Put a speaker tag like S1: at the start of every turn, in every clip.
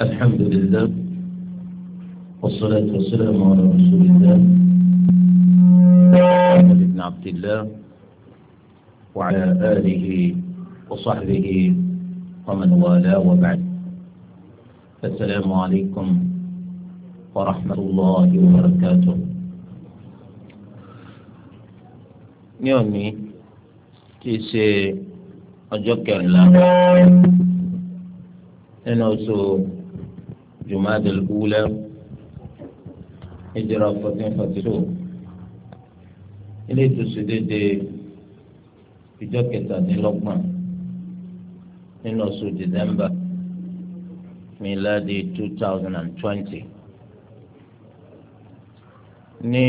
S1: الحمد لله والصلاة والسلام على رسول الله محمد بن عبد الله وعلى آله وصحبه ومن والاه وبعد السلام عليكم ورحمة الله وبركاته يومي تيسي أجوكر الله أنا oṣù جماد الأولى هجرة 1442 ilé ìtòsí dédé ìjọ kẹtàdínlọ́gbọ̀n nínú oṣù dìdẹ́mbà miladi 2020 ní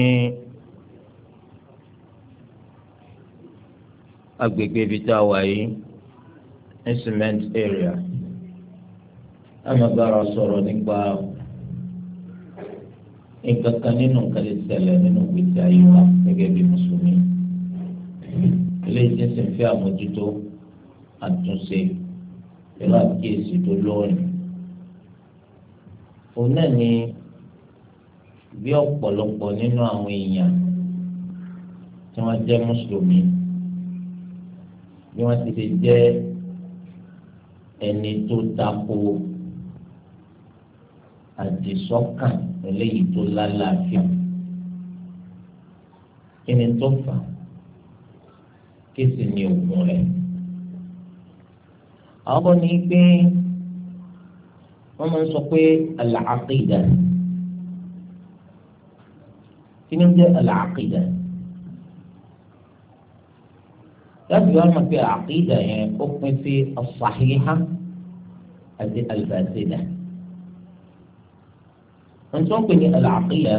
S1: agbègbè ibi tá a wà yìí cement area àmọ́ bára sọ̀rọ̀ nípa nǹkan kan nínú nǹkan lè ṣẹlẹ̀ nínú gbèsè ayé wa gẹ́gẹ́ bí mùsùlùmí iléeṣẹ́ sì ń fẹ́ àmójútó àtúnṣe pẹ̀lú àkíyèsí tó lóòrìn òun náà ni bí ọ̀pọ̀lọpọ̀ nínú àwọn èèyàn tí wọ́n jẹ́ mùsùlùmí bí wọ́n ti lè jẹ́ ẹni tó tako. àdìsọ́kàn eléyìí tó lálàáfíà kí ni tó fà kí sì ni òògùn rẹ̀ àwọn sọ pé àlàáfíìdà kí ni ó jẹ́ àlàáfíìdà láti wá mọ̀ pé àkídà yẹn ó pín sí as-sahiha àti al-fasida. ẹni tó ń pè ní àlàáfíà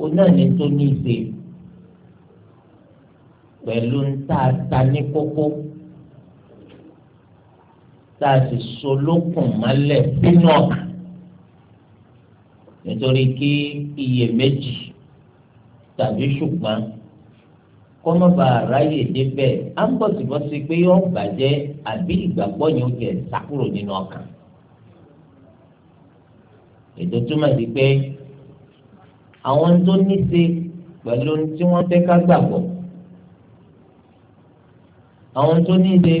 S1: òun náà ní tó ní ìṣe pẹ̀lú ntàta ní kókó tá a sì so lókùn mọ́lẹ̀ sínú ọ̀kà nítorí kí iyèméjì tàbí ṣùgbọ́n kọ́mọ́bà ráyè débẹ̀ á ń bọ̀ síbọ̀ sí pé yóò bàjẹ́ àbí ìgbàgbọ́ yẹn ó jẹ́ sákúrò nínú ọkàn ètò túmọ̀ sí pé àwọn tó ní ṣe pẹ̀lú tí wọ́n fẹ́ ká gbàgbọ́ àwọn tó ní ṣe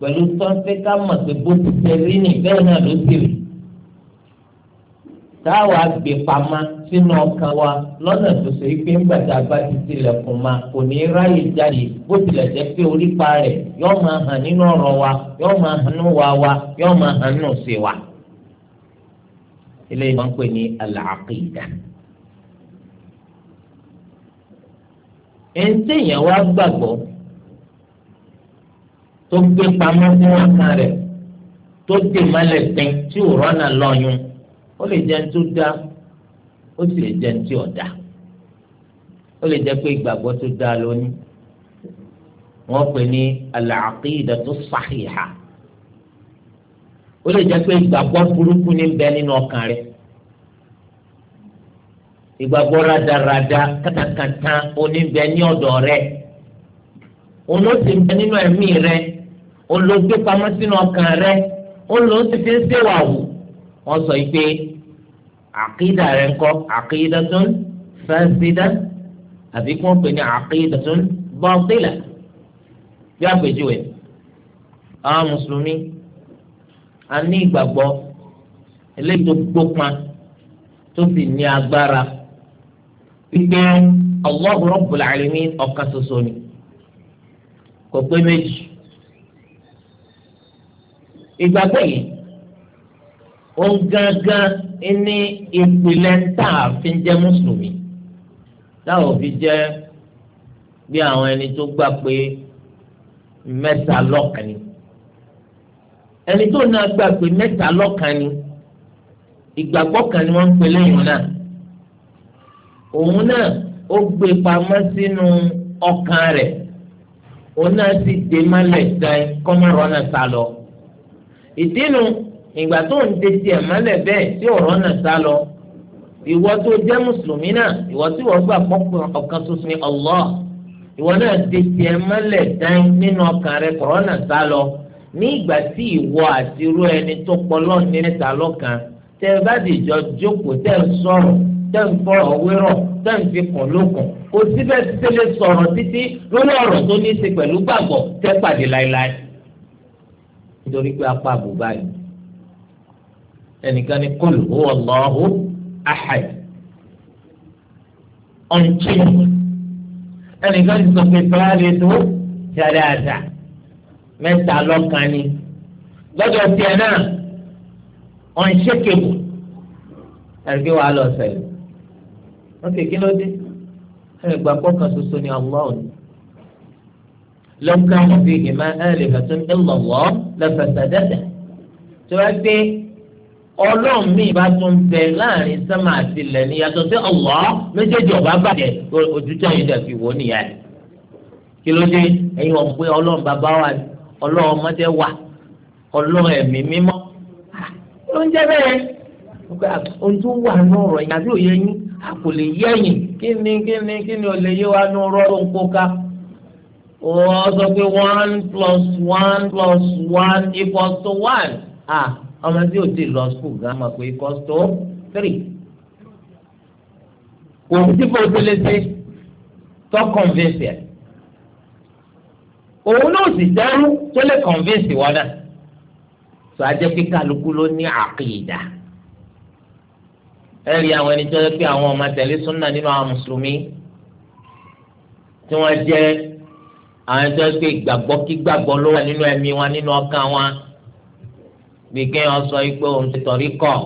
S1: pẹ̀lú tó fẹ́ ká mọ̀ pé bó ti ṣe rí ni bẹ́ẹ̀ náà ló sì rí táwa gbé pamọ́ sínú ọkàn wa lọ́nà tó ṣe pé ńgbà tá bá ti tilẹ̀kùn ma kò ní ráyè jáde bó tilẹ̀ jẹ́ pé orípa rẹ̀ yóò máa hàn nínú ọ̀rọ̀ wa yóò máa hàn nínú wa wa yóò máa hàn nínú sí wa eléyìí wọ́n ń pè ní al-aqida. ẹnití èèyàn wá gbàgbọ́ tó gbé pamọ́ fún ọkàn rẹ̀ tó dè mọ́lẹ̀ pin tí ò rọ́nà lọ́yún ó lè jẹ́ tó dá ó sì lè jẹ́ tí ò ó lè jẹ́ pé ìgbàgbọ́ tó dá lónìí wọ́n pè ní al tó sàhìhà ó lè jẹ́ pé ìgbàgbọ́ burúkú ní bẹ nínú ọkàn rẹ̀ ìgbàgbọ́ radarada kátàkátà oníbẹ ní ọ̀dọ̀ rẹ̀ òun ló ti bẹ nínú ẹ̀mí rẹ̀ òun ló gbé pamọ́ sínú ọkàn rẹ̀ òun ló ti fi ń ṣèwàwù wọ́n sọ pé àkídà rẹ̀ ń kọ́ àkídà tó ń fẹ́sídà àbí kí wọ́n pè ní àkídà tó ń bọ́ọ̀tìlà bí àpèjúwe àwọn mùsùlùmí a ní ìgbàgbọ́ eléyìí tó gbópa tó sì ní agbára wípé Allahu Rabbul Alamin ọ̀kan soso ni kò pé méjì ìgbàgbọ́ yìí òun gángan ní ìpìlẹ̀ ń tà fi jẹ́ mùsùlùmí táwọn fi jẹ́ bí àwọn ẹni tó gbà pé mẹ́ta lọ́kan ni ẹni tó náà gbà pé mẹ́ta lọ́kan ni ìgbàgbọ́ kan ni wọ́n ń pè lẹ́yìn náà òun náà ó gbé pamọ́ sínú ọkàn rẹ̀ òun náà sì dé mọ́lẹ̀ dán kọ́mọ́rọ́ náà sá lọ ìdínú ìgbà tó ń de tiẹ̀ mọ́lẹ̀ bẹ́ẹ̀ tí ọ̀rọ̀ náà sá lọ ìwọ tó jẹ́ mùsùlùmí náà ìwọ tí wọ́n gbà pọ́pọ́ ọ̀kan ṣoṣo ni Allah ìwọ náà de tiẹ̀ mọ́lẹ̀ dán nínú ọkàn rẹ̀ kọ́rọ́ náà sá lọ ní ìgbà tí ìwọ àti irú ẹni tó pọlọ ní mẹ́ta lọ́kan tẹ́ ẹ bá dìjọ jókòó tẹ́ ẹ sọ̀rọ̀ tẹ́ ẹ fọ̀rọ̀ wérọ̀ tẹ́ ẹ fi kàn lókun kò síbẹ̀ tẹ́lẹ̀ sọ̀rọ̀ títí lórí ọ̀rọ̀ tó ní í ṣe pẹ̀lú gbàgbọ́ tẹ́ pàdé láéláé nítorí pé apá àbùbá yìí ẹnìkan ní qul huwa Allahu ahad ọ̀nchìn ẹnìkan ní sọ pé fẹ́rẹ́ tó dáadáa mẹ́ta lọ́kàn ni lọ́jọ́ tiẹ̀ náà ọ̀n ṣékèbù ẹ̀rí pé wàá lọ sẹ́yìn wọ́n kéèké ló dé ẹ̀rí gba pọ́kàn ṣoṣo ni Allah lọ́kàn fi ìmọ̀ ẹ̀rí fẹ̀tún ìlọ̀wọ́ lẹ́fẹ̀sẹ̀dẹ́sẹ̀ tí wọ́n gbé ọlọ́run mi bá tún bẹ láàrin sẹ́mà àti ilẹ̀ ní yàtọ̀ sí Allah méjèèjì ọ̀bá bàjẹ́ ojútọ́ yìí dẹ̀ fi wò ó nìyà kí ló dé ẹ̀yin ọ̀pẹ ọlọ́run bàbá wa ni ọlọ́ọ̀mọdé wà ọlọ́ọ̀ ẹ̀mí mímọ́ ló ń jẹ́ bẹ́ẹ̀ gba ohun tó wà nù ọ̀rọ̀ yẹn àbí òye yín a kò lè yẹ yìn kí ni kí ni kí ni ò lè yé wa nù ọ̀rọ̀ tó ń kó ká ó sọ pé one plus one plus one equals to one ah ọmọ tí o ti lọ school gan ma pé equals to three kò sí bó o ti lè ṣe tó convince yẹn òun náà sì dárú tó lè convince wọn náà tó a jẹ́ pé kálukú ló ní àkìdá ẹ rí àwọn ẹni tó yẹ pé àwọn ọmọ tẹ̀lé súnà nínú àwọn mùsùlùmí tí wọ́n jẹ́ àwọn ẹni tó yẹ pé ìgbàgbọ́ kí gbàgbọ́ ló wà nínú ẹ̀mí wọn nínú ọkàn wọn bí kéèyàn sọ pé òun ti tọ̀rí kọ̀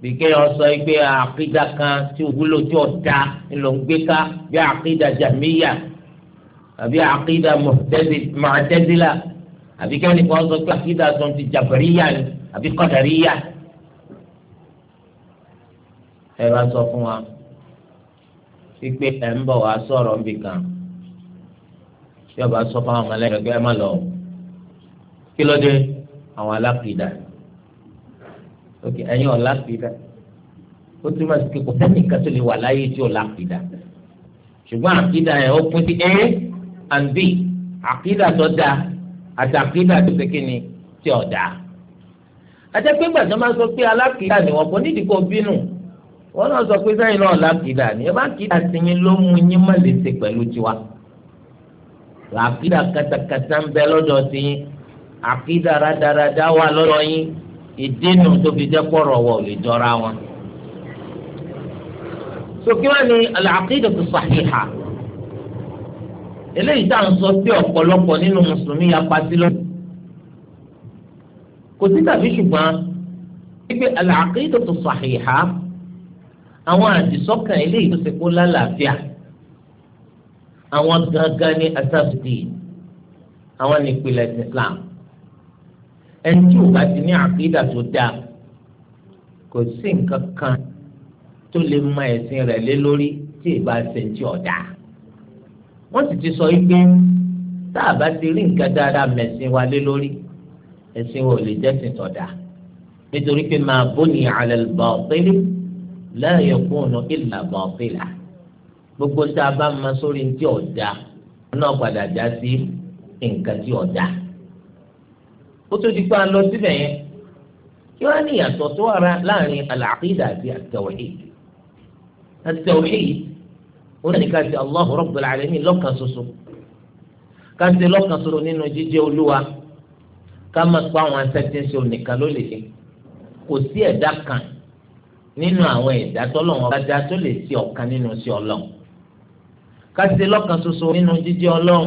S1: bí kéèyàn sọ pé àkìdá kan tí òwúlò tí ò da ńlọ ń gbé ká bí àkìdá jàmíyà àbí àkídà mọ̀tẹ́dílà àbí kẹ́ni kan sọ pé àkídà tó ti jàbẹ̀ríyà ni àbí kọ́dàríyà. ẹ bá sọ fún wa wípé ẹ ń bọ̀ wá sọ̀rọ̀ níbi kan tí ọba sọ fún àwọn ọmọlẹ́yìn ẹgbẹ́ má lọ kí ló dé àwọn alákìdá ok ẹ̀yin ọ̀làkìdá ó túmọ̀ sí pé kò sẹ́nìkan tó lè wà láyé tí ọ̀làkìdá ṣùgbọ́n àkìdá yẹn ó pín sí ẹ́ and b àkídà tó dáa àti àkídà tó ṣe kíni tí ò dáa. àjẹpẹ́ gbàdúrà máa sọ pé alákìídà ni wọ́n kò nídìí kó bínú wọ́n náà sọ pé sẹ́yìn náà lákìídà ni ẹ bá kìídà sí yín ló mú yín má lè ṣe pẹ̀lú tiwa. àkídà katakata ń bẹ lọ́dọ̀ sí yín àkídà rádaràdá wà lọ́dọ̀ yín ìdínú tó fi jẹ́ pọ̀rọ̀ wọ̀ lè jọra wọn. sọ kí wọ́n ní al-aqidatu sahiha eléyìí tá à ń sọ sí ọ̀pọ̀lọpọ̀ nínú mùsùlùmí yapa sí lọ́wọ́ kò sí tàbí ṣùgbọ́n wípé al-aqidatu sahiha àwọn àdìsọ́kàn eléyìí tó ṣe kó lálàáfíà àwọn gangan ní asásùdì àwọn nípìnlẹ̀ Islam ẹni tí ò bá ti ní àkídà tó dáa kò sí nǹkan kan tó lè mọ ẹ̀sìn rẹ̀ lé lórí tí ì bá ṣe ń ọ̀dà wọ́n sì ti sọ pé tá a bá ti rí nǹkan dáadáa mẹ̀sìn wa lé lórí ẹ̀sìn wa ò lè jẹ́sìn tọ̀dà nítorí pé ma buni ala al-batili la yakunu illa batila gbogbo tá a bá ma sórí ntí ọ̀dà náà padà já sí nǹkan tí ọ̀dà ó tó di pé lọ síbẹ̀ yẹn kí wọ́n á ní ìyàtọ̀ tó wà láàrin al àti at-tawhid at òun ní ká ṣe Allahu Rabbul Alamin lọ́kàn ṣoṣo ká ṣe lọ́kàn ṣoṣo nínú jíjẹ́ olúwa ká má pa àwọn asẹ́tíṣe onìkan ló lè ṣe kò sí ẹ̀dá kan nínú àwọn ẹ̀dá tọ́lọ́wọ́n bá dá tó lè ṣe ọ̀kan nínú sí ọlọ́run ká ṣe lọ́kàn ṣoṣo nínú jíjẹ́ ọlọ́run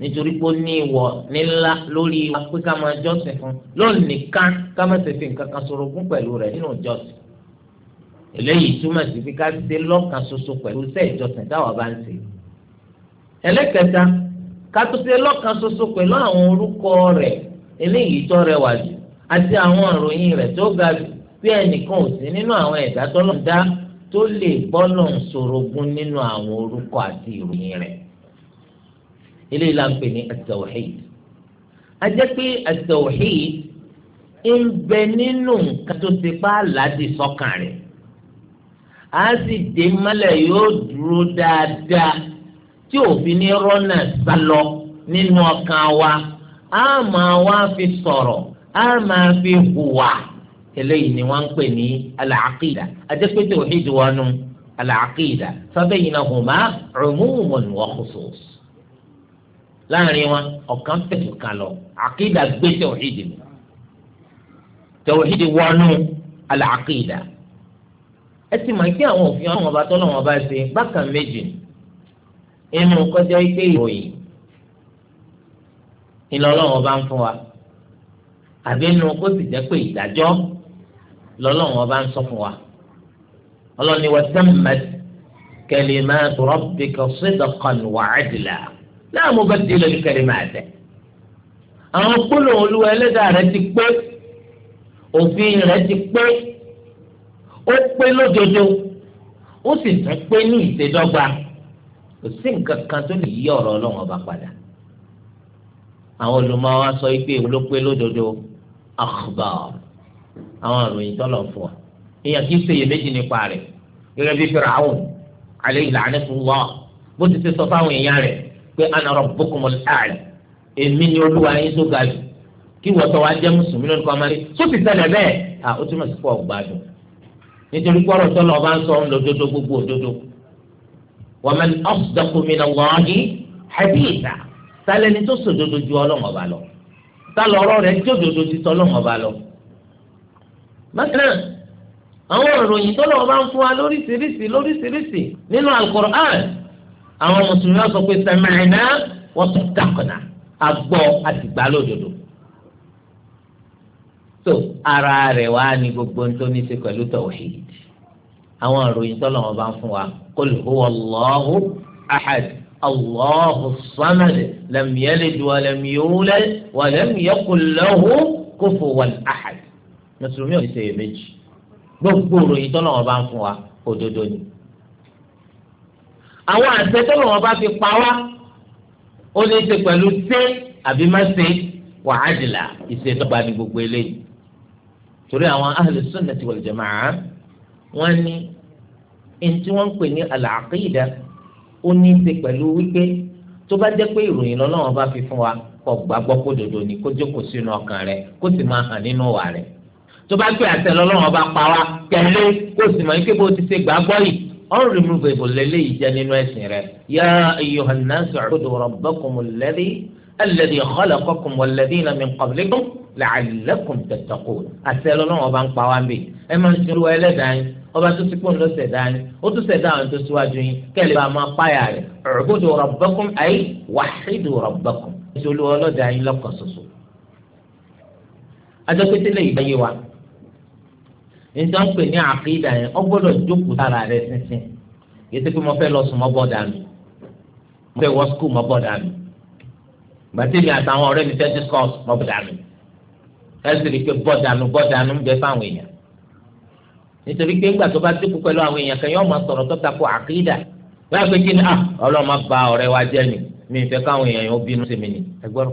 S1: nítorí pé ó ní ìwọ nílá lórí wa pé ká máa jọ́sìn fún lónìí ká ká má ṣe fi nǹkan kan ṣorogún pẹ̀lú rẹ̀ nínú jọ́sìn eléyìí túmọ̀ sí fi ká ṣe lọ́kàn ṣoṣo pẹ̀lú iṣẹ́ ìjọsìn táwa bá ń ṣe. ẹlẹ́kẹta ká tó ṣe lọ́kàn ṣoṣo pẹ̀lú àwọn orúkọ rẹ̀ eléyìí tó rẹwà jù àti àwọn ìròyìn rẹ̀ tó ga jù bí ẹnìkan ò sí nínú àwọn ẹ̀dá tọ́lọ̀ dá tó lè bọ́nà ṣorogún nínú àwọn orúkọ àti ìròyìn rẹ̀. eléyìí la ń pè ní at-tawhid. a jẹ́ pé at-tawhid ń bẹ nínú nǹkan tó ti pa aládìí sọ́kàn rẹ̀ á sì dé mọ́lẹ̀ yóò dúró dáadáa tí òfin ní rọ́nà sálọ nínú ọkàn wa á máa wá fi sọ̀rọ̀ á máa fi hùwà eléyìí ni wọ́n ń pè ní al-aqida ajẹ́pẹ́ tawhid wa nù al-aqida fabaynahuma umumun wa khusus láàrin wọn ọ̀kan fẹ̀sùn kan lọ aqida gbé tawhid mi tawhid wọnú al-aqida ẹ ti mọ̀ pé àwọn òfin ọlọ́run ọba tọ́lọ́run ọba ṣe bákan méjì inú kọjá pé ìròyìn ìlọlọ́run ọba ń fún wa àbí inú kó sì jẹ́ pé ìdájọ́ lọ́lọ́run ọba ń sọ fún wa ọlọ́run ni wọ́n tẹ́mẹ̀t kalimatu rabbika sidqan wa adla la mubaddila li kalimatihi àwọn gbólóhùn olúwa ẹlẹ́dàá rẹ ti pé òfin rẹ ti pé ó pé lódodo ó sì tún pé ní ìṣèdọ́gba kò sí nǹkan kan tó lè yí ọ̀rọ̀ ọlọ́run ọba padà àwọn olùmọ̀wá sọ pé ló pé lódodo akhbar àwọn àròyìn tọ́lọ̀ fún wa èèyàn kì í ṣe iyèméjì nípa rẹ̀ gẹ́gẹ́ bí Fir'aun alayhi la'natullah bó ti ṣe sọ fáwọn èèyàn rẹ̀ pé ana rabbukumul a'la èmi ni olúwa yín tó ga jù kí wọ́n wa jẹ́ mùsùlùmí lónìí kan nítorí gbọ́dọ̀ sọ́nà ọba ń sọ ọ́n lódodo gbogbo òdodo wa man asdaqu min Allahi haditha sálẹ̀ ni tó sòdodo ju ọlọ́mọ ọba lọ sálọ ọ̀rọ̀ rẹ̀ tí òdodo ti sọ ọlọ́mọ ọba lọ. bákan náà àwọn ìròyìn tó lọ́wọ́ bá ń fún wa lóríṣiríṣi lóríṣiríṣi nínú Al-Qur'an àwọn mùsùlùmí sọ pé sami'na wa saddaqna àgbọ̀ àtìgbà lódodo tó ara rẹ̀ wá ní gbogbo ń tó ní ṣe pẹ̀lú tawhid àwọn ìròyìn tọ́lọ̀ wọn bá ń fún wa qul huwa Allahu ahad Allahu samad lam yalid wa lam yulad wa lam yakul lahu kufuwan ahad mùsùlùmí ò ní ṣe èméjì gbogbo ìròyìn tọ́lọ̀ wọn bá ń fún wa òdodo ni àwọn àṣẹ tọ́lọ̀ wọn bá fi pa wá ó ní ṣe pẹ̀lú ṣé àbí má ṣe wàhálà ìṣèdọ́gba ni gbogbo eléyìí torí àwọn ahlu sunnati wal jama'a wọ́n ní ẹni tí wọ́n ń pè ní al-aqida ó ní í ṣe pẹ̀lú wípé tó bá jẹ́ pé ìròyìn lọ́lọ́wọ́n bá fi fún wa kó gbàgbọ́ kó dòdò ní kó jókòó sínú ọkàn rẹ̀ kó sì máa hàn nínú wà rẹ̀ tó bá pè àṣẹ lọ́lọ́wọ́n bá pa wa tẹ̀lé kó sì máa ń bó ti ṣe gbàgbọ́ yìí unremovable lélẹ́yìí jẹ́ nínú ẹ̀sìn rẹ̀ yá ayyuhan nasu ubudu rabbakumul ladhi alladhi khalaqakum wal ladhina min qablikum la'allakum tattaqun àti ẹlọ́lọ́run ọba ń pa wá mi ẹ máa ń ṣerú ẹlẹ́dàá yín ọba tó ti pọ́n ló ṣẹ̀dá yín ó tún ṣẹ̀dá àwọn tó síwájú yín kẹ́lẹ́ bá máa páyà rẹ̀ u'budu rabbakum ay wahhidu rabbakum ètò olú ọlọ́dàá yín lọ́kàn ṣoṣo. adọ́pẹ́tẹ́lẹ̀ ìbáyé wa níta ń ní àkídà yẹn ọ gbọ́dọ̀ jókòó sára rẹ̀ sínsìn yẹtí pé mo fẹ́ lọ sùn mọ́ bọ́ọ̀dà mo fẹ́ wọ́ skul mọ́ bọ́ọ̀dà mi mi àtàwọn ọ̀rẹ́ mi fẹ́ discuss mọ́ bọ́ọ̀dà ẹsì rí i pé bọ́dànù bọ́dànù ń bẹ fáwọn èèyàn nítorí pé ńgbà tó bá dúkú pẹ̀lú àwọn èèyàn kan yóò máa sọ̀rọ̀ tó takò àkídà báyà pé kí ni ah ọlọ́run máa ba ọ̀rẹ́ wa jẹ́ ni mi fẹ́ káwọn èèyàn yóò bínú sí mi ni ẹgbọ́rọ̀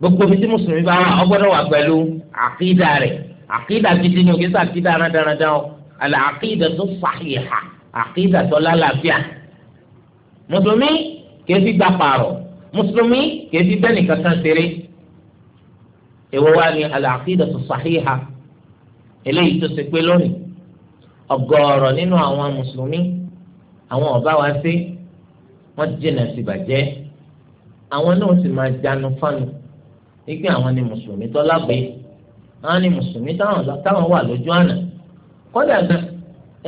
S1: gbogbo mi tí mùsùlùmí bá wà ọ gbọ́dọ̀ wà pẹ̀lú àkídà rẹ̀ àkídà gidi ni òkè sàkídà rádaràdà ọ àlà àkídà tó sàhìhà àkídà tó lálàáfíà mùsùlùmí kèéfì gbà pààrọ̀ mùsùlùmí kèéfì bẹ́ẹ̀ nìkan kan ṣeré èwo wá ní al-aqidatu sahiha eléyìí tó ṣe pé lónìí ọ̀gọ̀ọ̀rọ̀ nínú àwọn mùsùlùmí àwọn ọba wa sí wọn jìnnà sí bàjẹ́ àwọn náà sì máa jánu fánu wípé àwọn ni mùsùlùmí tó lágbé àwọn ni mùsùlùmí táwọn wà lójú àná kódà gan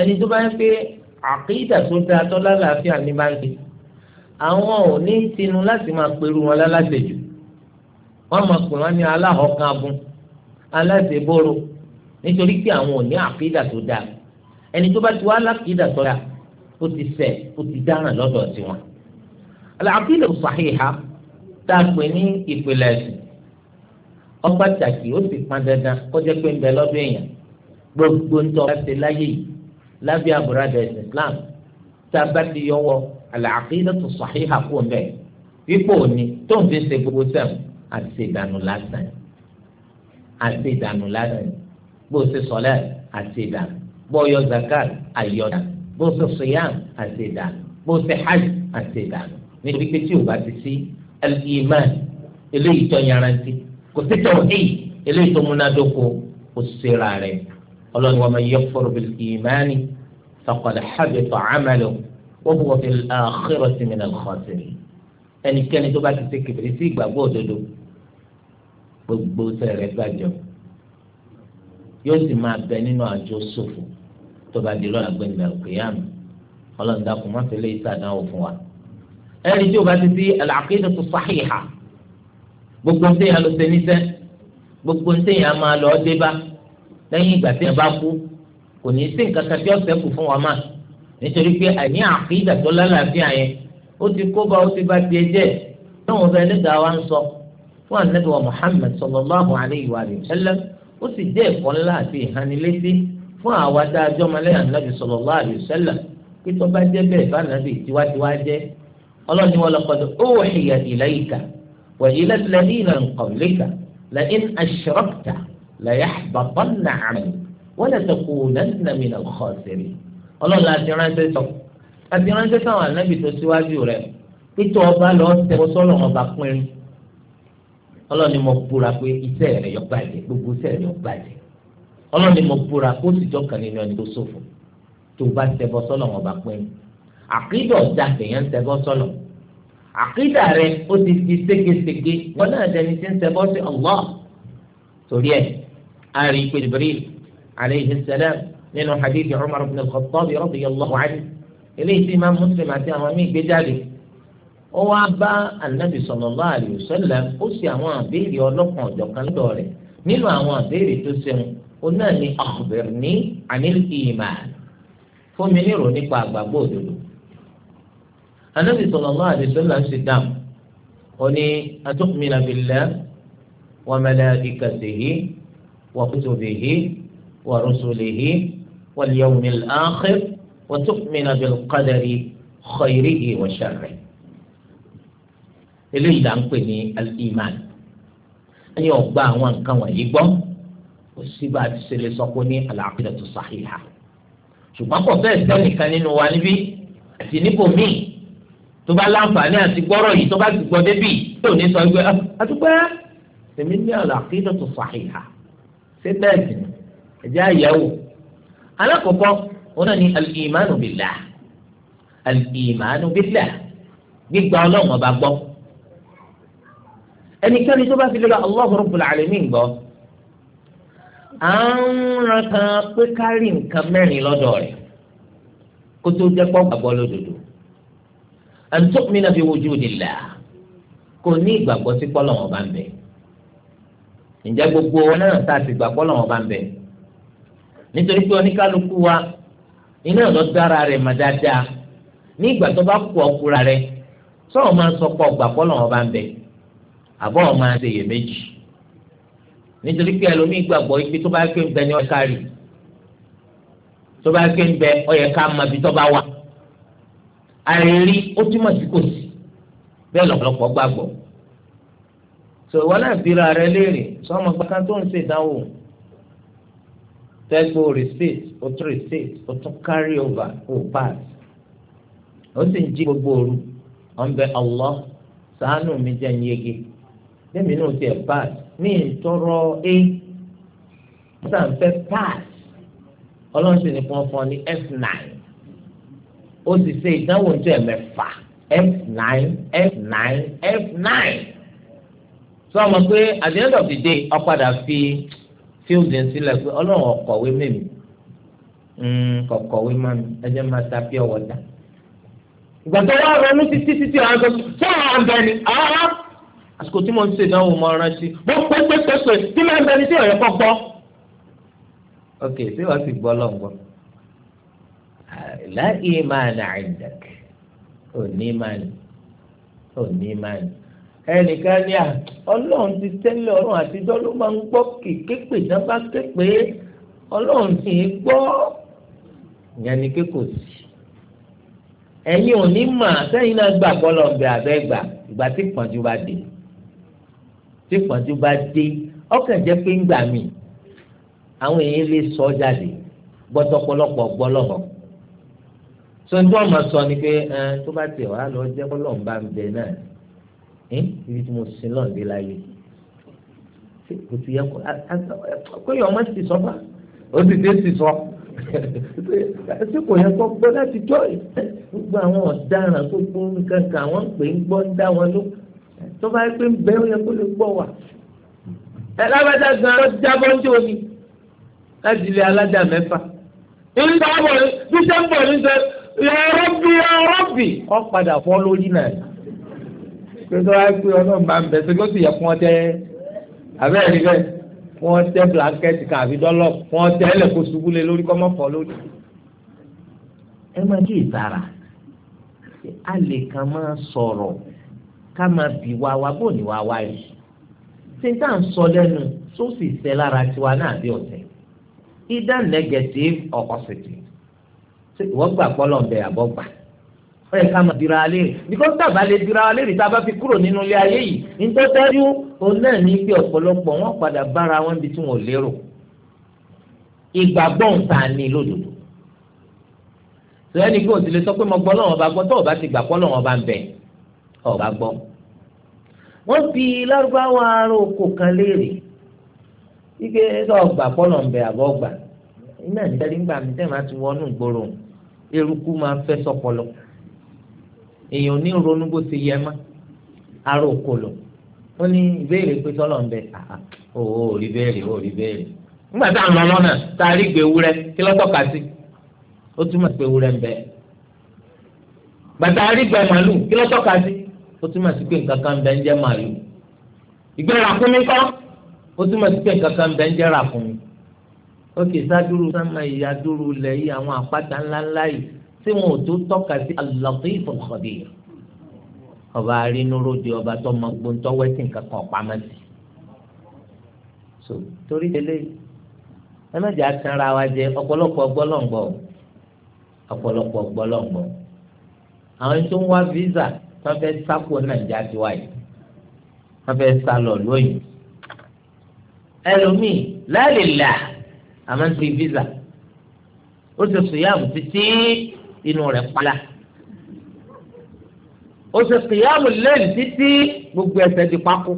S1: ẹni tó bá ń pé àkídà tó dáa tó lálàáfíà ní báńkì àwọn ò ní tinú láti máa pẹ̀lú wọn lálàjẹjù wọ́n máa pè wọ́n ní aláhọ̀kan agun aláṣẹbọrọ nítorí pé àwọn ò ní àkídà tó dáa ẹni tó bá ti wá alákìídà tó dáa ó ti ṣẹ̀ ó ti dáràn lọ́dọ̀ tiwọn. àkídà sàhíhà tá a pè ní ìpìlẹ̀ ẹ̀sìn ọgbà tàkì ó sì pọn dandan kọjá pé ń bẹ lọ́dọ̀ èèyàn gbogbo ń tọ́ ẹsẹ̀ láyé yìí lábẹ́ àbúradà ẹ̀sìn Islam tá a bá ti yọwọ́ àkídà sàhíhà kó ń bẹ̀ wípé òní tó ń fi ṣe gbogbo sẹ́wọ̀n àti ìdànù lásán àti ìdànù lásán bó o ṣe sọlẹ àti ìdànù bó o yọ zakat àyọdà bó o ṣe siyam àti ìdànù bó o ṣe hajj àti ìdànù nítorí pé tí o bá ti sí al eléyìí tó yarantí kò sí tawhid eléyìí tó múnádóko kò síra rẹ̀ ọlọ́ni wa man yakfur bil-iman faqad habita 'amaluhu wa huwa fil akhirati minal khasirin ẹnikẹ́ni tó bá ti ṣe kìbìrì sí ìgbàgbọ́ òdodo gbogbo sẹrẹ gbàjọ yóò sì máa bẹ nínú àjọ ṣòfò tó bá di lọ́la gbẹ̀ndà òkèèyàn ọlọ́run dákun má fi léyìí sàdánwò fún wa. ẹni tí o bá ti di àlàkéde tó sáhìhà gbogbo ń tẹ̀yà ló ṣe níṣẹ́ gbogbo ń tẹ̀yà máa lọ dé bá lẹ́yìn ìgbà tí ẹ bá kú kò ní í sí nǹkan kan tí ó ṣẹ́kù fún wa máa nítorí pé àní àkéde tó lálàáfíà yẹn ó ti kó bá ó ti bá tiẹ̀ jẹ́ fún anabi wa muhammed sallallahu alayhi wa sallam ó sì jẹ́ ẹ̀kọ́ ńlá àti ìhánilétí fún àwa tá a jọ́ malẹ́ anabi sallallahu alayhi wa sallam pé tó bá jẹ́ bẹ́ẹ̀ bá anabi tiwantiwa jẹ́ ọlọ́ni wa laqad uhiya ilayka wa ila alladhina min qablika la in ashrakta la yahbatanna 'amaluka wa la takunanna mina al-khasirin ọlọ́run sọ àti ránṣẹ́ sáwọn anábì tó síwájú ọlọ́ni mo búra pé iṣẹ́ rẹ̀ yọ bàjẹ́ gbogbo iṣẹ́ rẹ̀ yọ bàjẹ́ ọlọ́ni mo búra kó sì jọ́kàn nínú ẹni tó ṣòfò tó bá tẹ̀bọ́ sọ́lọ̀ wọn bá pín in àkídà ọ̀dà kèèyàn ń tẹ̀bọ́ sọ́lọ̀ àkídà rẹ̀ ó ti fi ségesège wọn náà dẹni tí ń tẹ̀bọ́ sí Allah torí ẹ̀ ari Jibril alayhi salam nínú hadith Umar ibn al-Khattab radiyallahu anhu eléyìí tí ó wá bá anabi sallallahu alaihi wasallam ó sì àwọn àbẹ́rẹ́ ọlọ́kan ọ̀jọ̀kan lọ rẹ̀ nínú àwọn àbẹ́rẹ́ tó sẹ́wọ̀n ó náà ní akhbirni anil iman fún mi nírò nípa àgbàgbọ́ òdodo anabi sallallahu alaihi wasallam sì dáhùn ó ní atu'minu billahi wa malaikatihi wa kutubihi wa rusulihi wal yawmil akhir wa tu'minu bil qadari khayrihi wa sharrihi eléyìí là ń pè ní al-iman ẹni ọgbà àwọn nǹkan wọ̀nyí gbọ́ kò sí bá a ti ṣe lè sọ pé ní al-aqidatu sahiha ṣùgbọ́n kò fẹ́ẹ̀ sẹ́ nìkan nínú wa níbí àti níbo míì tó bá láǹfààní àti gbọ́rọ̀ yìí tó bá ti gbọ́ débì tó ní sọ pé àtúpẹ́ ah, èmi ní al-aqidatu sahiha ṣé bẹ́ẹ̀ sì ni ẹ̀jẹ̀ àyẹ̀wò alákọ̀ọ́kọ́ wọn náà ní al-imanu billah al-imanu billah gbígba ọlọ́run ọba gbọ́ ẹnikẹ́ni tó bá fi lè lọ Allahu Rabbul Alamin gbọ́ à ń ran kan pé kárí nǹkan mẹ́rin lọ́dọ̀ rẹ̀ kó tó jẹ́ pọ́ gbàgbọ́ lódodo an tu'mina bi wujudillah kò ní ìgbàgbọ́ sí pọ́lọ́ wọn bá ń bẹ̀ ǹjẹ́ gbogbo wọn náà tá a ti gbà pọ́lọ́ wọn bá ń bẹ̀ nítorí pé oníkálukú wa iná lọ dára rẹ̀ mà dáadáa ní ìgbà tó bá kú ọkùnrin rẹ̀ sọ̀rọ̀ máa ń sọ pọ̀ gbà pọ́lọ́ wọn bá ń bẹ̀ àbọ̀ ọmọ ẹsẹ̀ yẹ méjì nítorí pé ẹlòmíì gbàgbọ́ ibi tó bá ké ń bẹ ní ọ̀yẹ́ kárì tó bá ké ń bẹ ọ̀yẹ́ ká bi tó bá wà àìrí ó túmọ̀ sí kò sí bẹ́ẹ̀ lọ́pọ̀lọpọ̀ gbàgbọ́ tò wọn náà bíra rẹ léèrè sọmọ gbàkan tó ń o tún receipt o tún ó sì ń jí gbogbo lẹ́mìí náà tiẹ̀ pass mí ń tọrọ a sàn fẹ́ pass ọlọ́run sì ní kí wọ́n f nine ó sì ṣe ìdánwò ní tiẹ̀ mẹ́fà f nine f nine f nine sọ ma pé at the end of the day ó padà fi fíldì sílẹ̀ pé ọlọ́run ọ̀kọ̀wé mẹ́mi hmm, kọ̀kọ̀wé má mi ẹ jẹ́ máa ta pure water ìgbà tó wà ronú títí títí àwọn sọ sọ àwọn abẹni àsìkò tí mo ń ṣe ìdánwò mo rántí mo pẹ́ pẹ́ pẹ́ pẹ́ tí máa ń bẹni tí ọ̀yọ́ kọ́ gbọ́. ok ṣé wàá sì gbọ́ lọ́n gbọ́. láì máa nà àìdàk òní máa nì òní máa nì ẹnìkan ní à ọlọ́run ti tẹ́lẹ̀ ọlọ́run àtijọ́ ló máa ń gbọ́ kékeré náà bá ọlọ́run sì gbọ́ ìyẹn ni kékò sí ẹ̀yin ò mà sẹ́yìn náà gbà bọ́lọ̀ bẹ àbẹ́ ìgbà tí pọ̀jù bá dé tí pọ́njú bá dé ọkàn jẹ́ pé ń gbà mí àwọn èèyàn lè sọ jáde gbọ́dọ̀ pọ̀lọpọ̀ gbọ́lọ́hàn sọ́njú ọmọ sọ ni pé ẹ tó bá tiẹ̀ wá lọ jẹ́ kó lọ́n bá ń bẹ náà ẹ ibi tí mo sin lọ́n dé láyé kò ti yẹ kó kó yọ ọmọ sì sọ bá ó sì dé sì sọ ṣé kò yẹ kó gbọ́ láti jọ́ gbogbo àwọn ọ̀daràn tó gbó nǹkan kan àwọn pè ń gbọ́ ń dá wọn lókun tó bá pé ń bẹ́ẹ̀ yẹ kó lè gbọ́ wà. ẹ lábẹ́dá gan ló jábọ́ ń jò ní láti ilé alájà mẹ́fà. ìgbà wọ̀ bí sẹ́ńpọ̀ ní sẹ́ ya Rabbi ya Rabbi ọ padà fọ́ lórí náà. pé tó bá pé ọlọ́run bá ń bẹ̀ ṣe kó sì yẹ fún ọ tẹ́ abẹ́rẹ́ níbẹ̀ fún ọ tẹ́ blanketi kan àbí dọ́lọ̀ fún ọ tẹ́ ẹlẹ́kọ̀ ṣubú lé lórí ẹ máa kí ìtara a lè kàn máa sọ̀rọ̀ ká máa bì wá wá bò ní wá wá yìí ṣé tá à ń sọ lẹ́nu tó sì ṣe lára tiwa náà bí ọ̀tẹ̀ either negative or positive ṣé ìwọ́n gbà pọ́lọ̀ ń bẹ àbọ̀ gbà ó yẹ ká máa bira alẹ́ rẹ̀ because tàbá lè bira alẹ́ rẹ̀ tá a bá fi kúrò nínú ilé ayé yìí ní tó dájú òun náà ní pé ọ̀pọ̀lọpọ̀ wọn padà bára wọn bí tí wọn ò lérò ìgbàgbọ́ ń ta ni lódodo sọ yẹn ni pé òsì lè sọ pé mo gbọ́ lọ́wọ́ bá gbọ́ tó o bá ti gbà pọ́ lọ́wọ́ bá ń bẹ̀ẹ́ ọba gbọ́ wọ́n bi lárúbáwá ará oko kan léèrè ike sọ ọgbà pọlọ ń bẹ àbọ̀ ọgbà iná ìdarí ńgbà mi tẹ́ máa ti wọnú ìgboro eruku máa fẹ́ sọpọlọ èèyàn ní ronú bó ti yẹ má ará oko lọ wọ́n ní ìbéèrè pé sọlọ ń bẹ ó rí béèrè ó rí nígbà tá à ń lọ lọ́nà tá a rí gbé ewúrẹ́ kí lọ́tọ̀ka sí ó túmọ̀ sí pé ewúrẹ́ ń bẹ bàtà rí gbẹ kí lọ́tọ̀ka sí ó túmọ̀ sí pé nǹkan kan bẹ́ẹ̀ ń jẹ́ màálù ìgbẹ́ ràkúnmí kọ́ ó túmọ̀ sí pé nǹkan kan bẹ́ẹ̀ ń jẹ́ ràkúnmí ókè sádúró sámà ìyá dúró lẹ̀ yìí àwọn àpáta ńláńlá yìí tí wọn ò tó tọ́ka sí al-Latif ọba arínúróde ọba tó mọ gbóńtọ́wẹ́sì nǹkan kan pamọ́ sí so torí tẹ́lẹ̀ ẹ má jà sanra wa jẹ ọ̀pọ̀lọpọ̀ gbọ́lọ̀ǹgbọ̀ ọ̀pọ̀lọpọ̀ gbọ́lọ̀ǹgbọ̀ àwọn tó ń wá visa wọ́n fẹ́ sápò nàìjíríà ti wáyé wọ́n fẹ́ sálọ lóyún ẹlòmíì lálẹ́là àmọ́ ti visa ó ti sùyàmù títí inú rẹ̀ pala ó ti sùyàmù lẹ́yìn títí gbogbo ẹsẹ̀ ti pákó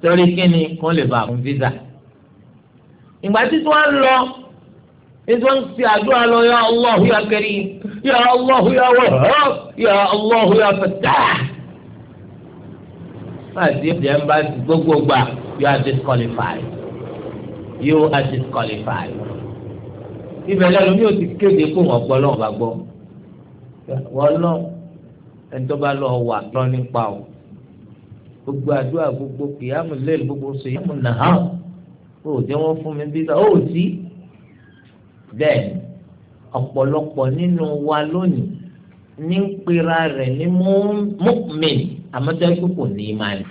S1: torí kí ni kó lè bá fún visa ìgbà títí wọ́n lọ nítorí wọ́n ti àdúrà lọ ya Allah ya Karim ya Allah ya Wahhab ya Allah ya Fattah. láti ìdíyẹ ń bá gbogbo gbà you are disqualified you are disqualified. ibẹ̀ lẹ́nu mi ò ti kéde kó wọ́n gbọ́ lọ́wọ́ bá gbọ́ wọ́n lọ ẹni tó bá lọ wà lọ nípa o gbogbo àdúrà gbogbo kìyàmù lẹ́nu gbogbo sèyàmù nàá o ò jẹ́ wọ́n fún mi bí sá o ò sí bẹ́ẹ̀ ọ̀pọ̀lọpọ̀ nínú wa lónìí ní ń pera rẹ̀ ní mọ́mìn àmọ́tẹ́kù kò ní í máa lè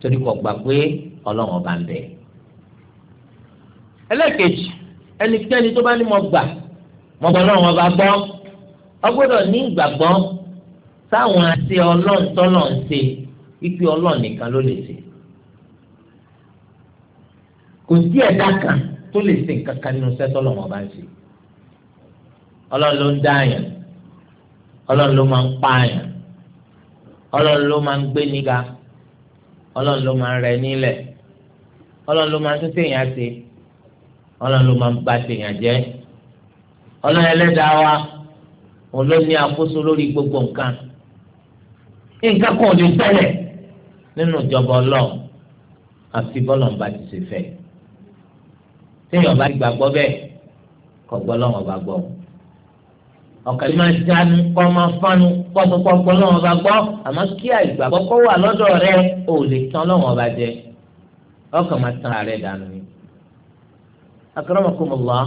S1: torí kò gbà pé ọlọ́run ọba ń bẹ. ẹlẹ́ẹ̀kejì ẹnikẹ́ni tó bá ní mo gbà mo bọ̀ lọ́run ọba gbọ́ ọ gbọ́dọ̀ ní ìgbàgbọ́ sáwọn àti ọlọ́run tọ́lọ̀ ń ṣe wípé ọlọ́run nìkan ló lè ṣe kò sí ẹ̀dá kan tó lè ṣe nǹkan kan nínú sẹ́tọ́ lọ́wọ́ bá ń ṣe ọlọ́run ló ń dá àyàn ọlọ́run ló máa ń pa àyàn ọlọ́run ló máa ń gbé níga ọlọ́run ló máa ń rẹ nílẹ̀ ọlọ́run ló máa ń tún téèyàn ṣe ọlọ́run ló máa ń ba téèyàn jẹ́ ọlọ́run ẹlẹ́dàá wa òun ló ní àkóso lórí gbogbo nǹkan nǹkan kan ò lè ṣẹlẹ̀ nínú ìjọba ọlọ́run àfi bọ́lọ̀ ń bá ti ṣe fẹ́ẹ́ téèyàn bá gbàgbọ́ bẹ́ẹ̀ kọ́ gbọ́ lọ́wọ́ bá gbọ́ ọ̀kàlí máa jánu kọ́ máa fánu kọ́ tó kọ́ gbọ́ lọ́wọ́ bá gbọ́ àmọ́ kí àìgbàgbọ́ kọ́ wà lọ́dọ̀ rẹ ò lè tán lọ́wọ́ bá jẹ ọkàn máa tán ààrẹ dànù ni. akramakumullah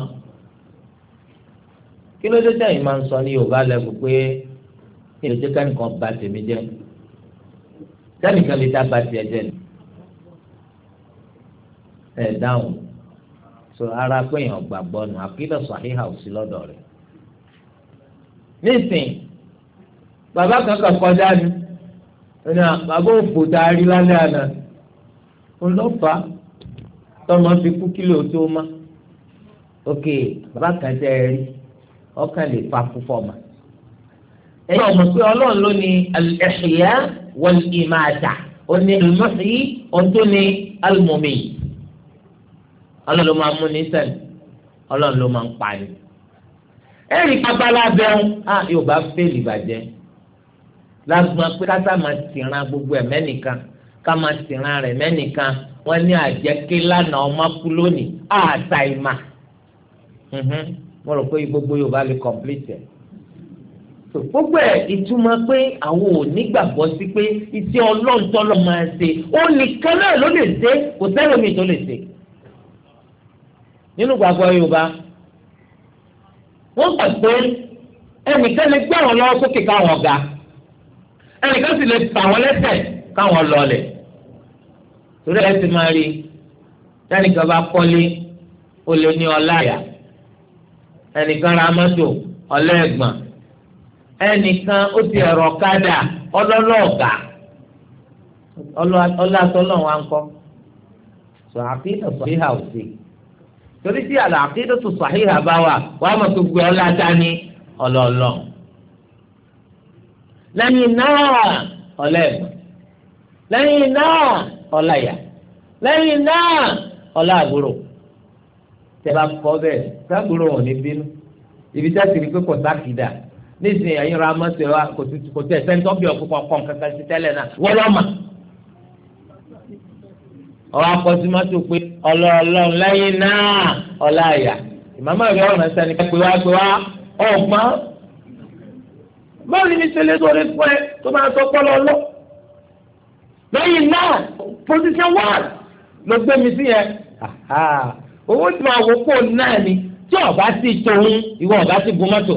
S1: kí ló dé tẹ̀yìn máa ń sọ ní yorùbá lẹ́gùn pé èrò tí kánìkan ba tèmi jẹ́ kánìkan lè dá ba tiẹ̀ jẹ́ ẹ̀ dáhùn so ara pé èèyàn gbàgbọ́ nù àkídà sàhíhà ò sí lọ́dọ̀ rẹ̀ nísìn bàbá kankan kọjá ni ẹni ah, bàbá òfò tá a rí lálẹ́ àná ọlọ́fà tọmọ fi kú kílò tó má ok bàbá kan tẹ ẹ rí ọkàn lè fa fúfọ ma ẹ̀yin ọmọ pé ọlọ́run ló ní al-ihya wal-imata ó ní al-muhyi ó ní al-mumit ọlọ́run ló máa mú ní sẹ́lẹ̀ ọlọ́run ló máa ń pa ni. ẹ̀rì kábàlà bẹ́ẹ̀ á yóò bá fèlì bàjẹ́ lágbọ́n pé kásá máa tìran gbogbo ẹ̀ mẹ́nìkan ká máa tìran rẹ̀ mẹ́nìkan wọ́n ní àjẹké lánàá ọmọ kú lónìí àtà ìmà mo rò pé gbogbo yóò bá lè complete ẹ̀ gbogbo ẹ ìtumọ̀ pé àwọn ò nígbàgbọ́ sí pé iṣẹ́ ọlọ́run tọ́lọ́ máa ṣe ó nìkan náà ló lè ṣe kò sẹ́lómi tó lè ṣe nínú gbàgbọ́ Yorùbá wọ́n gbà pé ẹnìkan lè gbé àwọn lọ́wọ́ sókè káwọn ga ẹnìkan sì lè fà wọ́n lẹ́sẹ̀ káwọn lọ́ọ̀lẹ̀ torí ẹ ti máa rí ẹnìkan bá kọ́lé ó lè ní ọláyà ẹnìkan ra mọ́tò ọlẹ́ẹ̀gbọ̀n ẹnìkan ó ti ẹ̀rọ kádà ọlọ́lọ́ọ̀gà ọlọ́àtọ́lọ́wọ́n á ń kọ́ sọ àfihàn sọ àfihàn òsì torí tí al-aqidatu sahiha bá wà wàá mọ̀ tó gbé ọlá dání ọlọ́ọ̀lọ́ lẹ́yìn náà ọlẹ́ẹ̀gbọ́n lẹ́yìn náà ọláyà lẹ́yìn náà ọláàbúrò tẹ́lá kọ́ bẹ́ẹ̀ sábúrò wọn ní bínú ibi tá a ti rí pé kò sákìdá nísìnyí ayélujára mọ́tò wa kò tẹ̀ sẹ́ńtọ́ bí ọkọ̀ kankan ti tẹ́lẹ̀ náà wọ́n lọ́ọ́ mà ọwọ́ akọ́sí mọ́tò pé ọlọ́ọ̀lọ́ọ̀ lẹ́yìn náà ọlá àyà ìmàmá rẹ̀ ọ̀nà sani pé wá pé wá ọ̀gbọ́n báwo ni sẹlẹ̀ tó rẹ fún ẹ tó máa sọ pọ́lọ́ lọ lẹ́yìn náà position one ló gbé mi sí yẹn owó tí màá wò kó náà ni tí ọba sì tóun ìwọ ọba sì gun mọ́tò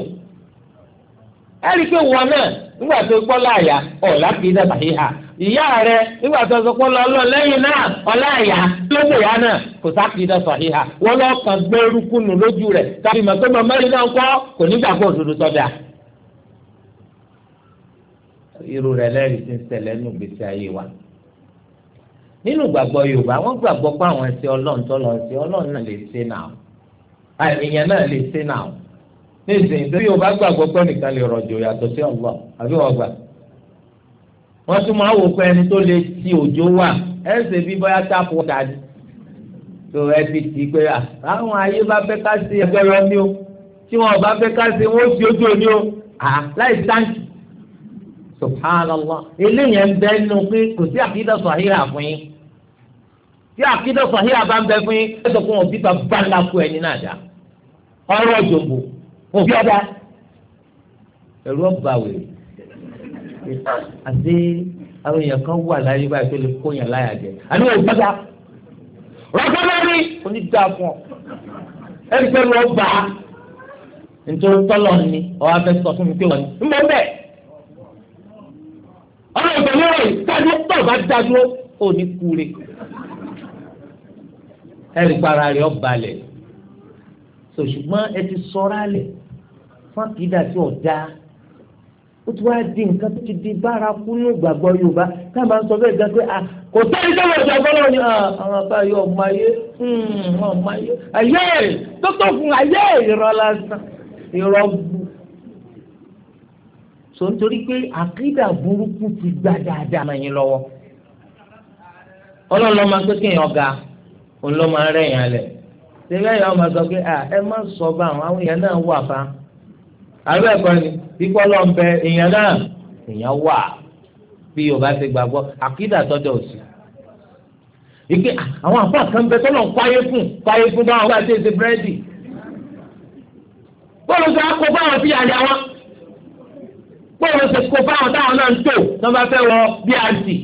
S1: ẹ rí i pé wọn náà. nígbà tó gbọ́ láàyà ọ̀la kì í dàbà yíha ìyá rẹ nígbà tó sọ pé lọ́lọ́ lẹ́yìn náà ọláyà lóde ìyá náà kò sá kì í dàbà yíha wọ́n lọ́ kàn gbé rúkúnù lójú rẹ̀ tàbí màtó màmá yìí náà kọ́ kò òdodo irú lẹ́rìí ti ń nù wa nínú gbàgbọ́ Yorùbá wọ́n gbàgbọ́ àwọn ní ìsìn tí yóò bá gbàgbọ́ pé nìkan lè rọ̀jò yàtọ̀ sí Allah àbí wọ́n gbà. wọ́n tún máa wò pé ẹni tó lè ti òjò wà ẹ̀sẹ̀ bí bóyá táàpù wọ́tà ni. tó ẹ ti tì í pé àwọn ayé bá fẹ́ ká sí ẹgbẹ́ rẹ ní o tí wọn bá fẹ́ ká sí wọn ó fi ojú ní o láì táǹkì. subhanallah eléyìí ń bẹ nínú pé kò sí àkídà sàhíhà fún yín tí àkídà sàhíhà bá ń bẹ fún yín ọ̀rọ̀ jòǹbò òbí ọ̀dà ẹ̀rú ọ̀bà wèrè àti àwọn èèyàn kan wà láyé báyìí tó lè kó yàn láyà jẹ àní òbí ọ̀dà rọ́pò lórí onídà fún ọ ẹni pẹ̀lú ọba nítorí tọ́lọ̀ ni ọba fẹ́ sọ fún mi pé wọ́n ní
S2: mbọ́ bẹ́ẹ̀ ọ̀rọ̀ ìgbàlẹ́ rẹ̀ tájú tọ́lọ̀ bá dájú
S1: ó ní kúre ẹni para rẹ̀ ọba lẹ̀ sọ ṣùgbọ́n ẹ ti sọ́ra lẹ̀. fún àkìdá ọ dáa ó ti wá di nǹkan tó ti di bárakú ní ìgbàgbọ́ yorùbá tá a máa ń sọ bẹ́ẹ̀ gan à kò tó lọ náà ni àwọn abáyọ ọmọ ayé hmm, ọmọ ayé ayé tótó fún ayé ìrọ̀ lásán ìrọ̀ sọ nítorí pé burúkú ti dáadáa máa yín lọ́wọ́ ọlọ́run kéèyàn ga òun ló máa rẹ̀yìn alẹ̀ ṣé àbẹ ẹkọ ni bíkọ lọ ń bẹ èèyàn náà èèyàn wà bí yorùbá ti gbàgbọ́ àkídà tọjọ òsì ike àwọn àpá kan bẹ tọ́lọ̀ ń kwáyé fún kwáyé fún báwọn bá ti ṣe búrẹ́dì bọ́ọ̀lù sọ akọ báwọn bí àyà wọn bọ́ọ̀lù sọ kọ báwọn táwọn náà ń tò tó bá fẹ́ wọ bí a sì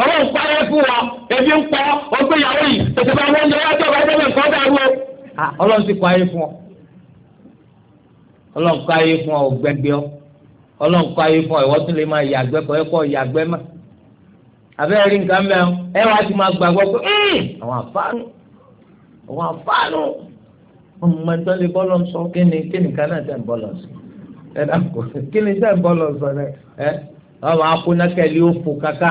S2: ọ̀rọ̀ ń kwáyé fún wa ebi ń pọ̀ ọgbẹ́yàwó yìí tètè bá wọn lọ wájú ọ̀rọ̀ ẹgbẹ́ mi kọ́ dàrú
S1: ọlọ́run ti kwáyé fún ọ ọlọ́run kọ́ ayé fún ọ gbẹ́gbẹ́ ọ ọlọ́run kọ́ ayé fún ọ ìwọ tún lè máa yàgbẹ́ kọ́ ẹ kọ́ yàgbẹ́ mọ́ abẹ́rẹ́ rí nǹkan mẹ́rin ẹ wá ti máa gbàgbọ́ pé àwọn àfáànù àwọn àfáànù ọmọ ẹjọ́ lè bọ́lọ̀ sọ kí ni kí ni kan náà tẹ̀ ń bọ́lọ̀ sọ ẹ dàpọ̀ kí ni tẹ̀ ń bọ́lọ̀ sọ rẹ ẹ ọmọ akónákẹ́lì òfò kaka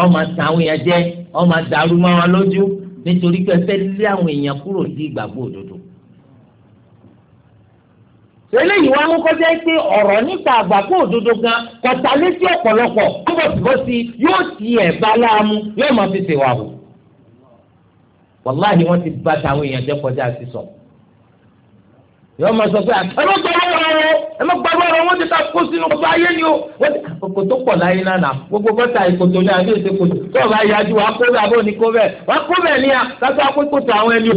S1: ọmọ àtàwọn èèyàn jẹ ọmọ àdàrú mọ́ wọn nítorí pé ẹ fẹ́ lé àwọn èèyàn kúrò sí ìgbàgbọ́ òdodo eléyìí wá mú kọjá pé ọ̀rọ̀ níta àgbà kó òdodo gan kọta létí ọ̀pọ̀lọpọ̀ bọ́sibọ́sí yóò ti ẹ̀ bá láàmú yóò máa fi ṣèwà wò. wàláhì wọ́n ti bá táwọn èèyàn jẹ́ kọjá sí sọ. yóò máa sọ pé àtẹ̀wọ́ tó wọ́n wọ́n wọ́n ẹ má gbàgbọ́ ọ̀rọ̀ wọn ti ta kó sínú gbogbo ayé ni o. kò tó pọ̀ láyé náà gbogbo bọ́tà ìkòtò ní àbí èsè kòtò tó o yájú wa kó bẹ́ẹ̀ àbọ̀ ní kó bẹ́ẹ̀ wá kó bẹ́ẹ̀ ní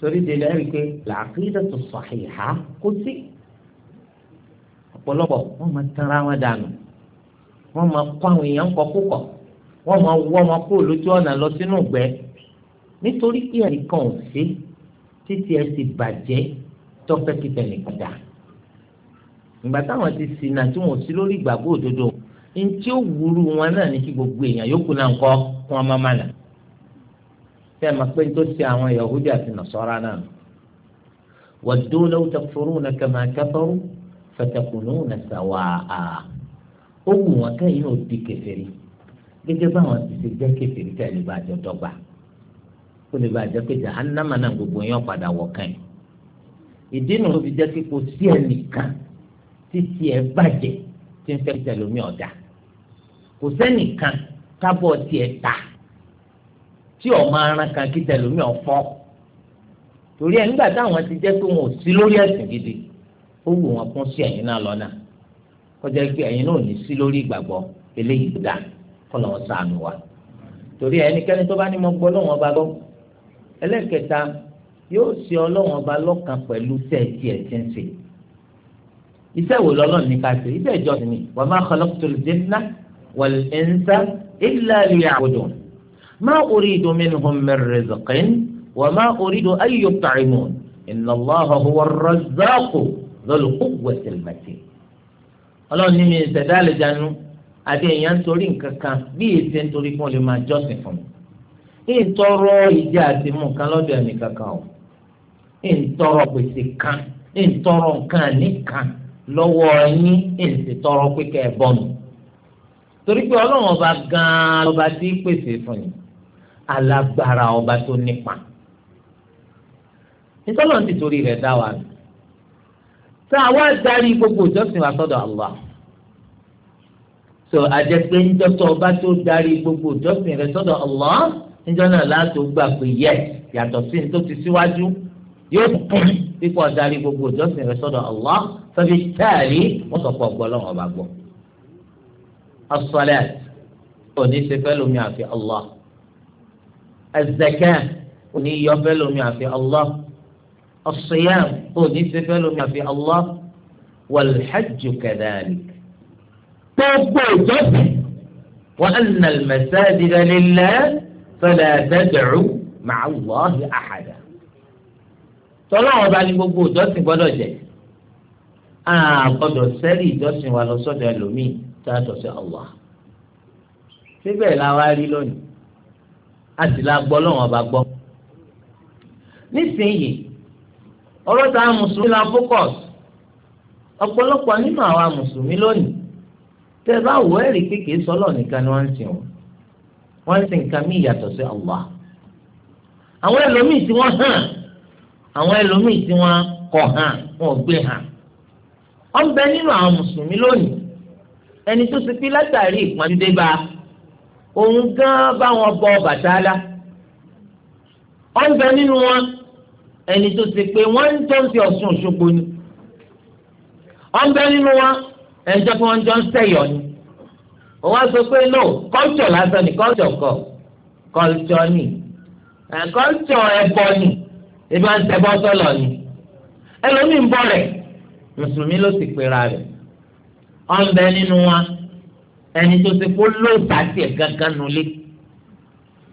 S1: torí délé ẹ̀rí pé làákìdàtù sàhíhà kò sí ọ̀pọ̀lọpọ̀ wọ́n máa tẹ̀ra wọn dànù wọ́n máa kọ́ àwọn èèyàn kọ́ púpọ̀ wọ́n máa wọ́ wọn kó lójú ọ̀nà lọ sínú ìgbẹ́ nítorí pé ẹnìkan ò sí títí ẹ ti bàjẹ́ tọ́fẹ́ kíkẹ́ nìkan dà ìgbà táwọn ti ṣìnà tí wọn ò sí lórí ìgbàgbọ́ òdodo ní tí ó wúru wọn náà ní kí gbogbo èèyàn yókù náà ń kọ́ kí wọ́n má má tẹ́ ẹ máa pé tó ti àwọn yahudi àti nasara náà waddu law takfuruna kama kafaru fatakununa sawaa ó wù wọn kẹ́yìn náà di kèfèrí gẹ́gẹ́ báwọn ti ṣe jẹ́ kèfèrí tẹ́ lè bá dọ́gba ó lè bá jẹ́ pé náà gbogbo yẹn padà wọ̀ kẹ́yìn ìdí nu fi jẹ́ pé kò sí ẹnìkan títí ẹ bàjẹ́ tí ń fẹ́ tẹ̀lómi ọ̀dà kò sẹ́nìkan kábọ̀ tiẹ̀ ta tí ọmọ aran kan kí tẹlómi ọ̀fọ́ torí ẹ̀ nígbà táwọn ti jẹ́ pé wọn ò sí lórí ẹ̀sìn gidi ó wù wọn kún sí ẹ̀yin náà lọ́nà kọjá pé ẹ̀yin náà ò ní sí lórí ìgbàgbọ́ eléyìí gbà kọ́ lọ́wọ́ sànù wa torí ẹnikẹ́ni tó bá ní mo gbọ́ lọ́wọ́ ọba gbọ́ ẹlẹ́kẹta yóò ṣe ọlọ́wọ́n ọba lọ́kàn pẹ̀lú sẹ́ẹ̀tì ẹ̀sìn sí iṣẹ́ wo lọ́lọ́run ní ká ṣe iṣẹ́ ìjọsìn ni wa ma khalaqtul jinna wal insa illa liya'budun ما أريد منهم من رزق وما أريد أن يطعمون إن الله هو الرزاق ذو القوة المتين ọlọ́run ní mi ìṣẹ̀dá àlejànú àti èèyàn ń torí nǹkan kan bí èsì ń torí kí wọ́n lè máa jọ́sìn fún mi ń tọrọ ìjà àti mú nǹkan lọ́dọ̀ ẹ̀mí kankan o ń tọrọ pèsè kan ń tọrọ nǹkan nìkan lọ́wọ́ yín ń sì tọrọ pé kẹ́ ẹ bọ́ mi torí pé ọlọ́run ọba gan-an lọ́ba tí pèsè fún yín alágbára ọba tó nípa nítorí wọn ti torí rẹ̀ dá wa tá a wá darí gbogbo ìjọsìn wa sọ́dọ̀ Allah so àjẹpé ńjọtọ ọba tó darí gbogbo ìjọsìn rẹ̀ sọ́dọ̀ Allah níjọ náà láti gbà pé yẹ yàtọ̀ sí ní tó ti síwájú yóò kún pípọ̀ darí gbogbo ìjọsìn rẹ̀ sọ́dọ̀ Allah fẹbi táàrí wọn sọ pé ọgbọlọ ọba gbọ́ asọlẹ òní ṣe fẹ lómi àfi Allah azakẹ́ òní yọ bẹ́ẹ̀ lómi àfi Allah ọ̀sìyàm òní ṣe bẹ́ẹ̀ lómi àfi Allah wàlúhàjù kẹdàlì. gbogbo ìjọsìn wọn àna mẹsàdìdà lílẹ fẹlẹ àdàdàrú màá wọ́ọ̀hì àhàdà. tọ́lọ́wọ́n bá ní gbogbo ìjọsìn gbọ́dọ̀ jẹ́ a gbọ́dọ̀ sẹ́rí ìjọsìn wa lọ sọ́dọ̀ ẹlòmíì tá a tọ̀ sí Allah. síbẹ̀ làwa rí lónìí a sì la gbọ́ lọ́wọ́n ọba gbọ́. nísìnyí ọ̀rọ̀ táwọn mùsùlùmí la focus ọ̀pọ̀lọpọ̀ nínú àwa mùsùlùmí lónìí tẹ́ ẹ bá wọ ẹ̀rí kékeré sọ́lọ̀ nìkan ni wọ́n ń sìn wọ́n wọ́n sìn nǹkan mí ìyàtọ̀ sí Allah àwọn ẹlòmíì tí wọ́n hàn àwọn ẹlòmíì tí wọ́n kọ̀ hàn wọn ò gbé hàn ọ̀n bẹ nínú àwọn mùsùlùmí lónìí ẹni tó ti pín látàrí ìpọ́njú bá a òun gan báwọn bọ bàtálá ọ̀nbẹ nínú wọn ẹni tó ṣe pé wọ́n ń jọ ń fi Ọ̀ṣun Òṣogbo ni ọ̀nbẹ nínú wọn ẹni tó fi wọ́n jọ ń sẹ̀yọ̀ ni òun á sọ pé no culture lásán ni culture kọ́ culture ni culture ẹ̀bọ ni ìbá ń ṣẹbọ sọlọ ni ẹlòmíì ń bọ rẹ̀ mùsùlùmí ló sì pera rẹ̀ ọ̀nbẹ nínú wọn ẹni tó ti kó ló ìsàtì ẹ̀ gángan nulẹ̀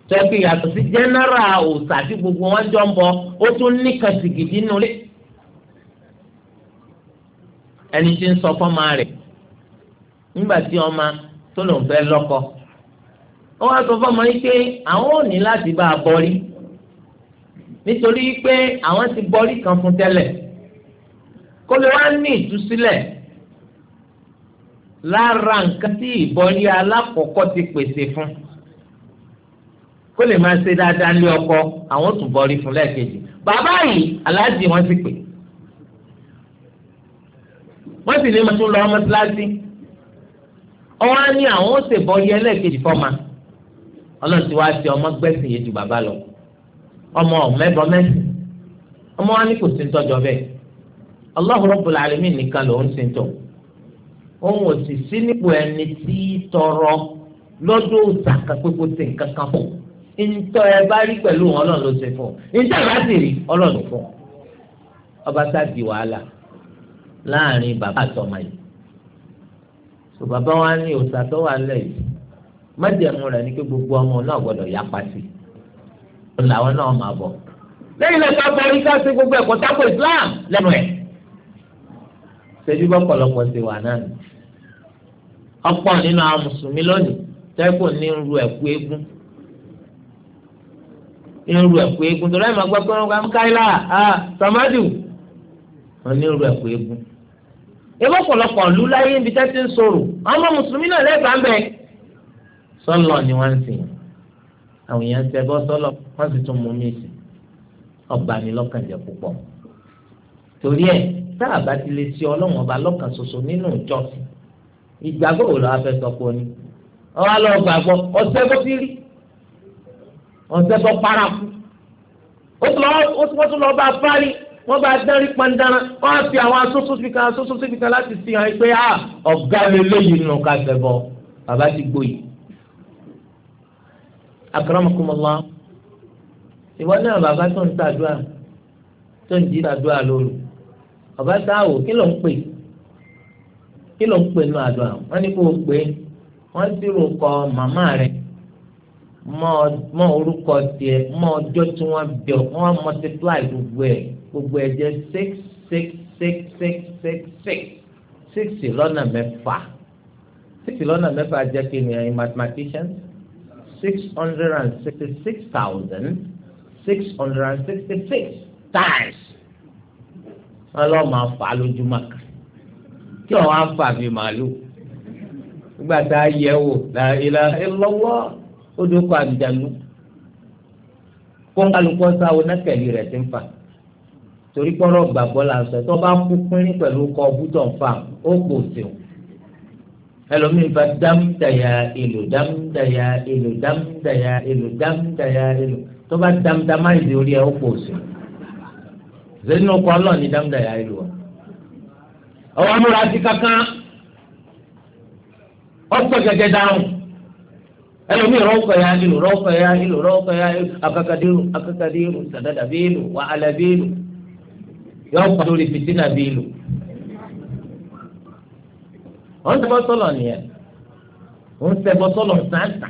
S1: tẹ́kì yàtọ̀ sí jẹ́nẹ́rà òòsà tí gbogbo wọn jọ ń bọ ó tún ní kàtìkìtì nulẹ̀ ẹni tí ń sọ fọ́mọ rẹ̀ nígbà tí ọmọ tó lòun fẹ́ lọ́kọ ó wá sọ fọ́mọ yìí pé àwọn ò ní láti bá a bọ́rí nítorí pé àwọn ti bọ́rí kan fún tẹ́lẹ̀ kó lè wá ní ìtúsílẹ̀ lára nǹkan tí ìbọ̀lì alákọ̀ọ́kọ́ ti pèsè fún kó lè máa ṣe dáadáa lé ọkọ àwọn tún bọ̀lì fún lẹ́ẹ̀kejì bàbá yìí aláàjì wọn ti pè wọ́n sì ní ma tún lọ ọmọ síláàsì ọwọ́ á ní àwọn ó ṣe bọ̀lì ẹlẹ́ẹ̀kejì fọ́ma ọlọ́run ti wá ṣe ọmọ gbẹ̀sìn yẹn ju bàbá lọ ọmọ mẹ́bọ mẹ́sìn ọmọ wa ní kò sí ń tọ́jọ bẹ́ẹ̀ Allahu Rabbul Alamin nìkan lòún ṣe ń tọ́ òun ò sì sí nípò ẹni tí tọrọ lọ́dún òsàkà pípò sí nǹkan kan fún ntọ́ ẹ bá rí pẹ̀lú ọlọ́run ló ṣe fún ntọ́ ẹ bá sì rí ọlọ́run fún ọba sá di wàhálà láàrin bàbá àtọmọ yìí so bàbá wa ní òsà tó wà lẹ́yìn májẹ̀mú rẹ̀ ní pé gbogbo ọmọ náà gbọ́dọ̀ yá pàṣẹ làwọn náà máa bọ̀
S2: lẹ́yìn lẹ́sọ̀ fẹ́ẹ́ rí gbogbo
S1: ẹ̀kọ́ tako Islam lẹ́nu ẹ̀ ṣebí bọ́pọ̀lọpọ̀ ṣe wà náà ni ọ̀pọ̀ nínú àwọn mùsùlùmí lónìí tẹ́kùn ní ń ru ẹ̀kú eégún ń ru ẹ̀kú eégún tó láì máa gbọ́ pé wọ́n kà ń káyìlá sàmádù wọ́n ní ń ru ẹ̀kú eégún ebó pọ̀lọpọ̀ lù láyé ibi tẹ́ ń sọ̀rọ̀ ọmọ mùsùlùmí náà lẹ́gbàá bẹ́ẹ̀ sọ́lọ̀ ni wọ́n ń sìn àwọn èèyàn tẹ bọ́ sọ́lọ̀ wọ́n sì tún mú mi sí ọgbà mi lọ́kànjẹ́ púpọ̀ torí ẹ̀ tá a bá ti lè ṣe ọlọ́run ọba lọ́kàn ṣoṣo nínú ìjọsìn ìgbàgbọ́ wo lọ́wọ́ fẹ́ sọ pé ó ní ọwọ́ alọ́ gbàgbọ́ ọ̀sẹ̀ bó ti rí ọ̀sẹ̀ bó paraku ó tún lọ́ọ́ bá parí wọ́n bá dárí pandara wọ́n á fi àwọn asosò fìkà asosò fìkà láti fi hàn pé ah, ọ̀gá mi lóyún nù ká fẹ́ bọ́ bàbá ti gbóyè. akramakumullah ìwọ náà bàbá tó ń tàdúrà tó ń jí tàdúrà lóru ọba sáwò kí ló ń pè kí ló ń pè nínú àdúrà wọn ní kó o pè wọn sì rò kọ màmá rẹ mọ orúkọ tiẹ̀ mọ ọjọ́ tí wọn bẹ wọn multiply gbogbo ẹ gbogbo ẹ jẹ six six six six six six six lọ́nà mẹ́fà six lọ́nà mẹ́fà jẹ́ kí ni ẹ̀yin mathematicians six hundred and sixty six thousand six hundred and sixty six times wọn lọ máa fà á lójúmọ́ kan tí wọn wá fà mí màálù nígbà tá a yẹ wò láìla ìlọwọ ó dókò àdìjànú kóńkálukọ sáwo nákẹlì rẹ ti ń fà torí pọ́nrọ́ gbàgbọ́ la sọ tó bá kú pínrín pẹ̀lú kọ́ bútọ̀ fà ó kò sí o ẹlòmíín fa dám dàyà èlò dám dàyà èlò dám dàyà èlò dám dàyà èlò tó bá dám dàmáìdì orí ẹ ó kò sí zẹ́ni ọkọ̀ ọlọ́ọ̀ ni dáńdá yà á lò wá. ọwọ́ amúra sí kankan ọkọ̀ gẹ́gẹ́ dáhùn ẹlòmíì rọ́ọ̀kọ̀ yà á lò rọ́ọ̀kọ̀ yà á lò yà á lò akakadiru akakadiru sadada bíi lò wàhálà bíi lò yọ̀ọ́ pàtó lè fìtínà bíi lò wọ́n sẹ́bọ̀ sọ́lọ̀ nìyẹn wọ́n sẹ́bọ̀ sọ́lọ̀ sáńtà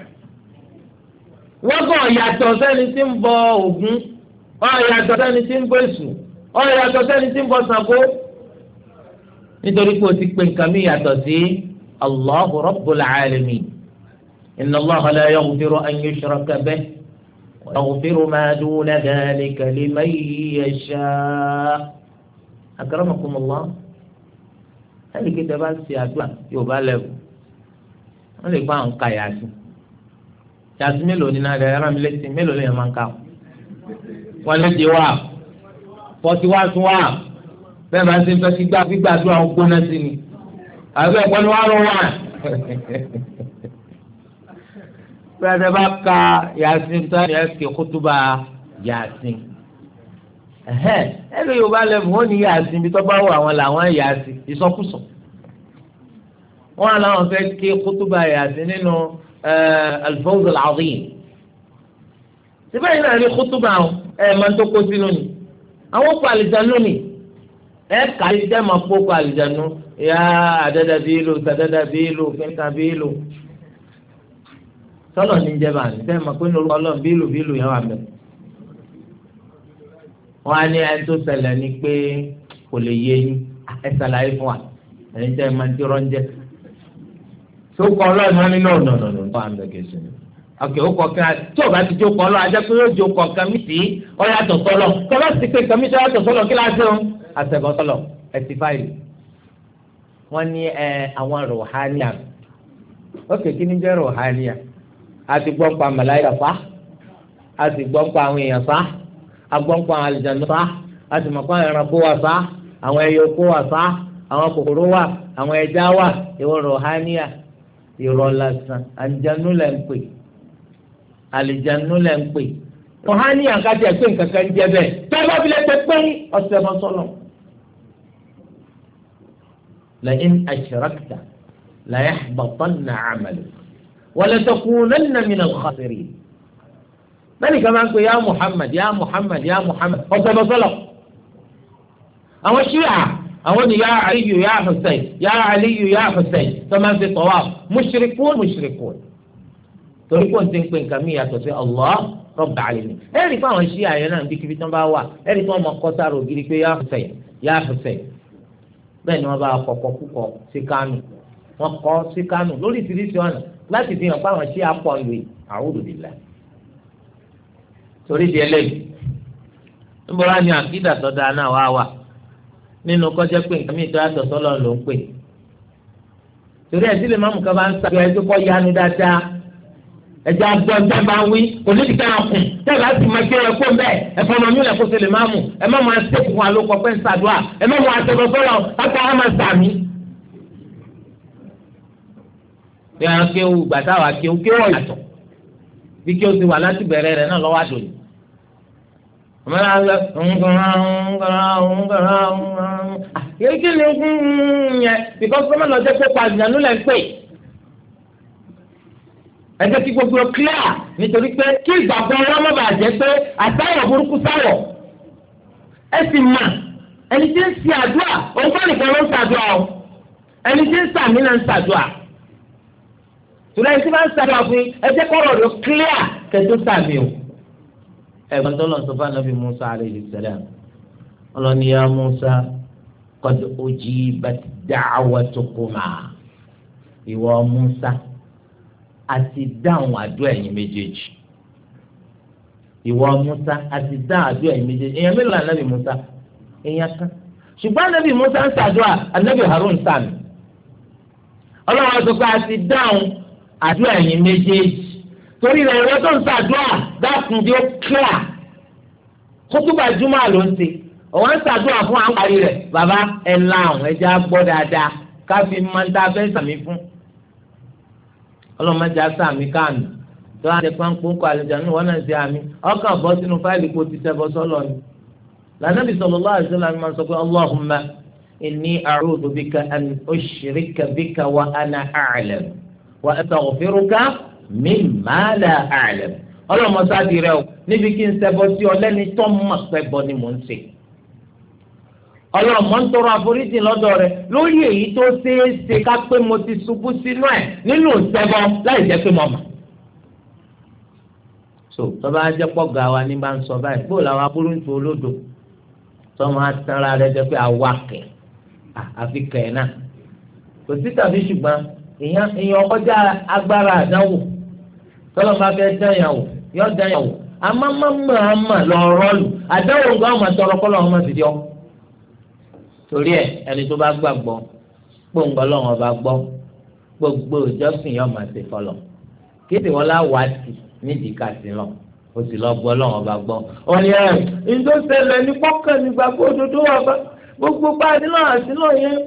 S1: wọ́n kọ́ ọ̀yàtọ̀ sẹ́ni tí ń bọ Ògún ọ̀yàtọ̀ sẹ́ni tí ń bọ ọ̀rọ̀ yàtọ̀ sẹ́ni tí ń bọ Ṣàngó nítorí pé o ti pè nǹkan mi yàtọ̀ sí Allahu Rabbul Alamin inna Allaha la yaghfiru an yushraka bihi wa yaghfiru ma duna dhalika liman yasha akramakumullah ẹnì kí tẹ bá ṣe àdúrà yóò bá lẹ́wọ̀ wọ́n lè gbọ́ àwọn ká yàtọ̀ yàtọ̀ mélòó ni náà rẹ̀ ẹ̀rọ mi létí mélòó lè máa ń ká wọ́n lè di wá fọ́tí wá tún wá bẹ́ẹ̀ máa ń ṣe fẹ́ gbígbà gbígbàdúrà ń gbóná sí ni àbẹ́ ẹ̀kọ́ ni wá lọ wá. Bẹ́ẹ̀ bá ka Yasin tó yẹ kí kútúbà Yasin. Ẹ̀rọ Yorùbá lẹ́mú ó ní Yasin bí tọ́gbà wọ àwọn làwọn Yasin ìsọkúsọ. Wọ́n làwọn fẹ́ kí kútúbà Yasin nínú Al-Fawz al Síbẹ̀ yìí náà ní kútúbà ẹ̀ máa ń tó kó sínú ni àwọn okò àlìjánu ni ẹ kà lè dẹ́ máa kó okò àlìjánu yá àdẹ́dẹ́ bí lò sàdẹ́dẹ́ bí lò kẹ́kẹ́ bí lò sọlọ ní jẹba ní sẹ ma pé nínú Ọlọ́run bílù bílù yẹn wà mẹ wọn á ní ẹni tó ṣẹlẹ̀ ni pé kò lè yé yín ẹ ṣàlàyé fún wa ẹni tẹ máa ń tí rọ́ńjẹ tó kọ Ọlọ́run wọn nínú ọ̀nà ọ̀nà ọ̀nà wà mẹ kẹsàn-án àkè ó kọ kan tí o bá ti jó kọ lọ ajá pé yóò jó kọ kan mí sí ọ yàtọ̀ sọlọ tọ́lá ti pé kan mí sọ yàtọ̀ sọlọ kí láti ń àtẹ̀gọ́ sọlọ ẹ̀sì fáìlì wọ́n ní ẹ àwọn rọ̀hánìà ókè kí ni jẹ́ rọ̀hánìà a ti gbọ́n pa màláyà fa a ti gbọ́n pa àwọn èèyàn fa a gbọ́n pa àwọn àlùjáde fa a ti mọ̀ pa àwọn ẹranko wa fa àwọn ẹyẹ oko wa fa àwọn kòkòrò wa àwọn ẹja wa ìwọ rọ̀hánìà ìrọ̀ lásán àlùjáde àlìjánu lẹ ń pè wọn á ní àǹkájẹ pé nǹkan kan ń jẹ bẹ́ẹ̀ tẹlifà fi lẹ pẹ pé ọsẹ máa sọlọ. lẹ́yìn aṣọ́rakta lẹ́yìn bàtàn náà àmàlù wàlẹ́tọ̀kùnrin mìíràn xasiri. bẹ́ẹ̀ni ká máa ń pè ya Muhammad ya Muhammad ya Muhammad ọsẹ máa sọlọ. àwọn ṣíà àwọn ni ya Aliyu ya Hussein ya Aliyu ya Hussein tó máa ń fi tọ́wá mushrikun mushrikun. torí kò ń ti ń pè nǹkan míì yàtọ̀ sí Allah Rabbul Alamin ẹ̀rí fún àwọn ṣíà yẹn náà níbi kíbi tán bá wà ẹ̀rí fún ọmọ kọ́sára ògiri pé yá fẹ̀ yá fẹ̀ bẹ́ẹ̀ ni wọ́n bá kọ̀kọ́ kúkọ̀ sí kánù wọ́n kọ́ sí kánù lórí ọ̀nà láti fi hàn di àkídà náà wá wà nínú pé nǹkan mìíràn tó yàtọ̀ sọ́lọ́ ló ń pè torí ẹ̀ sílẹ̀ máàmù kan ẹja gbọ́ ẹja bá wí kò ní ìdíkà àkùn tẹ́lẹ̀ láti máa kí ẹ̀kọ́ bẹ́ẹ̀ ẹ̀fọn ọmọ yín ẹ̀kọ́ sẹlẹ̀ máa mú ẹ má máa ṣe fún wa ló kọ pé ń ṣàdúrà ẹ má máa ṣẹlẹ̀ sọ́rọ̀ kápá á máa sàmì. bí wọn ké wù gbàtà wà ké wù ké wọ̀ yàtọ̀ bí ké wù ti wà láti bẹ̀rẹ̀ rẹ̀ náà lọ́wọ́ àdòyìn. ọmọ náà ah, lọ
S2: nkàrà nkàrà
S1: nkàrà nkàrà ẹ jẹ́ kí gbogbo clear nítorí pé kí ìgbàgbọ́ ọlọ́mọ bàá jẹ́ pé àtàwọ̀ burúkú sáwọ̀ ẹ sì mà ẹni tí ń ṣe àdúrà òun kọ́ nìkan ló ń ṣàdúrà o ẹni tí ń sàmì náà ń ṣàdúrà tùlẹ̀ ẹni tí bá ń ṣàdúrà fún ẹ jẹ́ kọ́ ọ̀rọ̀ clear kẹ́tó sàmì o. ẹ̀gbọ́n tó lọ sọ fún anabi Musa alayhi salam ọlọ́ni ya Musa qad ujibat da'watukuma ìwọ Musa àti dáhùn àdúrà ẹ̀yin méjèèjì ìwọ Musa àti dáhùn àdúrà ẹ̀yin méjèèjì èèyàn mélòó ànábì Musa èèyàn kan ṣùgbọ́n ànábì Musa ń ṣàdúrà ànábì Harun sàmì ọlọ́run sọ pé àti dáhùn àdúrà ẹ̀yin méjèèjì torí rẹ̀ ẹ̀rọ tó ń ṣàdúrà dákun bí ó kíá kótóbà júmọ́ ló ń ṣe òun ń ṣàdúrà fún àwọn àrí rẹ̀ bàbá ẹ̀ láhùn ẹ̀já gbọ́ dáadáa ká fi máa ń ta abẹ́ sàmì fún ọlọ́mọdé asàmì káàmì tó wá dẹ́pọ̀ ń kó kọ àlejò àná wọn náà ṣe àmì ọkàn bọ́ sínú fáìlì kó ti sẹ́bọ̀ sọ́lọ́ ni. lànàbì sallallahu alaihi wasallam máa sọ pé Allahumma inni a'udhu bika an ushrika bika wa ana a'lam wa astaghfiruka mimma la a'lam ọlọ́mọ sáà ti rẹ o níbi kí n sẹ́bọ̀ sí ọ lẹ́ni tó mọ̀ pẹ́ ni mò ń ṣe ọlọ́mọ ń tọrọ àforíjì lọ́dọ̀ rẹ lórí èyí tó ṣeé ṣe ká pé mo ti ṣubú sínú ẹ̀ nínú ìṣẹ́bọ láì jẹ́ pé mo mọ̀. so tọ́ba ajẹ́pọ̀ ga wa ní bá ń sọ báyìí bó làwọn aburú ń tu olódò tọ́mọ atanra rẹ jẹ́ pé àwa kẹ̀ àfi kẹ̀ náà kò sí tàbí ṣùgbọ́n èèyàn ọkọjá agbára àdánwò tọ́lọ́mọ afẹ́ dán yàn wò yọ dán yàn wò àmọ́ mọ́ mọ́ àmọ́ lọ́ọ́ rọ́ọ̀lù àdánwò nǹkan ọmọ tọrọ kọ́ ọmọ torí ẹ ẹni tó bá gbàgbọ́ gbòǹgbọ lọrùn ọba gbọ gbogbo ìjọsìn yóò máa ṣe fọlọ kí ni wọn lá wá sí nídìí kàsí lọ o sì lọ gbọ́ lọrùn ọba gbọ. ọ̀nì ẹ̀ ìjọ ṣẹlẹ̀ ní pọ́kàn nígbà kó dodo ọba gbogbo báyìí náà àti náà yẹn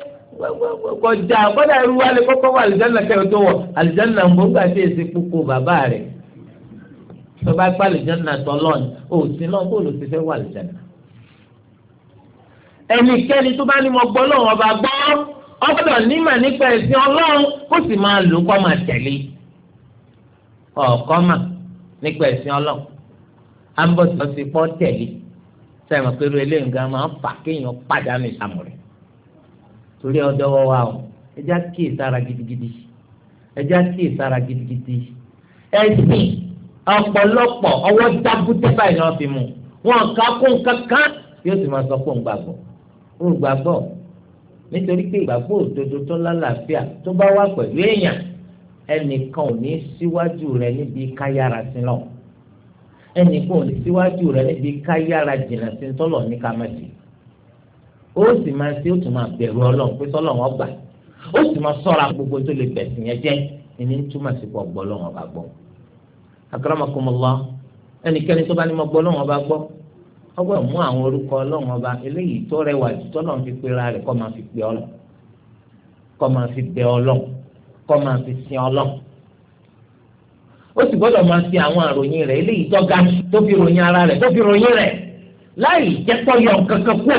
S1: kọjá kọ́dà irú wa lè kọ́kọ́ wọ àlìjáná kẹ́yọ̀ tó wọ̀ àlìjáná ń bọ́ gbà tí èsì kúkú bàbá rẹ̀ tó bá gbà àlìjáná tọ́lọ́ọ̀ni òsínlọ́ọ̀ ẹnikẹ́ni tó bá ní mo gbọ́ lọ́wọ́ ọba gbọ́ ọgbọ́dọ̀ nímọ̀ nípa ẹ̀sìn ọlọ́run kó sì máa lò kọ́ máa tẹ̀lé ọ̀kọ́ mà nípa ẹ̀sìn ọlọ́run ambọ̀sọ̀ ti pọ́ tẹ̀lé sẹ́wọ̀n pẹ̀lú eléyìí gan máa ń fà kéèyàn pàdánù ìsàmù rẹ̀ torí ọ̀dọ́ wọ́n wá o ẹja kíyè sára gidigidi ẹja kíyè sára gidigidi ẹ̀sìn ọ̀pọ̀lọpọ̀ ọwọ́ dábútẹ́ báyìí ni wọ́n fi mú wọn kà kún kankan yóò sì máa sọ pé òun gbàgbọ́ ń gbàgbọ́ nítorí pé ìgbàgbọ́ òdodo tó lálàáfíà tó bá wà pẹ̀lú èèyàn ẹnìkan ò ní síwájú rẹ níbi káyára sí lọ ẹnìkan ò ní síwájú rẹ níbi káyára jìnnà sí tọ́lọ̀ ní kàmẹ́sì ó sì máa ṣe ó tún máa bẹ̀rù ọlọ́run pé sọ́lọ̀ wọn gbà ó sì máa sọ́ra gbogbo tó lè bẹ̀sìn yẹn jẹ́ ẹni túmọ̀ sí pọ̀ gbọ́ lọ́wọ́n bá gbọ́. akramakumullah ẹnikẹ́ni tó bá ní mo gbọ́ lọ́wọ́n bá gbọ́ wọ́n gbọ́dọ̀ mú àwọn orúkọ ọlọ́run ọba eléyìí tó rẹwà jù tọ́lọ́run fi pera rẹ̀ kọ́ máa fi pè ọlọ́ kọ́ máa fi bẹ ọlọ́run kọ́ máa fi sin ọlọ́run ó sì gbọ́dọ̀ máa fi àwọn àròyìn rẹ̀ eléyìí tó ga tó fi ròyìn ara rẹ̀ tó fi ròyìn rẹ̀ láì jẹ́ tọ́yọ̀ kankan kú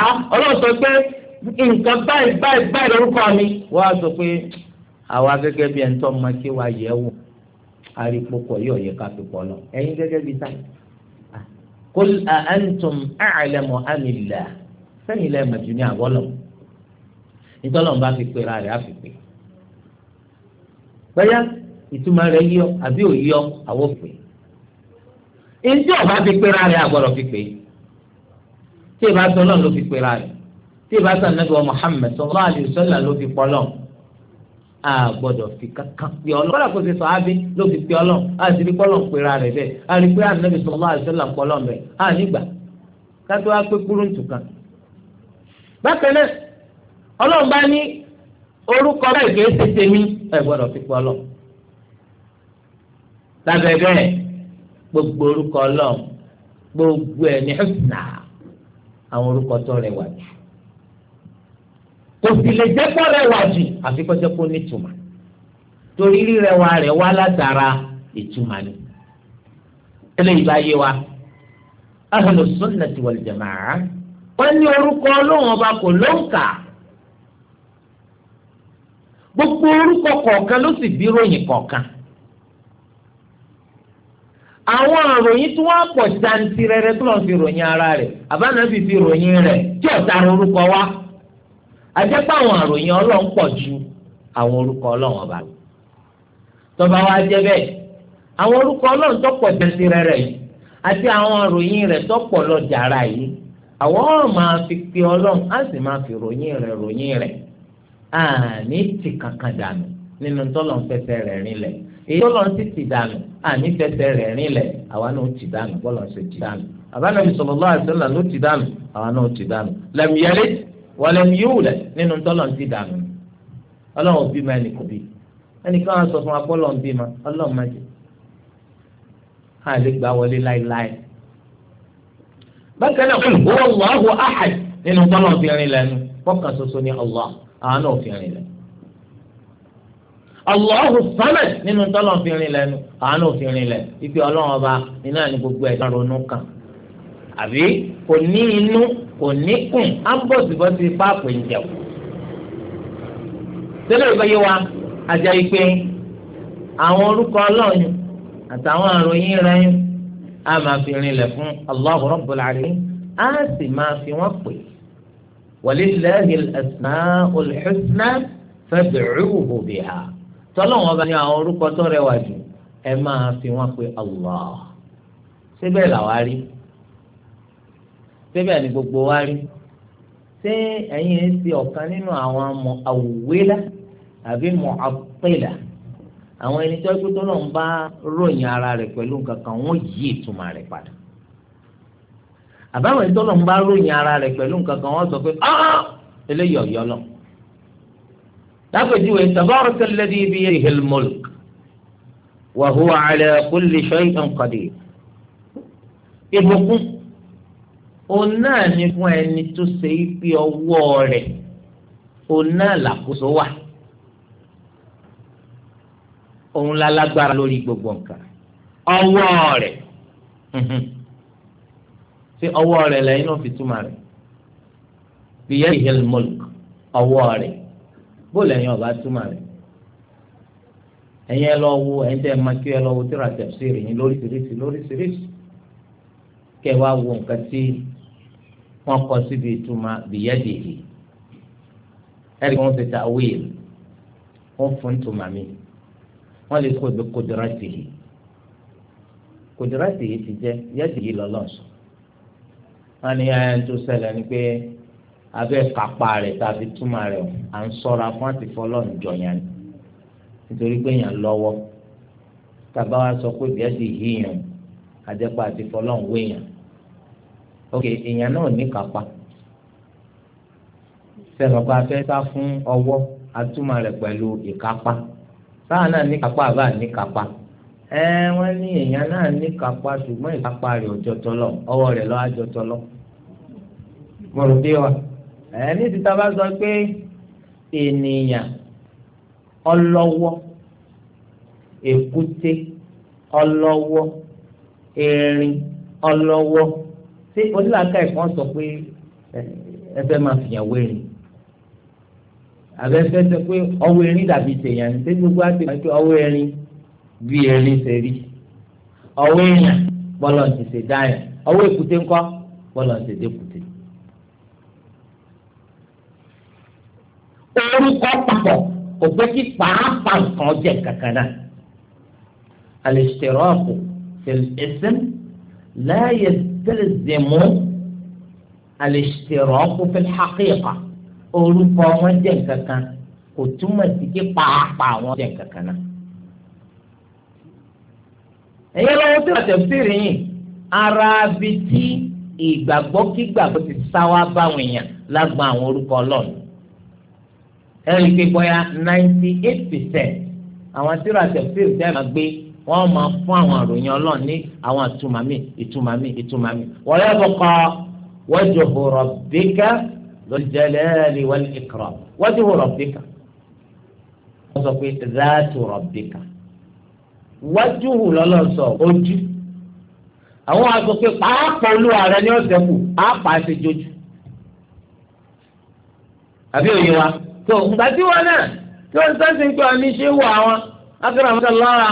S1: à ọlọ́run sọ pé nǹkan báyìí báyìí báyìí lórúkọ mi wọ́n á sọ pé àwa gẹ́gẹ́ bí ẹni tó máa kí wa yẹ̀ wò àrípò pọ̀ yóò yẹ ká fi pọ̀ lọ ẹ̀yin gẹ́gẹ́ bí táyì قل أأنتم أعلم أم الله sẹ́yìn ilẹ̀ mẹ̀túnì àwọ̀lọ̀ nítọ́lọ́ bá fi pera rẹ̀ á fi pè bẹ́yà ìtumọ̀ rẹ̀ yíyọ àbí òyíyọ àwọ̀ pè ntí ọba fi pera rẹ̀ àgbọ̀dọ̀ fi pè tí ìbá sọ lọ́n ló fi pera rẹ̀ tí ìbá sọ nàbẹ̀wọ̀ Muhammad sallallahu alaihi wasallam ló fi pọ́ a gbọdọ fi kankan pé ọlọ kọlá kò ṣe sọ ló fi pé ọlọ a sì fi kọlọ ń pera rẹ a rí pé àṣẹlá kọlọ a nígbà kátó wá pé bákan náà ọlọ́run bá ní orúkọ bẹ́ẹ̀ kì í ṣe ọlọ. gbogbo orúkọ ọlọ́run gbogbo ẹ̀ ní àwọn orúkọ kò sì lè jẹ́ kó rẹwà jù àfi kó jẹ́ kó nítumọ̀ torí rírẹwà rẹ̀ wá látara ìtumọ̀ ni eléyìí bá yé wa ahlu sunnati wal jamaa wọ́n ní orúkọ ọlọ́run ọba kò lóǹkà gbogbo orúkọ kọ̀ọ̀kan ló sì bí ròyìn kọ̀ọ̀kan àwọn àròyìn tí wọ́n pọ̀ jantirẹrẹ tó lọ́n fi ròyìn ara rẹ̀ àbánábì fi ròyìn rẹ̀ tí ọ̀tá orúkọ wa àjẹpọ̀ àwọn àròyìn ọlọ́run pọ̀ ju àwọn orúkọ ọlọ́run ọba lọ tọba wa jẹ́ bẹ́ẹ̀ àwọn orúkọ ọlọ́run tọ́pọ̀ jẹsí rẹrẹ yìí àti àwọn àròyìn rẹ̀ tọ́pọ̀ lọjà ara yìí àwọn máa fi pe ọlọ́run á sì máa fi ròyìn rẹ̀ ròyìn rẹ̀ àní ti kankan dànù nínú tọ́lọ̀ ń fẹsẹ̀ rẹ̀ rinlẹ̀ èyí tọ́lọ̀ ń sì ti dànù àní fẹsẹ̀ rẹ̀ rinlẹ̀ àwa náà ti dànù bọ́lọ̀ ń sì ti dànù àbánabi sallallahu alaihi wasallam ló ti dànù àwa náà ti dànù lam yalid wọlé ní yóò lẹ nínú tọ́lọ̀ ń ti dànù ọlọ́run òbí ma ẹnì kò bí ẹnìkan á sọ fún wa pọ́lọ̀ ń bí ma ọlọ́run má jẹ á lè gbà wọlé láéláé bákan náà kò wọ́n wọ́n wọ́n áhàd nínú tọ́lọ̀ fi rin lẹ́nu fọ́kàn ṣoṣo ní ọlọ́ àwọn náà fi rin lẹ́nu ọlọ́hùn sọ́mẹ̀ nínú tọ́lọ̀ fi rin lẹ́nu àwọn náà fi rin lẹ́nu ibi ọlọ́run ọba iná ní gbogbo ẹ̀ àbí kò ní inú kò ní kùn á ń bọ̀ síbọ̀ sí páàpù ìjẹun. tẹ́lẹ̀ ìgbà yé wa ajá ipe àwọn orúkọ ọlọ́run àtàwọn àròyìn rẹ̀ á máa fi rinlẹ̀ fún Allahu Rabbul Alamin á sì máa fi wọ́n pè walillahi al-asma'ul husna fad'uhu biha tọ́lọ́wọ́n bá ní àwọn orúkọ tó rẹwà jù ẹ máa fi wọ́n pè Allah síbẹ̀ làwárí síbẹ̀ ni gbogbo wa rí ṣé ẹ̀yin ń ṣe ọ̀kan nínú àwọn ọmọ àwòwélá àbí mọ àpèlà àwọn ẹni tó gbé tó lọ ń bá ròyìn ara rẹ̀ pẹ̀lú nǹkan kan wọ́n yí ìtumọ̀ rẹ̀ padà àbáwọn ẹni tó lọ ń bá ròyìn ara rẹ̀ pẹ̀lú nǹkan kan wọ́n sọ pé eléyìí ọ̀yọ́ lọ. lápèjúwe tabaraka alladhi biyadihi al-mulk wa huwa ala kulli shay'in qadir. ìbùkún òun náà ni fún ẹni tó ṣe é pé ọwọ́ rẹ̀ òun náà làkóso wà òun lálágbára lórí gbogbo nǹkan ọwọ́ rẹ̀ ṣé ọwọ́ rẹ̀ lẹ́yìn náà fi túmọ̀ rẹ̀ bíyẹ́ ìhẹ́lì mọ́lùk ọwọ́ rẹ̀ bó lẹ́yìn ọba túmọ̀ rẹ̀ ẹ̀yin ẹ lọ wo ẹ̀yin tẹ́ ẹ máa kí ẹ lọ wo tíra tẹ̀síìrì yín lóríṣiríṣi lóríṣiríṣi kẹ́ wá wo nǹkan tí wọ́n kọ síbi ìtumọ̀ bìyẹ́dìdì ẹ̀rí wọ́n ti ta wíìlì wọ́n fún ìtumọ̀ mi wọ́n lè kó ibi kòdìrátì yìí kòdìrátì yìí ti jẹ́ yẹ́dì yìí lọ́lọ́sùn wọ́n ní ayẹyẹ tó ṣẹlẹ̀ ni pé abẹ́ kápá rẹ̀ tàbí túmọ̀ rẹ̀ à ń sọ́ra fún àti fọlọ́ọ̀nù jọ̀yàn nítorí pé èèyàn lọ́wọ́ tàbá wa sọ pé bìyẹ́dì yàn àjẹpọ̀ àti fọlọ́ọ̀nù wéèyàn ok èèyàn náà ní kápá sẹ́nọ̀pá fẹ́ sá fún ọwọ́ atúmọ̀ rẹ̀ pẹ̀lú ìkápá sáà náà ní kápá àbá ní kápá ẹ wọ́n ní èèyàn náà ní kápá ṣùgbọ́n ìkápá rẹ̀ ọjọ́ tọ́lọ̀ ọwọ́ rẹ̀ lọ́wọ́ àjọ tọ́lọ̀ mo rò pé wa ẹ ní ti bá sọ pé ènìyàn ọlọ́wọ́ èkúté ọlọ́wọ́ erin ọlọ́wọ́ ṣé onílàákà ẹ̀kan sọ pé ẹ fẹ́ máa fìyàn wéèrè àbẹ́fẹ́ sọ pé ọwọ́ erin dàbí tèèyàn ní ṣé gbogbo àti ìgbà pé ọwọ́ erin bí erin ṣe rí ọwọ́ èèyàn bọ́lọ̀ ti ṣe dáyàn ọwọ́ èkúté ńkọ́ bọ́lọ̀ ti ṣe dẹ́kúté. orúkọ papọ̀ kò pé kí pàápàá nǹkan jẹ́ kankan náà. al-ishtiraq fil-ism لا يستلزم الاشتراك في الحقيقة orúkọ wọn jẹ́ nǹkan kan kò túmọ̀ sí kí pàápàá wọn jẹ́ nǹkan kan náà. ẹ̀yẹ́ lọ́wọ́ tí wọ́n tẹ̀síìrì yìí ara bi tí ìgbàgbọ́ kígbàgbọ́ ti sáwá báwọn èèyàn lágbọn àwọn orúkọ ọlọ́run. ẹ̀rí pé bóyá ninety eight percent àwọn tíra tẹ̀síìrì tẹ́ máa gbé wọ́n máa fún àwọn àròyìn ọlọ́run ní àwọn ìtumọ̀ mi ìtumọ̀ mi ìtumọ̀ mi wa yabqa wajhu rabbika dhul jalali wal ikram wajhu rabbika wọ́n sọ pé zaatu rabbika wájú lọ́lọ́sọ ojú àwọn aṣọ pàápàá olúwa rẹ ní ọ̀sẹ̀ kù pàápàá ṣe jojú àbí òye wa tó ǹgbà tí náà tí wọn sọ sí ń ní ṣé wọ àwọn akérè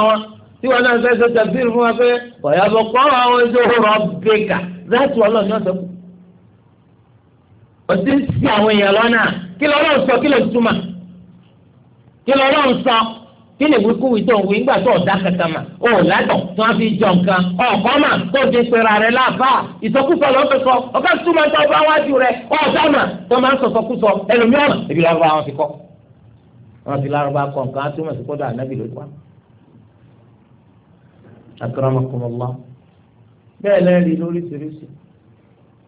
S1: àwọn tí wọn náà fẹ́ sọ tàbíìrì fún wa pé ọ̀yàbọ̀ kọ́ àwọn ojú rọ̀ bẹ́ẹ̀kà láti wọn lọ́nà ọ̀sẹ̀ kù. ó ti ń sí àwọn èèyàn lọ́nà kí lọ́rọ̀ ń sọ kí lè túmọ̀ kí lọ́rọ̀ ń sọ kí lè wí kúwì tó ń wí nígbà tó ọ̀dà kankan mà ó ládùn tí wọ́n fi jọ nǹkan ọ̀kọ́ mà tó ti pera rẹ̀ láàbà ìsọkúsọ lọ́sọsọ ọ̀ká túmọ̀ tó bá wájú rẹ̀ ọ̀dà mà tó máa ń sọ̀sọkúsọ ẹlòmíràn ìbí lárúbá wọn fi kọ́ wọn fi lárúbá kọ̀ nǹkan á túmọ̀ sí kọ́dọ̀ Allah bẹ́ẹ̀ lẹ́rìí lóríṣiríṣi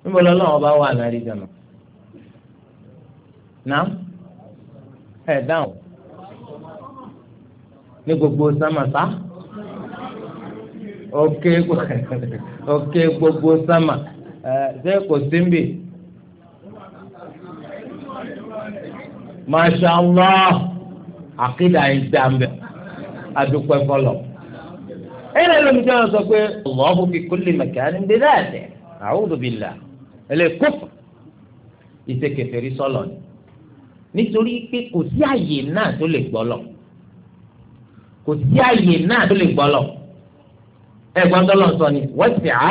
S1: níbo lọ́nà ọba wà lárí jàmọ́ náà ẹ̀ dáhùn ní gbogbo sámàtá òkè gbogbo sámà ṣé kò sí ń bì masha allah àkìdá yìí dá ń ẹnna ẹlòmíì tí wọn sọ pé Allahu fi kulli makanin bi dhatihi a'udhu billah ẹlẹ́kùp ìṣèkèfèrí sọlọ ni nítorí pé kò sí àyè náà tó lè gbọ́ lọ kò sí àyè náà tó lè gbọ́ lọ ẹ̀gbọ́n tó lọ sọ ni wasi'a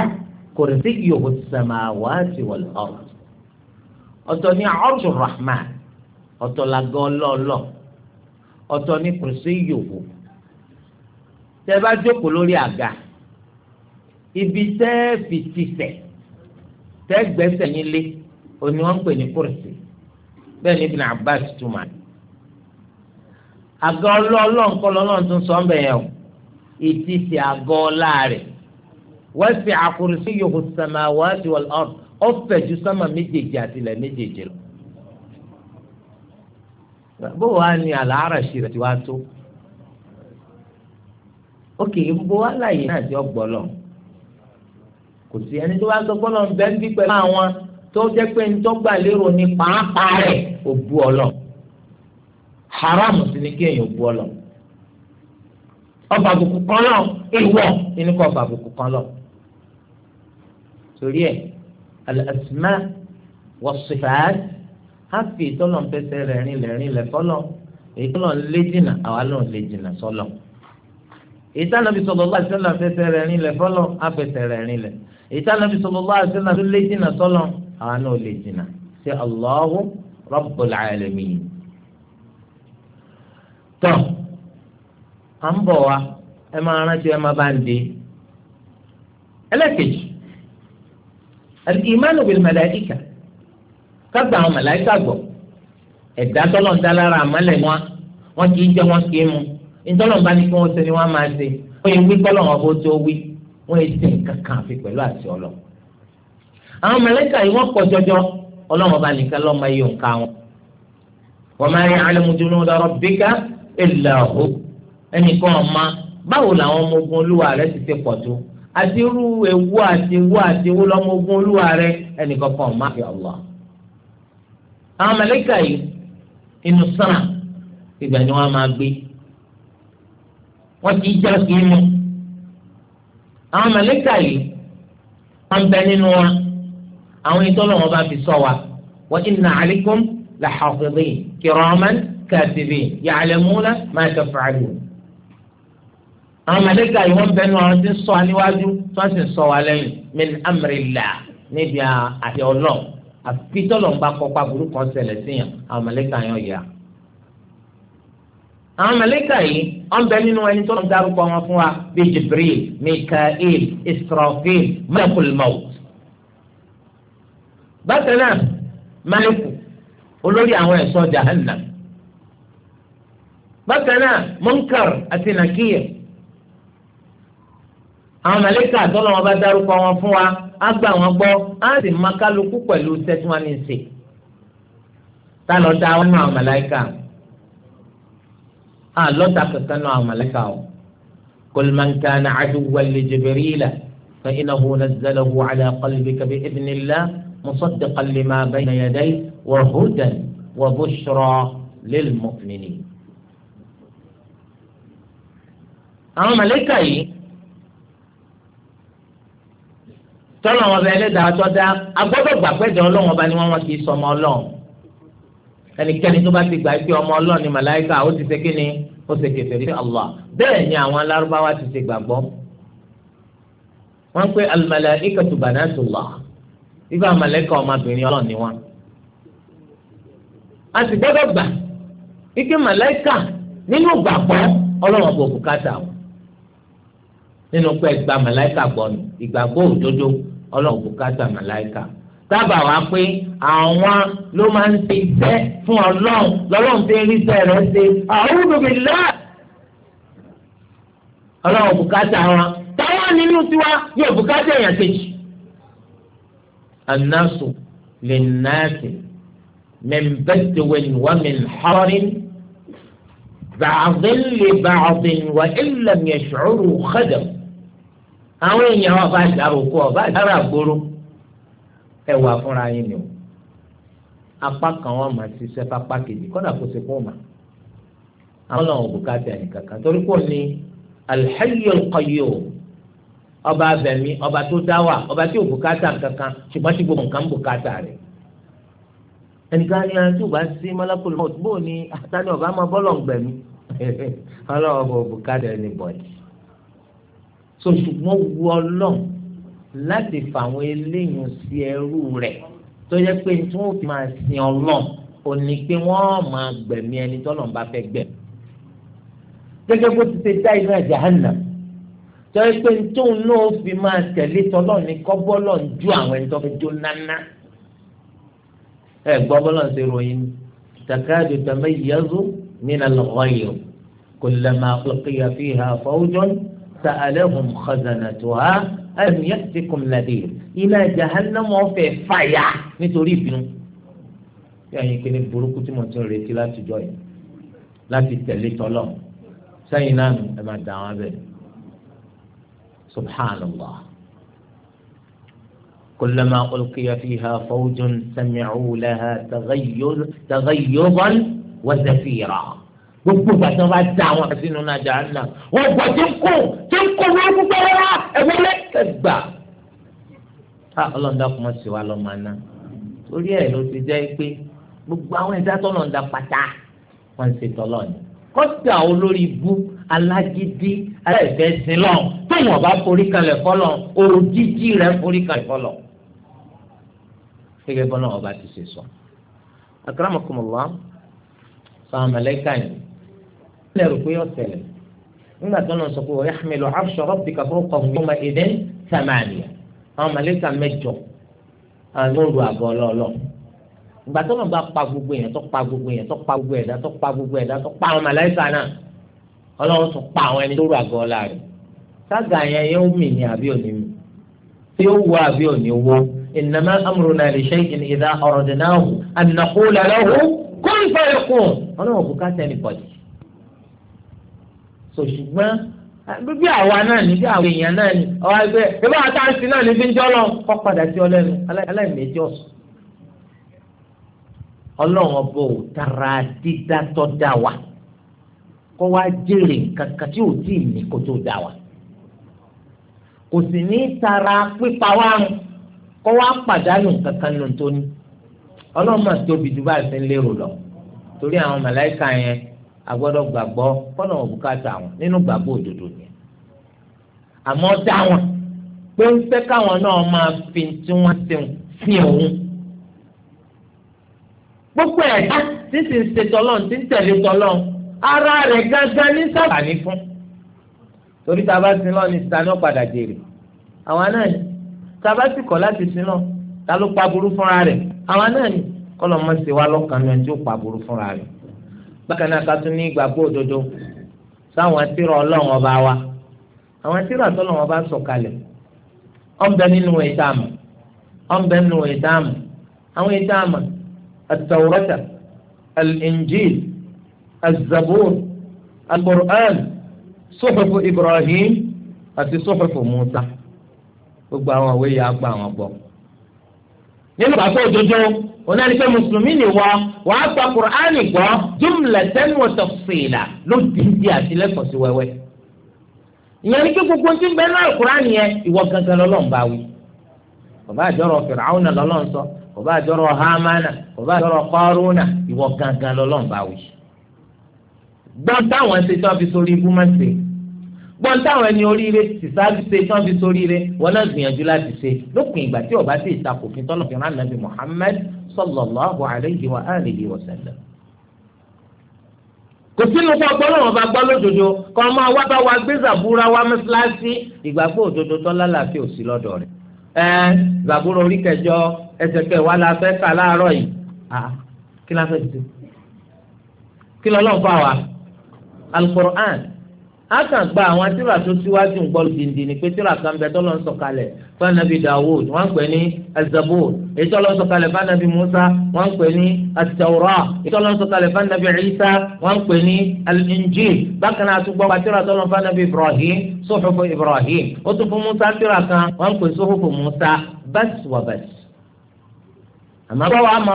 S1: kursiyyuhu as-samawati wal-ard ọ̀tọ̀ ni arshur rahman ọ̀tọ̀ làgọ́ ọlọ́ọ̀lọ́ ọ̀tọ̀ ni kursiyyuhu tẹ́ bá jókòó lórí àga ibi tẹ́ fi tìsẹ̀ tẹ́ gbẹ́sẹ̀ yín lé òní wọ́n ń pè ní kùrìsì bẹ́ẹ̀ ni Ibn Abbas túmọ̀ àga ọlọ́ọ̀lọ́ọ̀ ńkọ́ lọ́lọ́ọ̀ tún sọ ọ́nbẹ̀ yẹn o ìtìsẹ̀ àga ọlá rẹ̀ wasi'a kursiyyuhu as-samawati wal-ard ọ̀fẹ́ ju sánmà méjèèjì àti ilẹ̀ méjèèjì lọ. bó wàá ní àlàáràṣì rẹ̀ ti wá tó òkè ìbò aláyè náà ti ọgbọlọ kò sí ẹni tó bá sọ gbọlọ ń bẹ ń bí pẹ̀lú àwọn tó jẹ pé ń tọgbà lérò ní pàápàá rẹ òbu ọlọ haram sì ni kí èèyàn òbu ọlọ ọba àbùkù kan lọ ìwọ inú kọ ọba àbùkù kan lọ torí ẹ al-asma was-sifat á fi ìtọ́lọ̀ ń fẹsẹ̀ rẹ̀ rìn lẹ́rìn èyí tó lọ́n lé jìnnà àwa lọ́n lé jìnnà sọ́lọ́. So ìtànàbí sallallahu alaihi wasallam fẹsẹ̀ rẹ̀ rinlẹ̀ fọlọ àfẹsẹ̀ rẹ̀ rinlẹ̀ ìtànàbí sallallahu alaihi wasallam tó lé jìnnà sọlọ àwọn náà jìnnà ṣe Allahu Rabbul Alamin. tọ́ à ń bọ̀ wá ẹ máa rántí ẹ máa bá ń ẹlẹ́kejì malaika àwọn màláìka gbọ̀ ẹ̀dá tọ́lọ̀ ń dá lára àmọ́lẹ̀ wọn wọn kì í ìtọ́lọ́mọba ní kí wọ́n ṣe ni wọ́n máa ṣe wọ́n yẹ wí tọ́lọ́mọ bó tó wí wọ́n yẹ sìn kankan àfi pẹ̀lú àti ọlọ́ àwọn mẹlẹ́kà yìí wọ́n pọ̀ jọjọ ọlọ́mọba nìkan lọ́mọ yìí ò ń ká wọn. wọ́n máa ya'lamu junuda rabbika illa hu ẹnìkan ọ̀ma báwo làwọn ọmọ ogun olúwa rẹ ti ṣe pọ̀ tó àti irú ewu àti ewu àti ewu lọ́mọ ogun olúwa rẹ ẹnìkan kan ọ̀ma fi Allah. àwọn mẹlẹ́kà yìí inú sàn ìgbà ni wọ́n máa gbé wọ́n ti já sí inú. àwọn màlẹ́kà yìí wọ́n bẹ nínú wa àwọn ìtọ́lọ̀ wọn bá fi sọ wa wa inna alaykum la hafidhin kiraman katibin ya'lamuna ma taf'alun.
S2: àwọn màlẹ́kà yìí wọ́n bẹ nínú
S1: àwọn tí ń sọ wa tí wọ́n sì ń sọ wa lẹ́yìn min amrillah níbi àti ọlọ́ àfi tọ́lọ̀ ń bá kọ́pá burúkú ọ̀sẹ̀ lẹ́sìn yẹn àwọn màlẹ́kà yẹn yà àwọn mẹlẹ́kà yìí wọ́n bẹ nínú ẹni tó ń darúgbó wọn fún wa bíi jibril mikael israfil malakul maut. bákan náà maliku olórí àwọn ẹ̀ṣọ́ jahannam bákan náà munkar àti nakir àwọn mẹlẹ́kà tọ́lọ́ wọn bá darúgbó wọn fún wa á gbà wọn gbọ́ á sì má kálukú pẹ̀lú sẹ́túwánìsì tá lọ́ọ́ dá wọn náà mẹlẹ́kà àlọ́ta ah, kankan náà àmàlẹ́kà o kul man kana aduwwan li Jibrila fa innahu nazzalahu ala qalbika bi idhnillah musaddiqan lima bayna yadayhi wa hudan wa bushra lil mu'minin. àwọn màlẹ́kà yìí tọ́lọ̀ wọn bẹ ẹlẹ́dàá tó dá agbọ́dọ̀ gbàgbẹ́jọ ọlọ́wọ́n bá ní wọ́n wọn kì í sọmọ ọlọ́run ẹnikẹ́ni tó bá ti gbà pé ọmọ ọlọ́run ni màláìka ó ti ṣe kí ni ó ṣe kèfèrí sí Allah bẹ́ẹ̀ ni àwọn alárúbáwá ti ṣe gbàgbọ́ wọ́n pé al-malaikatu banatullah ibà màlẹ́kà ọmọbìnrin ọlọ́ọ̀ ni wọ́n. a sì gbọ́dọ̀ gbà ike màlẹ́kà nínú gbàgbọ́ ọlọ́wọ́n bò bùkátà o nínú pé ìgbà màlẹ́kà gbọ́ ìgbàgbọ́ òdodo ọlọ́wọ́n bùkátà màlẹ́kà o dábàá wá pé àwọn ló máa ń ṣe iṣẹ́ fún ọlọ́run lọ́lọ́run fi rí iṣẹ́ rẹ̀ ṣe a'udhu billah ọlọ́run bùkátà wọn táwọn nínú tiwa yóò bùkátà èèyàn kejì. annasu linnasi min badwin wa min harin ba'dhin li ba'dhin wa illam yash'uru khadam. àwọn èèyàn ọba àṣà òkú ọba àṣà àgbòrò ẹ wà fúnra yín ni o apá kan wọn máa ṣiṣẹ́ fapá kejì kọ́dà kó ṣe kó mà àwọn náà wọ́n bùkátà yín kankan torí kò ní al-hayyul qayyum ọba abẹ̀mí ọba tó dá wà ọba tí ò bùkátà kankan ṣùgbọ́n tí gbogbo nǹkan bùkátà rẹ̀ ẹnìkan ní ẹni tí sí malakul maut bó ni àtàlẹ́ ọba máa bọ́lọ̀ ń gbẹ̀mí ọlọ́wọ́ bò bùkátà ẹni bọ̀dì so ṣùgbọ́n wu ọlọ́run láti fàwọn eléyìí sí ẹrú rẹ̀ tó yẹ pé tí wọ́n fi máa sin ọlọ́run ò ní pé wọ́n máa gbẹ̀mí ẹni tọ́lọ́run bá fẹ́ gbẹ̀mí. gẹ́gẹ́ bó ti ṣe dá iná jahannam tó yẹ pé tóun náà fi máa tẹ̀lé tọ́lọ́run ní kọ́bọ́lọ́ ń ju àwọn ẹni tó fẹ́ jó nánà. ẹ gbọ́ bọ́lọ́ ṣe ròyìn takadu tamayyazu min al-ghayr kullama ulqiya fiha fawjun sa'alahum khazanatuha ẹnu ti ألم يأتكم نذير إلى جهنم ọfẹ fàyà nítorí ìbínú yẹ́nì kíní burúkú tí mo ti ń retí láti jọ yìí láti tẹ̀lé tọ́lọ̀ sẹ́yìn náà nù ẹ̀ máa dà wọn bẹ̀ bẹ́ẹ̀ wa kulama ulqiya fiha fawjun sami'u laha taghayyuzan wa zafira. gbogbo ìgbà tí wọn bá dá àwọn sínú náà jahannam wọn gbọ́ tí ń kó
S2: tí ń kó wọn kú pẹ̀lú wa
S1: ẹgbẹ́ lẹkẹgbà. a ọlọ́dà kò mọ̀ sí wa lọ́ máa ná torí ẹ̀ ló ti jẹ́ pé gbogbo àwọn ẹ̀dá tọ́nà ń da pátá wọn ń ṣètò ọlọ́ọ̀ni kọ́sìtà olórí ibú alágídí aláìfẹ́ sílọ̀ tó wọn bá forí kalẹ̀ fọlọ̀ òun jíjí rẹ̀ forí kalẹ̀ fọlọ̀ gẹ́gẹ́ bọ́lá ọba ti ṣe sọ. akramakumullah sọ àmàlẹ́kà yìí lẹ́rù pé yọ ṣẹlẹ̀ nígbà tó náà sọ pé ọ̀yá mi lọ aṣọ rọ́bì kàfọ́ kọ̀ọ̀kan yóò máa èdè sàmàlìyà àwọn màlẹ́kà mẹ́jọ àwọn olùrù àgọ́ ọlọ́ọ̀lọ́ ìgbà tó náà bá pa gbogbo èèyàn tó pa gbogbo èèyàn tó pa gbogbo ẹ̀dá tó pa gbogbo ẹ̀dá tó pa àwọn màlẹ́kà náà ọlọ́run tó pa àwọn ẹni tó rù àgọ́ ọlá rẹ̀ sága yẹn yóò mì ní àbí òní mi sọ ṣùgbọ́n bí àwa náà ní bí àwọn èèyàn náà ní ọwọ́ ẹgbẹ́ ìbá àtàǹtì náà ní fi ń jọ́lọ́ kọ́ padà sí ọlẹ́nu aláìmẹ́jọ́ sùn. ọlọ́run ọba ò tara dídá tọ́ dá wa kó wá jèrè nǹkan kan tí ò tí ì ní kó tó dá wa kò sì ní tara pípa wá ń kó wá pàdánù nǹkan kan lóun tó ní ọlọ́run mà tóbi ju báyìí ń lérò lọ torí àwọn màláìka yẹn agbọ́dọ̀ gbàgbọ́ kọ́nà òbúkátà wọn nínú gbàgbọ́ òdodo ni àmọ́ dá wọn pé ń fẹ́ káwọn náà máa fi tí wọ́n ti fi òun gbogbo ẹ̀dá tí sì ń ṣe tọ́lọ́n tí ń tẹ̀lé tọ́lọ́n ara rẹ̀ gángan ní sábàání fún torí tàbá sin lọ ní sani ọ̀padà jèrè àwọn náà ni tàbá sì kọ̀ láti sin lọ ta ló pa burú fúnra rẹ̀ àwọn náà ni kọ́lọ́ mọ̀ sí wa lọ́kàn ní ẹni tí ó pa burú fúnra rẹ̀ bákan náà ká tún ní ìgbàgbọ́ òdodo sáwọn tírà ọlọ́run ọba wa àwọn tírà tọ́lọ́run ọba sọ̀kalẹ̀ ọ̀nbẹ nínú ìta àmà ọ̀nbẹ nínú ìta àmà àwọn ìta àmà at-Tawrata al-Injil Ibrahim àti suhufu Musa gbogbo àwọn òwe yà á gbà nínú bàtà òjòjò onáníkẹ́ mùsùlùmí ni wá wàá gba kùránì gbọ́ jumlatan wa tafsila ló di di àtìlẹ́kọ̀ọ́ sí wẹ́wẹ́. ìyẹn ní kí gbogbo ti ń bẹ náà kùránì yẹn ìwọ gangan lọ́lọ́run bá wí. bàbá àjọrọ̀ fìràwùnà lọ́lọ́run sọ bàbá àjọrọ̀ hamana bàbá àjọrọ̀ kọ́rùnà ìwọ gangan lọ́lọ́run bá wí. gbọ́n táwọn ṣe tó fi sórí ibú máa ń ṣe gbọ́n táwọn ẹni oríire ti sáájú ṣe tí wọ́n fi sóríire wọn náà gbìyànjú láti ṣe lópin ìgbà tí ọba sì ta kòfin tọ́nà fi rán nàbì Muhammad sallallahu alayhi wa alihi wa sallam. kò sínú fún ọgbọ́n náà wọn bá gbọ́ lódodo kọ́ ọ máa wá bá wa gbé zàbúrà wa mẹ́sàlásì ìgbàgbọ́ òdodo tọ́lá làfi òsì lọ́dọ̀ rẹ̀. ẹ zàbúrà orí kẹjọ ẹsẹ̀ kẹ wà la fẹ́ kà láàárọ̀ yìí kí la fẹ́ ti kí lọ́lọ́ a kàn gba àwọn tíra tó síwájú ńgbọ́ dìndín ni pé tíra kan bẹ tọ́lọ́ ń sọ̀kalẹ̀ fanabi Dawud wọ́n ń pè ní azabur èyí tọ́lọ́ ń sọ̀kalẹ̀ fanabi Musa wọ́n ń pè ní atawura èyí tọ́lọ́ ń sọ̀kalẹ̀ fanabi Isa wọ́n ń pè ní alinjil bákan náà tún gbọ́gba tíra tọ́lọ́ fanabi Ibrahim sọ́fọ̀fọ̀ Ibrahim ó tún fún Musa tíra kan wọ́n pè sọ́fọ̀fọ̀ Musa bẹ́ẹ̀ wà bẹ́ẹ̀ àmọ́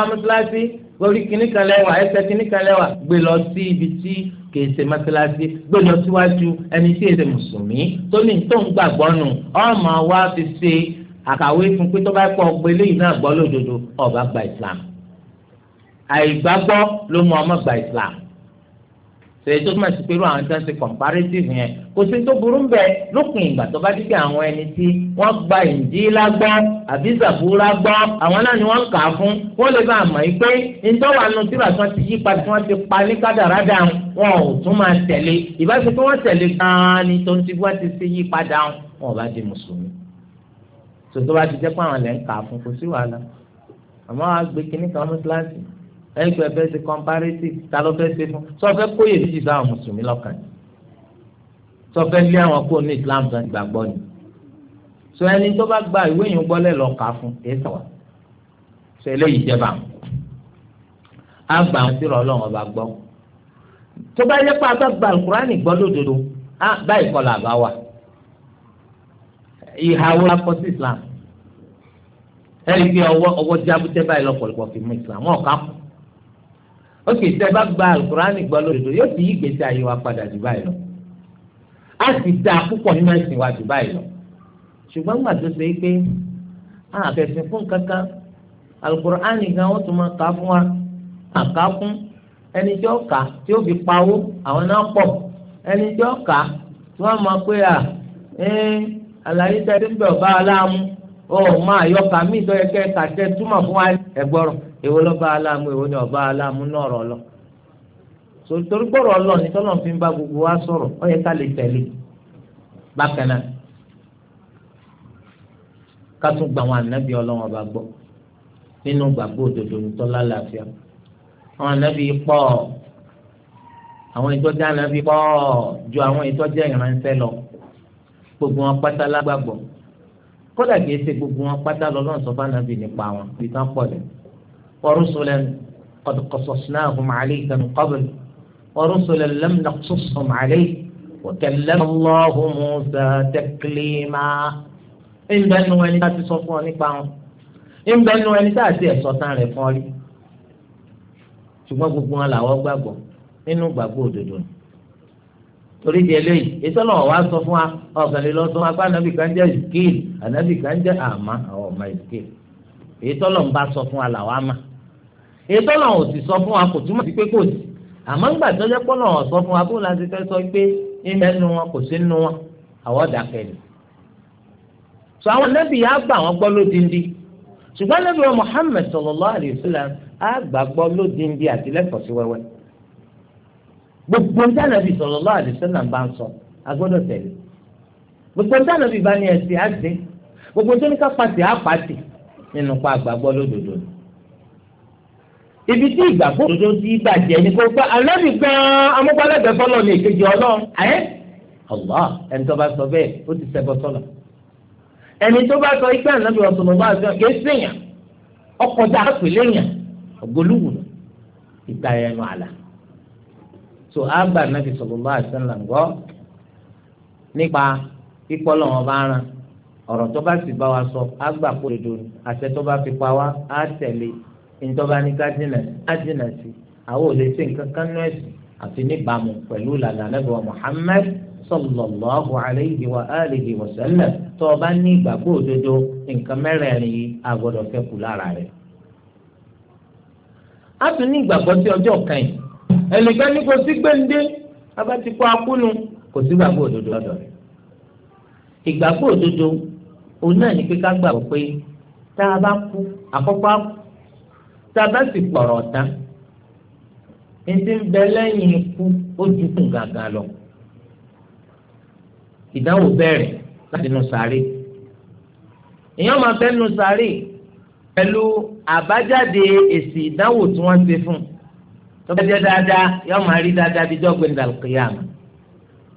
S1: àmọ́ orí kìíní kan wa ẹsẹ̀ kìíní kan wa gbé lọ sí ibi tí kìí ṣe mọ́sálásí gbé lọ síwájú ẹni tí èdè mùsùlùmí tó ní tó ń gbàgbọ́ nù wa fi ṣe àkàwé fún pé tó bá pọ̀ gbé léyìn náà gbọ́ gba Islam àìgbàgbọ́ ló mú ọmọ gba Islam sèyí tó máa ti pẹ̀lú àwọn sáńsì comparative yẹn kò sí tó burú bẹ́ẹ̀ lópin ìgbà tó bá ti pé àwọn ẹni tí wọ́n gba ìjìlá gbọ́ àbí zàbúrà gbọ́ àwọn náà ni wọ́n ń kà á fún wọ́n lè bá a mọ̀ pé ìtọ́wà nu tíra tí wọ́n ti yí padà tí wọ́n ti pa ní kádàrádà wọn ò tún máa tẹ̀lé ìbáṣe pé wọ́n tẹ̀lé gan-an ni tó ń ti wọ́n ti ṣe yí padà wọn ò bá di mùsùlùmí tòtò bá ti jẹ́ pé àwọn lẹ́ ń kà á fún kò sí wàhálà àmọ́ àgbẹ̀ kìnnìkan mú kíláàsì ẹ̀yin pé ẹ̀fẹ́ ṣe comparative ta ló fẹ́ ṣe fún sọfẹ́ kóyè sí ìbá àwọn mùsùlùmí lọ́kàn sọfẹ́ lé àwọn kó ní Islam tó ń gbàgbọ́ ni sọ ẹni tó bá gba ìwé yìí ń gbọ́lẹ̀ lọ kà fún èyí sọ̀wá sọ eléyìí jẹba á gbà wọn sí Ọlọ́run ọba gbọ́ tó bá yẹ pé a bá gba alukurani gbọ́ lódodo á báyìí kọ́ là bá ìhàwó la sí Islam ẹ̀rí pé ọwọ́ ọwọ́ jábútẹ́ báyìí lọ́pọ̀lọpọ̀ fi mú Islam wọn kà kù ó kì í sẹ́ bá gba alukurani gbọ́ lódodo yóò sì yí gbèsè ayé wa padà jù báyìí lọ a sì da púpọ̀ nínú ẹ̀sìn wa jù báyìí lọ ṣùgbọ́n gbà tó ṣe pé àfẹ̀sìn fún kankan alukurani gan ó tún máa kà fún wa àká fún ẹni tí ó kà tí ó fi pawó àwọn náà pọ̀ ẹni tí ó kà tí wọ́n máa pé à ẹ́ àlàyé tẹ́lẹ̀ ń bẹ̀ ọ̀bá ó má àyọkà mí ìtọ́yẹ kẹ́ kàtẹ́ túmọ̀ fún wa ẹ̀gbọ́rọ̀ èwo ló bá aláàmú èwo ni ọba aláàmú náà rọ̀ lọ. torí gbọ́rọ̀ lọ ní tọ́lọ̀ fi ń bá gbogbo wa sọ̀rọ̀ ó yẹ ká lè tẹ̀lé bákan náà ká tún gba àwọn ànábì ọlọ́wọ́n ọba gbọ́ nínú gbàgbọ́ òdodo nítọ́lá làáfíà àwọn ànábì pọ̀ àwọn ìtọ́jú ànábì pọ̀ ju àwọn ìtọ́jú ìránṣẹ́ lọ gbogbo wọn pátá lágbàgbọ́ kódà kìí ṣe gbogbo wọn pátá lọ́lọ́run sọ fún anabi nípa wọn bí tán pọ̀ lẹ̀ wa rusulan qad qasasnahum alayka min qabl wa rusulan lam naqsushum alayka wa kallama Allahu Musa taklima. ń bẹ́ẹ̀ nu ẹni tá a ti sọ fún ọ nípa wọn ń bẹ́ẹ̀ ẹni tá a ti ẹ̀ tán rẹ̀ fún ọ rí ṣùgbọ́n gbogbo wọn làwọn gbàgbọ́ nínú gbàgbọ́ òdodo ni torí di eléyìí ìtọ́lọ̀ wa sọ fún wa ọ̀sán lè lọ sọ fún wa pé ànábì kan jẹ́ ìskéèlì ànábì kan jẹ́ àmà àwọn ọmọ ìskéèlì ìtọ́lọ̀ ń bá sọ fún wa làwa mà ìtọ́lọ̀ ò sì sọ fún wa kò túmọ̀ sí pé kò sí àmọ́ ńgbà tó jẹ́ pọ́nà ò sọ fún wa bó la ti fẹ́ sọ pé nínú ẹnu wọn kò sí nínú wọn àwọn dàkẹ́ ni. sọ àwọn ànábì yà á gbà wọn gbọ́ lódindi ṣùgbọ́n ànábì wa Muhammad sallallahu alaihi wasallam á gbà gbọ́ lódindi àti lẹ́fọ̀ọ́ sí wẹ́wẹ́ gbogbo ní ànábì sallallahu alaihi wasallam bá ń sọ agbọ́dọ̀ tẹ̀lé gbogbo ní ànábì bá ní ẹsẹ̀ á ṣe gbogbo tó ní ká pàṣẹ á pàṣẹ nínú pa àgbàgbọ́ lódodo ni ibi tí ìgbàgbọ́ òdodo ti gbàjẹ́ ni kò gbà ànábì gan-an amúgbálẹ́gbẹ̀ẹ́ fọlọ́ ní èkejì ọlọ́run ayé Allah ẹni tó bá sọ bẹ́ẹ̀ ó ti ṣẹbọ sọ́lọ̀ ẹni tó bá sọ ikpe ànábì ọ̀sọ̀rọ̀ bá sọ kì í sèyàn ọkọjà àpèléyàn ògbólúwùn ìgbà ẹnu àlà so àgbà nàbì sallallahu alaihi wasallam gbọ́ nípa pípọ́lọ̀ wọn bá ràn ọ̀rọ̀ tó bá sì bá wa sọ àgbà kó dodo àṣẹ tó bá fi pa wá á tẹ̀lé ìjọba ní ká dínà sí àwọn ò lè ṣe nǹkan kan náà sí àfi níbàámu pẹ̀lú làlà nàbẹ̀wò Muhammad sallallahu alayhi wa alihi wa sallam tó o bá ní ìgbàgbọ́ òdodo nǹkan mẹ́rẹ̀ẹ̀rin yìí a gbọ́dọ̀ fẹ́ lára rẹ̀. a tún ní ìgbàgbọ́ sí ọjọ́ kan ẹnìkan ní kò sí gbẹ̀ǹdé bàbá ti kọ́ akúnu kò sí gbàgbọ́ òdodo lọ́dọ̀ rẹ̀ ìgbàgbọ́ òdodo òun náà ní pé ká gbàgbọ́ pé tá a bá kú àkọ́kọ́ á kú tá a bá sì pọ̀rọ̀ tán ẹtí ń bẹ lẹ́yìn ikú ó dúkùn gàgà lọ ìdánwò bẹ̀rẹ̀ láti nu sàárè èèyàn máa fẹ́ nu sàárè pẹ̀lú àbájáde èsì ìdánwò tí wọ́n ṣe fún un tó bá jẹ́ dáadáa yóò máa rí dáadáa díjọ́ gbẹ̀ndà kìyàm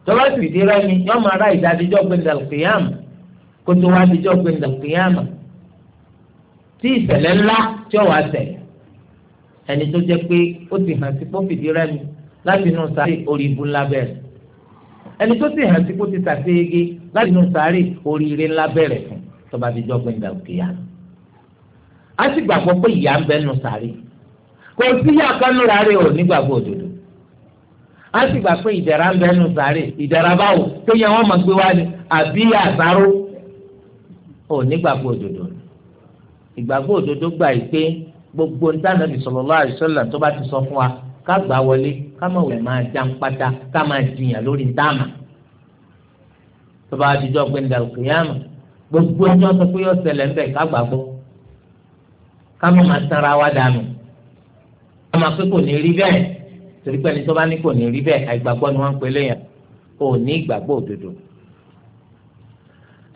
S1: tó bá sì di rẹ́mi yóò máa rà ìdá díjọ́ gbẹ̀ndà kìyàm kó tó wá díjọ́ gbẹ̀ndà kìyàm tí ìṣẹ̀lẹ̀ ńlá tí ó wà ṣẹlẹ̀ ẹni tó jẹ́ pé ó ti hàn sí pọ́fìdì rẹ́mi láti inú sáré orí ńlá bẹ̀rẹ̀ ẹni tó sì hàn sí kó tàṣeyege láti inú sáré oríire ńlá bẹ̀rẹ̀ fún tó bá díjọ́ gbẹ̀ndà kìyàm kò sí àkànnù rárẹ ò nígbàgbọ́ òdodo a sì gbà pé ìdẹ̀ra ń bẹnu sáré báwo tó yẹ wọn máa gbé wá ní àbí àsáró ò nígbàgbọ́ òdodo ìgbàgbọ́ òdodo gbà yìí pé gbogbo ń bí sallallahu alaihi wasallam tó bá ti sọ fún wa ká gbà wọlé ká má wẹ̀ máa já ń pátá ká máa jiyàn lórí tó bá gbogbo ẹjọ́ sọ pé yọ ká gbàgbọ́ ká má máa wa dànù wọ́n máa pé kò ní rí bẹ́ẹ̀ torí pé ẹni tó bá ní kò ní rí bẹ́ẹ̀ àìgbàgbọ́ ni wọ́n ń pè léyàn ò ní ìgbàgbọ́ òdodo.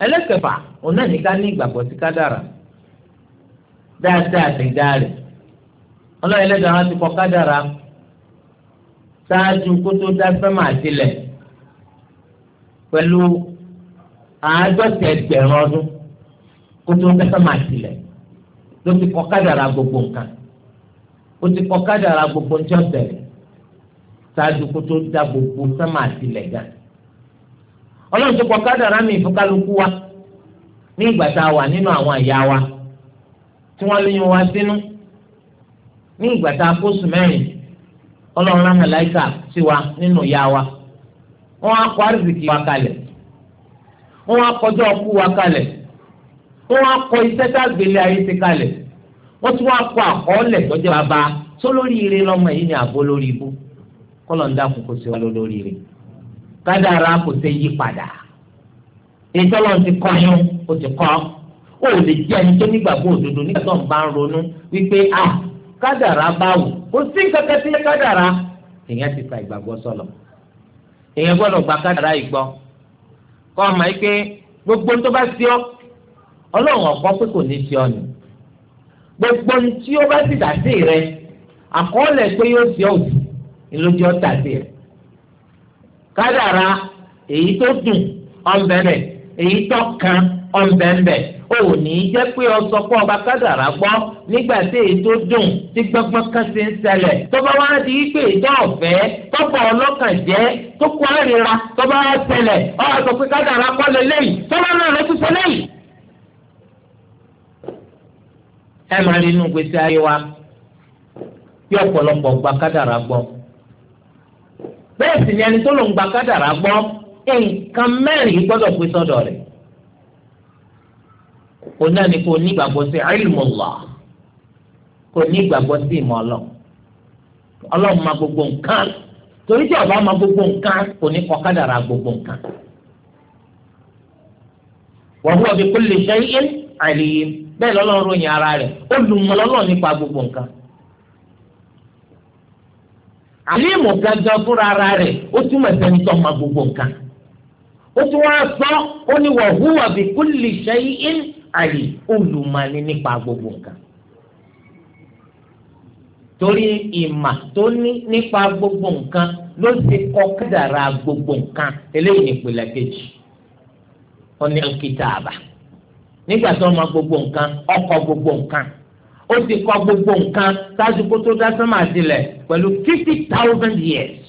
S1: ẹlẹ́kẹ̀fà òun náà ní ká ní ìgbàgbọ́ sí kádàrà
S2: dáadáa lè
S1: dáre ọlọ́run ẹlẹ́dàá wọn ti kọ kádàrà ṣáájú kó tó dá sẹ́mà sílẹ̀ pẹ̀lú àádọ́ta ẹgbẹ̀rún ọdún kó tó dá sẹ́mà sílẹ̀ ló fi kọ kádàrà gbogbo nǹkan O ti kọ gbogbo ń jọ ṣáájú kó gbogbo sánmà àtìlẹ̀ gan. ọlọ́run ti kọ kádàrà mi fún wa ní ìgbà tá a wà nínú wa tí wọ́n lóyún wa sínú ní ìgbà tá a kó ọlọ́run wa nínú ìyá wa wọ́n á kọ àrísìkì wa kalẹ̀ wọ́n á kọjọ́ ọkú wa kalẹ̀ wọ́n á iṣẹ́ wọ́n tún wáá kọ àkọọ́lẹ̀ tọ́jú bàbá tó ire lọ́mọ yìí ni àbó lórí ibú kọ́lọ̀ ń dákun kó ṣe wá lórí ire kádàrá kò ṣe yí padà ìtọ́lọ́ ti kọyún ó ti kọ́ ó lè jẹ́ ẹni tó nígbàgbọ́ òdodo nígbà tó ń bá ń ronú wípé a kádàrá báwò kò sí kankan sí kádàrá èèyàn ti fa ìgbàgbọ́ sọ̀lọ̀ èèyàn gbọ́dọ̀ gba kádàrá yìí gbọ́ kọ́ ọ mọ̀ pé gbogbo tó bá sí ọ gbogbo ní tí ó bá ti dàsí rẹ àkọọ́lẹ̀ pé yóò sí òsì ìlójú ọ̀ dàsí rẹ kádàrá èyí tó dùn ọ̀nbẹ̀rẹ̀ èyí tó kan ọ̀nbẹ̀nbẹ̀ ò ní jẹ́ pé ọsọ pé ọba kádàrá gbọ́ nígbà tí èyí tó dùn tí gbọ́ngbọ́n kan ti ń ṣẹlẹ̀ tọ́ba wá di pé ìjọ ọ̀fẹ́ tọ́ba ọlọ́kàn jẹ́ tó kó àríra tọ́ba wá ṣẹlẹ̀ ọ̀ àtọ̀pẹ́ kádàrá kọ́ lélẹ́yìn tọ́ba náà lọ́tún ṣẹlẹ̀ yìí. ẹ máa rí inú gbèsè ayé wa bí ọ̀pọ̀lọpọ̀ gba kádàrá gbọ́ bẹ́ẹ̀ sì ni ẹni tó lòún gba kádàrá gbọ́ nǹkan mẹ́rin gbọ́dọ̀ pé sọ́dọ̀ rẹ̀ kò náà ni kò ní ìgbàgbọ́ sí ilmullah kò ní ìgbàgbọ́ sí ìmọ̀ ọlọ́run ma gbogbo nǹkan torí tí ọba ma gbogbo nǹkan kò ní kọ kádàrá gbogbo nǹkan wa huwa bi kulli shay'in alim bẹ́ẹ̀ lọ́lọ́run ròyìn ara rẹ̀ olùmọ̀ lọ́lọ́run nípa gbogbo nǹkan. àlímù gangan fúnra ara rẹ̀ ó túmọ̀ sẹ́ni tó ma gbogbo nǹkan. ó tún wá sọ ó ní wa huwa bi kulli shay'in àyè olùmọ̀ni nípa gbogbo nǹkan. torí ìmà tó ní nípa gbogbo nǹkan ló ti kọ́ kádàrá gbogbo nǹkan eléyìí nípìnlẹ̀ kejì. ó ní alkitaaba nígbà tó mọ gbogbo nǹkan ó kọ gbogbo nǹkan ó ti kọ gbogbo nǹkan ṣáájú kó tó dá sánmà sílẹ̀ pẹ̀lú fifty thousand years.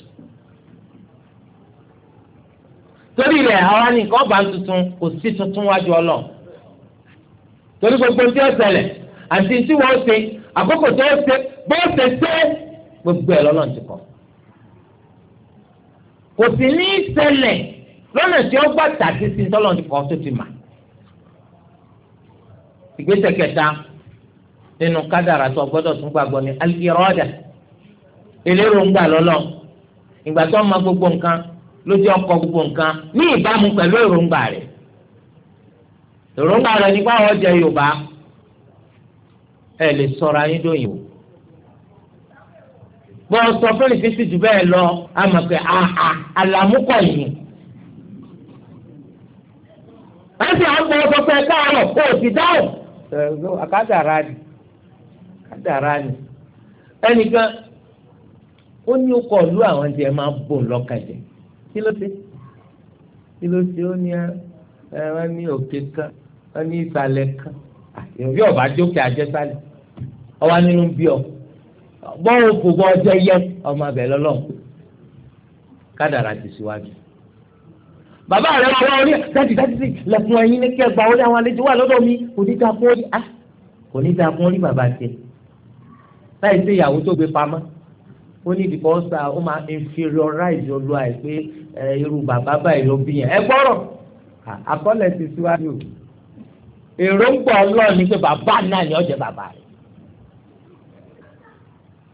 S1: torí rẹ̀ àwa ni nǹkan ọba tuntun kò sí tuntun wájú ọlọ torí gbogbo tí ó ṣẹlẹ̀ àti tí wọ́n ṣe àkókò tó ó ṣe bó ṣe ṣe gbogbo ẹ̀ lọ́nà ti kọ kò sì ní í ṣẹlẹ̀ lọ́nà tí ó gbà tàbí sí tọ́lọ́ọ̀dì kan tó ti mà ìgbésẹ̀ kẹta nínú kádàrà tó gbọ́dọ̀ tún gbàgbọ́ ní al-irada elérò ń gbà lọ́lọ́ ìgbà tó ma gbogbo nǹkan lójú ọkọ̀ gbogbo nǹkan ní ìbámu pẹ̀lú èròǹgbà rẹ̀ èròǹgbà rẹ̀ nípa àwọn jẹ Yorùbá ẹ lè sọra yín dóyìn o sọ fún ìfísì jù bẹ́ẹ̀ lọ àmọ̀ àhà àlàmúkọ̀ yìí láti àwọn ọ̀sọ̀ pé káàárọ̀ kó o ti dáhùn àkádàrá ni àkádàrá ni ẹnìkan ó ní ọkọ̀ ìlú àwọn jẹ máa bò lọ́kàjẹ́ kí ló dé kí ló dé ó ní ah, ẹ wọ́n ní òkè kan wọ́n ní ìsàlẹ̀ kan ah, yóò bá jókè àjẹsálẹ̀ ọwọ́ nínú bí ọ bọ́ọ̀ kò bọ́ ọjọ́ yẹ ọmọ abẹ lọ́lọ́ kádàrá ti síwájú bàbá rẹ kọ́ ọ ní dájú dájú sí lẹ́kùn ẹ̀yìn ní kí ẹgbàá orí àwọn àlejò wà lọ́dọ̀ mi kò ní dáa fún orí ah kò ní dáa fún orí bàbá tiẹ̀ láì sí ìyàwó tó gbé pamọ́ ó ní bìkọ́sà ah, ó máa inferiorize olú àìpé irú bàbá báyìí ló bí yẹn ẹ gbọ́rọ̀ ah, àkọọ́lẹ̀ ti síwájú èròǹgbà ọlọ́ọ̀ ni pé bàbá náà ni ọ̀jẹ̀ bàbá rẹ̀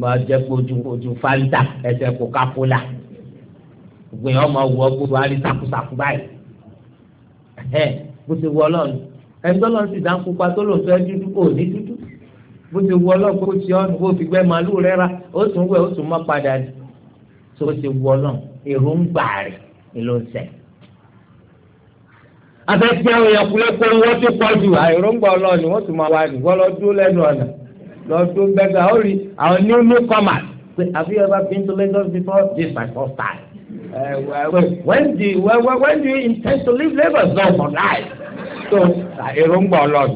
S1: máa jẹ́ kojú kojú fanta ẹsẹ̀ Coca-Cola gbìn ọmọ wọ gbogbo àrí sakusaku báyìí ẹ bó ti wọ Ọlọ́run ẹni tó lọ sí ìdánkù pa tó lò fẹ́ dúdú kò ní dúdú bó ti wọ Ọlọ́run kó ti ọnù kó fi gbẹ màálù rẹ ra ó tún wẹ ó tún má padà ní tó ti wọ Ọlọ́run èròǹgbà rẹ ló ń sẹ. afẹ́fẹ́ òyìnbó kúlẹ̀ kó wọ́n ti pọ̀ jù àìròǹgbà Ọlọ́run wọ́n tún máa wá ní wọ́n lọ dúró lẹ́nu ọ̀nà lọ tó bẹ́gà ó rí àwọn new new comers pé have you ever been to Lagos before this my first time. when do you, when do you intend to leave Lagos now for life? so èròǹgbà ọlọ́run.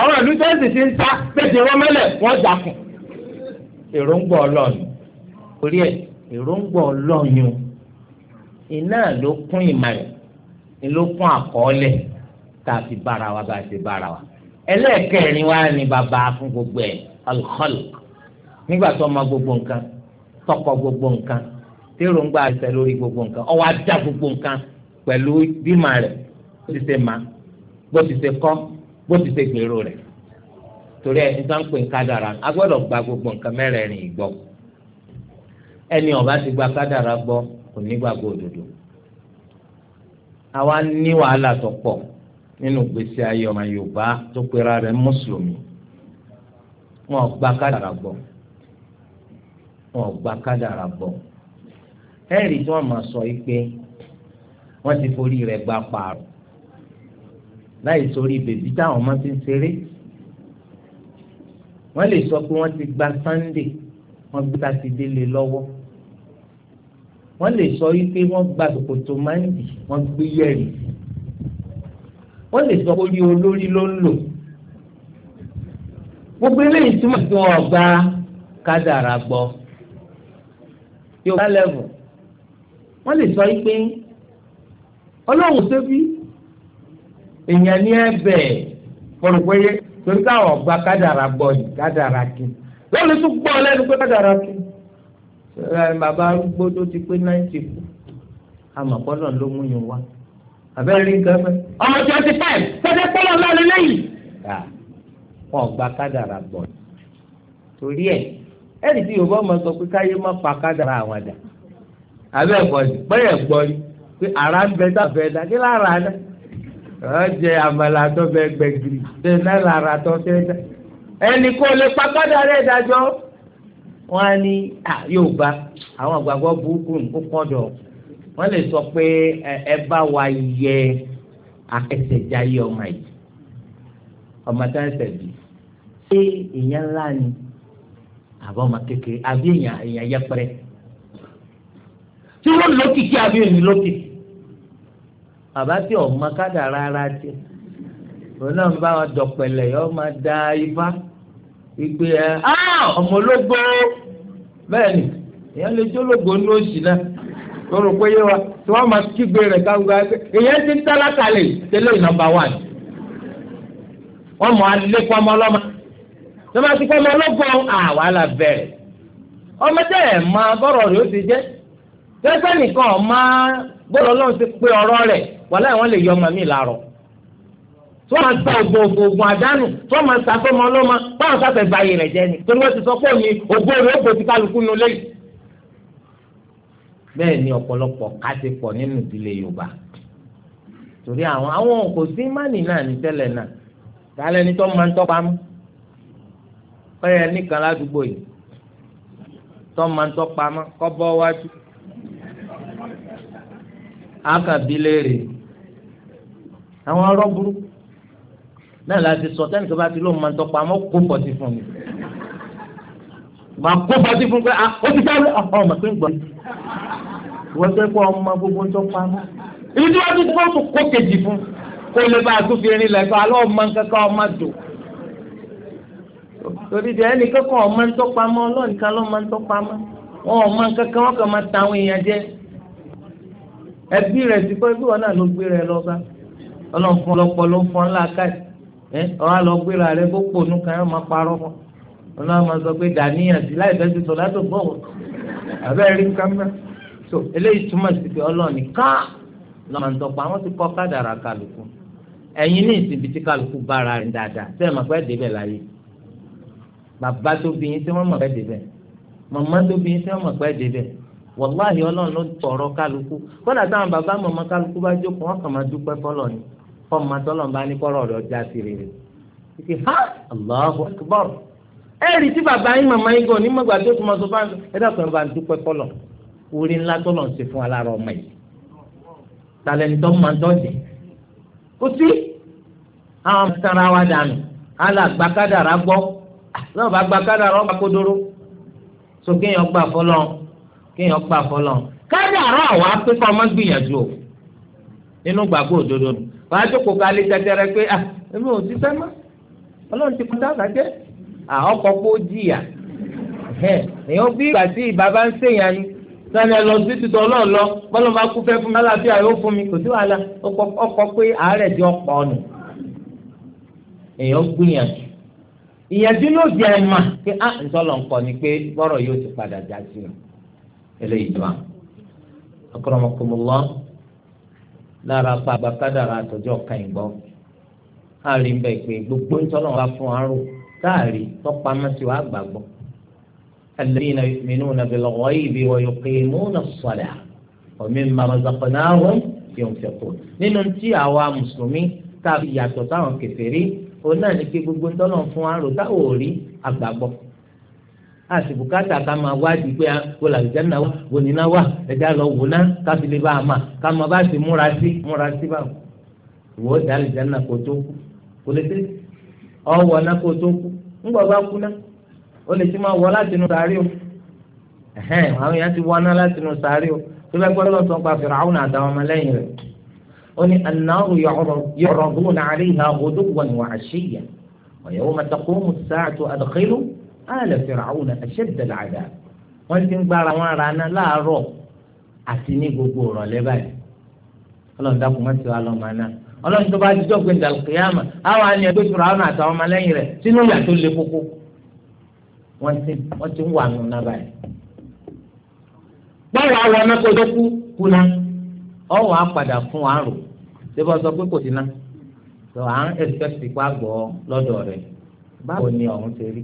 S1: àwọn ìlú tẹ́sí ti ń ta pèsè wọn mẹ́lẹ̀ wọ́n jà kù. èròǹgbà ọlọ́run orí ẹ̀ èròǹgbà ọlọ́run iná ló kún ìmọ̀ ẹ̀ ló kún àkọọ́lẹ̀ tá a fi bára wa bá a ti bára wa ẹlẹ́ẹ̀kẹrin wa ni bàbá fún gbogbo ẹ̀ al-Khalq nígbà tó ma gbogbo nǹkan tọkọ gbogbo nǹkan tẹ́rọ̀ǹgbà àṣẹ lórí gbogbo nǹkan ó wá dá gbogbo nǹkan pẹ̀lú bímà rẹ̀ bó ti ṣe ma bó ti ṣe kọ́ bó ti ṣe gbèrò rẹ̀ torí ẹ̀ nígbà ń pè ń kádàrà a gbọ́dọ̀ gba gbogbo nǹkan mẹ́rẹ̀ẹ̀rin ìgbọ́ ẹni ó ti gba kádàrà gbọ́ kò ní gbàgbọ́ òdodo àwa ní wàhálà tó pọ̀ nínú gbèsè ayé ọmọ Yorùbá tó pera rẹ̀ mùsùlùmí wọn gba kádàrà gbọ́ wọn gba kádàrà gbọ́ ẹ̀rí tí wọ́n máa sọ yìí pé wọ́n ti forí rẹ̀ gba pààrọ̀ láì sórí bèbí táwọn ọmọ ti ń ṣeré wọ́n lè sọ pé wọ́n ti gba sannde wọ́n gbé sátidé lé lọ́wọ́ wọ́n lè sọ yìí pé wọ́n gba tòkòtò máńdì wọ́n gbé yẹ̀rì sí wọ́n lè sọ pé orí olórí ló ń lò gbogbo eléyìí túmọ̀ sí wọn ọgbà kádàrà gbọ́ yorùbá lẹ́vù wọ́n lè sọ pé ọlọ́run ṣẹ́bí èèyàn ní ẹ̀bẹ̀ pọ̀lùpẹ̀yẹ torí káwọn ọgbà kádàrà gbọ́ yìí kádàrà kí lọ́ọ̀lù tún gbọ́ lẹ́nu pé kádàrà kí bàbá arúgbó tó ti pé náà ti kú àmọ́ kọ́lọ̀ ló mú yín wá àbẹ́rẹ́ rí nǹkan
S2: ọmọ twenty five tọ́jú pọ́lọ́ náà lé lẹ́yìn.
S1: wọn gba kádàrà gbọ́ torí ẹ ẹni tí yorùbá ọmọ sọ pé káyé má pa kádàrà àwọn àdá àbẹ ẹ̀gbọ́n ni bẹ́ẹ̀ ẹ̀gbọ́n ni pé ara ń bẹ tàfẹ́ dá kí lára dá ọ jẹ àmàlà tó bẹ gbẹ̀gìrì tẹ náà lára tó tẹ dá ẹnì kò lè pa kádàrà ẹ̀ dájọ́ wọn á ní yorùbá àwọn àgbàgbọ́ burúkú nǹkan kọ́ dọ̀ lè sọ pé ẹ bá wa yẹ akẹsẹ̀já yé ọmọ yìí ọmọ tá ẹsẹ̀ bí ṣé èèyàn ńlá ni àbọ̀ ọmọ kékeré àbí èèyàn èèyàn yẹpẹrẹ tí wọ́n lókìkí àbí èèyàn lókìkí bàbá tí ọmọ kádà rárá tiẹ̀ òun náà ń bá wọn dọ̀pẹ̀lẹ̀ yọ máa da ifá ìgbé ẹ ọmọ ológbó bẹ́ẹ̀ ni èèyàn lè jólógbó ní oṣù náà tó yé wa tí wọ́n máa kígbe rẹ̀ káwọn èèyàn ti ń tálákà lè tẹ́lẹ̀ nọ́mbà wán wọ́n mọ̀ alẹ́kọ́ ọmọ ọlọ́mọ tí wọ́n ti kọ́ ọmọ ọlọ́gbọ́n àwàlà bẹ̀rẹ̀ ọmọ tẹ́ ẹ̀ máa bọ́rọ̀ rẹ̀ ó ti jẹ́ tẹ́sán nìkan máa bọ́rọ̀ lọ́run ti pé ọ̀rọ̀ rẹ̀ wàlẹ́ wọn lè yọ ọmọ mi làárọ̀ tí wọ́n máa sa ògùn ògùn ògùn àdánù tí wọ́n máa sa fọ́mọ ọlọ́mọ báwọn sáfẹ́ gbayì rẹ̀ jẹ́ ni torí wọ́n ti sọ pé òní ògbó rẹ̀ ó gbòó ti kálukú nulẹ̀ yìí bẹ́ẹ̀ ni ọ̀pọ̀lọpọ̀ kásì pọ̀ nínú ìdílé yorùbá torí àwọn àwọn kò sí mánì náà ní tẹ́lẹ̀ náà tálẹ́ ní tó máa ń tọ́pa mú ọ̀yẹ́ nìkan ládùúgbò yìí tó máa ń tọ́pa mọ́ kọ́ bọ́ wájú ákàbí léèrè àwọn ọ̀rọ̀ náà láti sọ tẹ́nìkan bá ti lóun máa ń tọ́pa mọ́ kó pọ̀ sí fún mi màá kó fati fún pé ah, ó ti sáré ọ̀hún ọmọ tó ń gbọ́. wọ́n fẹ́ kó ọmọ gbogbo ń tọ́ pamọ́. ibi tí wọ́n ti kó tó kó kejì fún kó lè bá àtúnfi erin lẹ̀ kọ́ alọ́ ọmọ kankan ọmọ dò. torí di ẹnì kankan ọmọ ń tọ́ pamọ́ ọlọ́ọ̀nì kan lọ́ọ́ máa ń tọ́ pamọ́ wọn ọmọ kankan wọn kàn máa ta àwọn èèyàn jẹ. ẹbí rẹ̀ ti kọ́ ẹbí wọn náà ló gbé rẹ̀ lọ́ba ọlọ́ọ̀fọ́ wọn náà máa sọ pé dàníyàn sí láì fẹ́ sí sọ látò bọ̀wọ̀ àbẹ́ rí nǹkan mẹ́ so eléyìí túmọ̀ sí pé ọlọ́ọ̀ni ká lọ́mọ ntọ́pọ̀ àwọn ti kọ́ kádàrà kálukú ẹ̀yin ní ìsìnbi tí kálukú bára rìn dáadáa tẹ́ ẹ̀ mọ̀ pé débẹ̀ láyé bàbá tó bí yín tí wọ́n mọ̀ pé débẹ̀ màmá tó bí yín tí wọ́n mọ̀ pé débẹ̀ wàláhì ọlọ́run ló tọrọ kálukú kódà táwọn bàbá màmá kálukú bá jókòó wọn kàn máa dúpẹ́ fọlọ́ ni fọ́ọ̀mù àtọ́lọ́mbá ní kọ́rọ̀ ọ̀dọ́ já sí rere. ìkè ha Allahu akbar ẹ̀rí tí bàbá yín màmá yín gan onímọ̀gbà tó tún mọ́tò bá ń ẹ dàpọ̀ ẹ bá ń dúpẹ́ kọ́lọ̀ orí ńlá tọ́lọ̀ ń ṣe fún alára ọmọ yìí tàlẹ́ni tó máa ń tọ́jú kó sí àwọn tara wa dànù alà gbàkádàrà gbọ́ náà bá gbàkádàrà ọgbà kódóró so kéèyàn gbà fọlọ́ kéèyàn gbà fọlọ́ kádàrà wa pé kọ́ ọmọ gbìyànjú o nínú gbàgbọ́ òdodo wàá jókòó kalẹ̀ àkọ́kọ́ kó jìyà èèyàn bí ìgbà tí bàbá ń ṣèyàn ni sani ẹ lọ sí títọ ọlọ́run lọ bọ́lá máa kú fẹ́ fún mi aláàfíà yóò fún mi kò ọkọ pé àárẹ̀ di ọ̀pọ̀ ọ̀nà èèyàn gbìyànjú ìyànjú ló di àìmà pé ah, ni pé bọ́rọ̀ yóò ti padà já sí o eléyìí tó a akọrọmọkùnmọ́lá lára pa gbogbo wa táàrí tọ́pamọ́ sí wàá gbàgbọ́ alladhina yu'minuna bil ghaibi wa yuqimuna as-salah wa mimma razaqnahum yunfiqun nínú tí àwa mùsùlùmí tàbí yàtọ̀ táwọn kèfèrí òun náà ní pé gbogbo ńtọ́nà fún wa rò táwọn ò rí àgbàgbọ́ àsìbùkátà ká máa wádìí pé kó làlùjá náà wá wòníná wá ẹja lọ wòná káfílẹ̀ bá a mà ká bá ti múra sí múra sí báwo ìwọ dàlùjá náà kó tó kò lè tẹ́lẹ̀ ọwọ́ náà kó tó kú ńgbọ́ bá kú náà ó lè ti máa wọ láti inú sàárì o àwọn èèyàn ti wọná láti inú sàárì o tó bá gbọ́dọ̀ lọ́sọ̀ nípa Fir'aun àtàwọn ọmọlẹ́yìn rẹ̀ ó ní an-nāru yu'raḍūna 'alayhā ghuduwwan wa 'ashiyyan wa yawma taqūmu as-sā'atu adkhilū āla Fir'auna ashadda al-'adhāb wọ́n ti ń gbára wọn ara náà láàárọ̀ àti ní gbogbo ọ̀rọ̀ lẹ́bàá yìí ọlọ́run dákun mọ́ lọ́mọ náà ọlọ́run tó bá jíjọ́ pé dàlùkìyàmà àwọn àni ẹgbẹ́ ìfura ọ̀nà àtàwọn ọmọlẹ́yìn rẹ̀ sínú ìyà tó le koko wọ́n ti wọ́n ti ń wà nù náà báyìí. báwo àwọn ọ̀nà tó dẹ́kú kú ná ọ̀wọ́ á padà fún wa rò débọ̀ sọ pé kò sí ná tó à ń ẹ̀sìpẹ́sì pa gbọ́ lọ́dọ̀ rẹ̀ báwo ni ọ̀run ti rí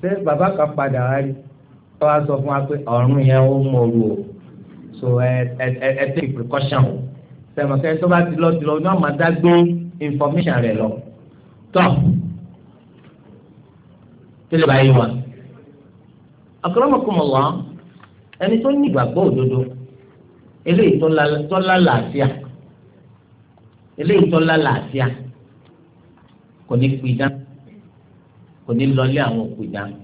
S1: ṣé bàbá kan padà wá rí ọ wá sọ fún wa pé ọ̀run yẹn ó mọ̀ ọ́ so ẹ ẹ ẹ take precaution o sẹmọkẹ tó bá ti lọ ti lọ ní ọmọ dá gbé information rẹ lọ tọ tẹlẹ báyìí wọn akọlọmọkùnmọ wọn ẹni tó ní ìgbàgbọ́ òdodo eléyìí tó lálàáfíà eléyìí tó lálàáfíà kò ní pidán kò ní lọlé àwọn òkú ìdáná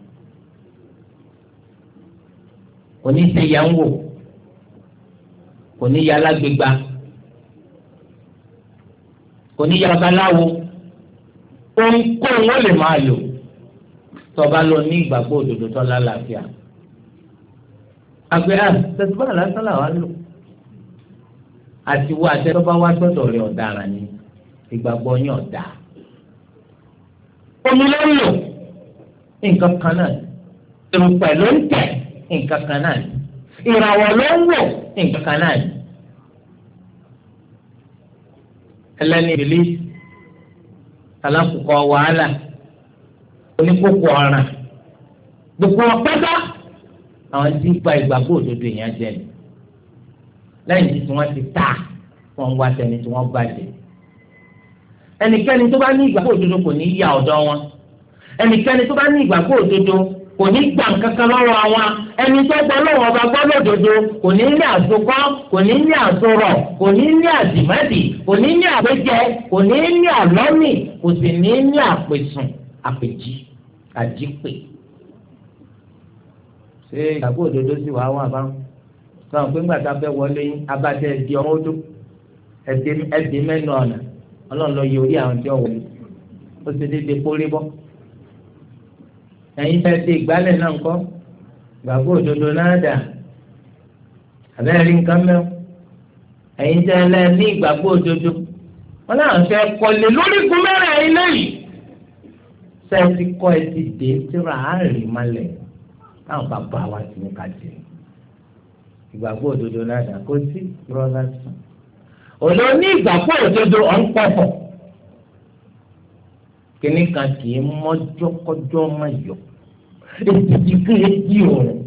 S1: kò ní ṣe yà ń wò kò ní yà lágbègbà kò ní yàrá babaláwo ohunkóhun ó lè máa lò tọba lọ ní ìgbàgbọ́ òdodo tó lálàáfíà àgbẹ̀ à ah, tẹ̀síbá lásán làwọn lò àtiwọ́ àtẹ́tọ́ba wá sọ́dọ̀ rẹ̀ ọ̀daràn ni ìgbàgbọ́ yín ọ̀dà omi ló ń lò nǹkan kan náà èrò pẹ̀lú ń tẹ̀ nǹkan kan náà ìràwọ̀ ló ń wò nǹkan kan náà ẹlẹ́ni ìbílí alákòókò wàhálà oníkókò ọ̀ràn gbogbo ọ̀pẹ́tà àwọn tí ń gba ìgbàgbọ́ òdodo yẹn jẹ ni lẹ́yìn tí wọ́n ti ta wọ́n wá tẹni tí wọ́n bàjẹ́ ẹnikẹ́ni tó bá ní ìgbàgbọ́ òdodo kò ní í ya ọ̀dọ̀ wọn ẹnikẹ́ni tó bá ní ìgbàgbọ́ òdodo kò ní gbà kankan lọ́wọ́ àwọn ẹni tó gbọ́ lọ́wọ́ ọba gbọ́ lódodo kò ní ní àsokọ́ kò ní ní àsorọ̀ kò ní ní àdìmẹ́dì kò ní ní àpéjẹ kò ní ní àlọ́mì kò sì ní ní àpèsùn àpèjì àjípè. ṣé ìgbàgbọ́ òdodo sì wàá wà báwọn sọ̀rọ̀ pé ńgbà tá a fẹ́ wọlé abájẹ́ ẹ̀dì ọ̀hún ọdún ẹ̀dì mẹ́nu ọ̀nà ọlọ́run lọ yẹ orí àwọn tí ó ẹ̀yin fẹ́ ṣe ìgbálẹ̀ náà ńkọ́ gbàgbọ́ òdodo náà dà àbẹ́rẹ́ rí nǹkan mẹ́wọ́ ẹ̀yin tẹ́ ẹ lẹ́ẹ̀ ní ìgbàgbọ́ òdodo wọn náà fẹ́ kọ́lé lórí gun mẹ́rin ẹ̀yin lẹ́yìn sẹ́ẹ̀tì kọ́ ẹ ti dé tíra àárín malẹ̀ táwọn bàbá wa ti ní ká jẹ ìgbàgbọ́ òdodo náà dà kó sí rọ́lá sùn òdò ní ìgbàgbọ́ òdodo ọ̀ ń pọ̀ pọ̀ kíní kan kì í mọ́jọ́kọ́jọ́ má yọ ètùtù kí lè di òòrùn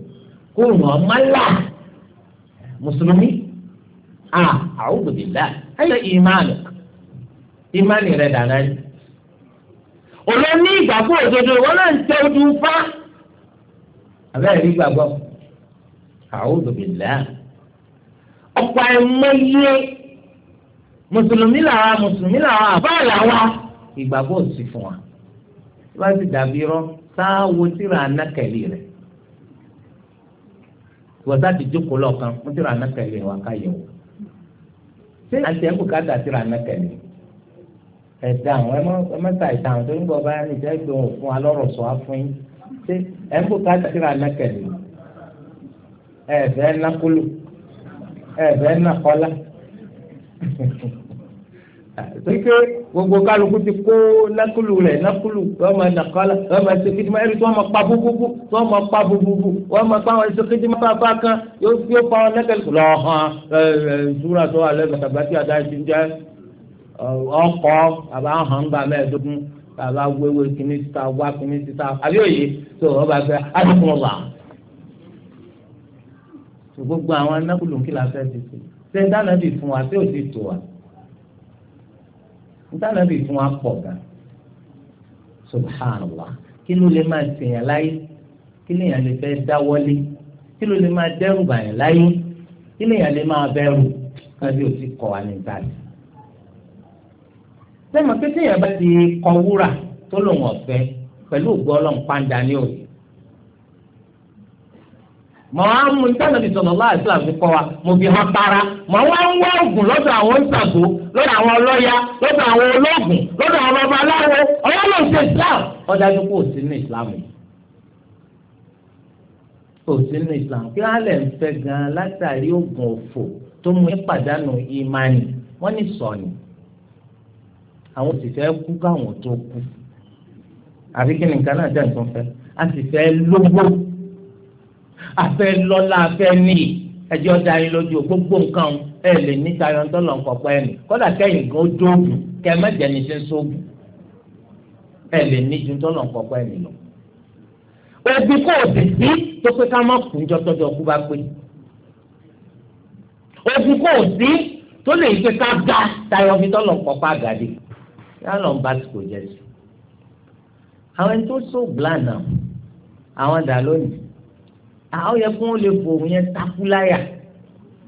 S1: kó ràn má là mùsùlùmí à àwòbòdìlá ayọ ìmáàlì ìmáàlì rẹ dáná yìí olóní ìgbàgbọ́ òdodo wọn náà ń tẹ ojú fá abẹ́rẹ́ rí gbàgbọ́ àwòbòdìlá ọ̀pọ̀ ẹ̀mọ́ yé mùsùlùmí làwa mùsùlùmí làwa àbá làwa ìgbàgbọ́ sí fún wa tí wọ́n ti dàbí rọ sáwo tíra anákẹ́lì rẹ̀ wọ́n sá ti jókòó lọ́ọ̀kan fún tíra anákẹ́lì wa ká yẹ̀wò ṣé àti ẹ̀kú ká dà tíra anákẹ́lì ẹ̀dá àwọn ẹ má ta ìtàn tó ń bọ̀ báyà ní ìjà ìgbé alọ́rọ̀ sọ á yín ṣé ẹ̀kú ká dà tíra anákẹ́lì ẹ̀fẹ́ nákúlù ẹ̀fẹ́ nákọ́lá. pípé gbogbo kálukú ti kó nákúlù rẹ̀ nákúlù wọ́n máa nàkọ́lá wọ́n máa ṣe kíndìmá ẹ̀rí tí wọ́n máa pa búbúbú wọ́n máa pa búbúbú wọ́n máa pa àwọn ẹ̀ṣọ́ kíndìmá bá bá kan yóò fi ó pa wọn lẹ́kẹ̀lẹ́ lọ́hàn ṣúra tó wà lẹ́gbẹ̀ẹ́ tàbí àti àdá ti ń jẹ́ ọkọ̀ àbá hàn gbà mẹ́ẹ̀ẹ́dógún àbá wéwé kíní síta wá kíní síta àbí òye tó wọ́n bá fẹ́ adúgbò wà. gbogbo àwọn nákúlù kí la fẹ́ ntànàbì fún wa pọ̀ gan subhanallah kí ló lè máa sèyàn láyé kí lèyàn lè fẹ́ dáwọ́lé kí ló lè máa dẹ́rù bàyàn láyé kí lèyàn lè máa bẹ̀rù kábí ò ti kọ̀ wá ní ìbàdí. sẹ́mi pé téèyàn bá ti kọ wúrà tó lòun ọ̀fẹ́ pẹ̀lú ògbó ọlọ́run pàǹdà ní òye mọ àwọn mú ìtànàbí sọ̀rọ̀ láàṣì láti kọ́ wa mo fi hàn para mọ wá ń wá oògùn lọ́dọ̀ àwọn ìṣàgbó lọ́dọ̀ àwọn ọlọ́ya lọ́dọ̀ àwọn olóògùn lọ́dọ̀ àwọn babaláwo ọlọ́run ṣe islam ọ̀dájú kò sí ní islam yìí kò sí ní islam kí wọ́n á lẹ̀ ń fẹ́ gan-an látàrí oògùn òfò tó mú ìpàdánù ìmánì wọ́n ní sọ̀nì àwọn òṣìṣẹ́ kú káwọn tó kú àbí kí nìkan náà jẹ́ nǹkan fẹ́ a sì fẹ́ afẹ́ lọ́lá afẹ́ níyì ẹjọ́ da yín lójú gbogbo nǹkan ẹ lè ní tayọ ń tọ́lọ̀ nǹkan pẹ́ ni kódà kẹ́yìn gan dóògùn kẹ́ ẹ má jẹni sí sóògùn ẹ lè ní ju tọ́lọ̀ nǹkan pẹ́ ni lọ. òbí kò sì sí tó pé ká má kùn jọ tọ́jú ọkú bá pé òbí kò sí tó lè pé ká ga tayọ fi tọ́lọ̀ nǹkan pa àgàdì yálọ̀ ń bá ti kò jẹ sí. àwọn ẹni tó sóògùn lánàá àwọn dà lónìí àwọn yẹ kó lè bò òun yẹn takú láyà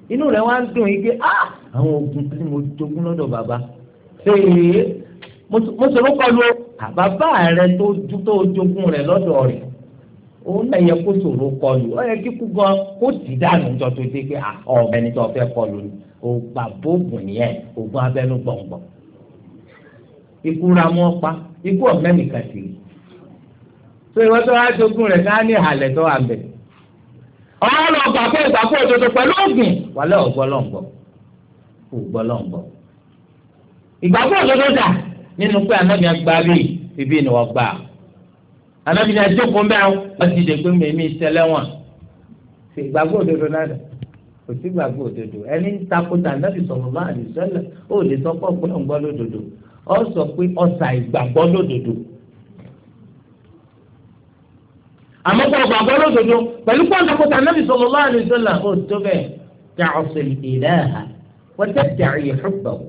S1: inú rẹ̀ wá ń dùn yìí pé ah! àwọn oògùn tí mo jogún lọ́dọ̀ bàbá ṣèyí mo sọ̀rọ̀ kọlu bàbá rẹ tó tó jogún rẹ̀ lọ́dọ̀ rẹ̀ òun náà yẹ kó sọ̀rọ̀ kọlu ọ yẹ kíkú gan kó tì dànù jọ tó dé pé ah, ọmọ ẹni tó fẹ́ kọlu ni ògbà bóògùn nìyẹn ògùn abẹ́nú gbọ̀ngbọ̀n ikú ra mọ́ pa ikú ọ̀mẹ́nìkan sì rí so ìwọ́n tó wá jogún rẹ̀ ká ní ìhàlẹ̀ tó wà bẹ̀rẹ̀
S2: ọ̀rọ̀ lọ gbà pé ìgbàgbọ́ òdodo pẹ̀lú ògùn
S1: wàlẹ́ ọ̀gbọ́lọ́ǹgbọ́ ògbọ́lọ́ǹgbọ́ ìgbàgbọ́ òdodo dà nínú pé anábì agbá rí ibi ni wọ́n gbà anábì ni adókòó mbẹ́ àwọn wọ́n ti dè pé mèmí ìṣẹlẹ́wọ̀n ìgbàgbọ́ òdodo náà dà kò sí ìgbàgbọ́ òdodo ẹni takota anábì sọ̀rọ̀ máa lè sọ́lẹ̀ ó lè sọ pé ọ̀gbọ́lọ́ǹgbọ́ lódodo ọ sọ pé ọ̀sà ìgbàgbọ́ lódodo àmọ́ kọ́ gbàgbọ́ lódodo pẹ̀lú pọ́ńtà kọ́tà anábì sallallahu alaihi wasallam ó tó bẹ́ẹ̀ tẹ ọ̀sẹ̀ ìlẹ́hà wọ́n tẹ̀ tẹ̀ àyè ṣùgbọ́n.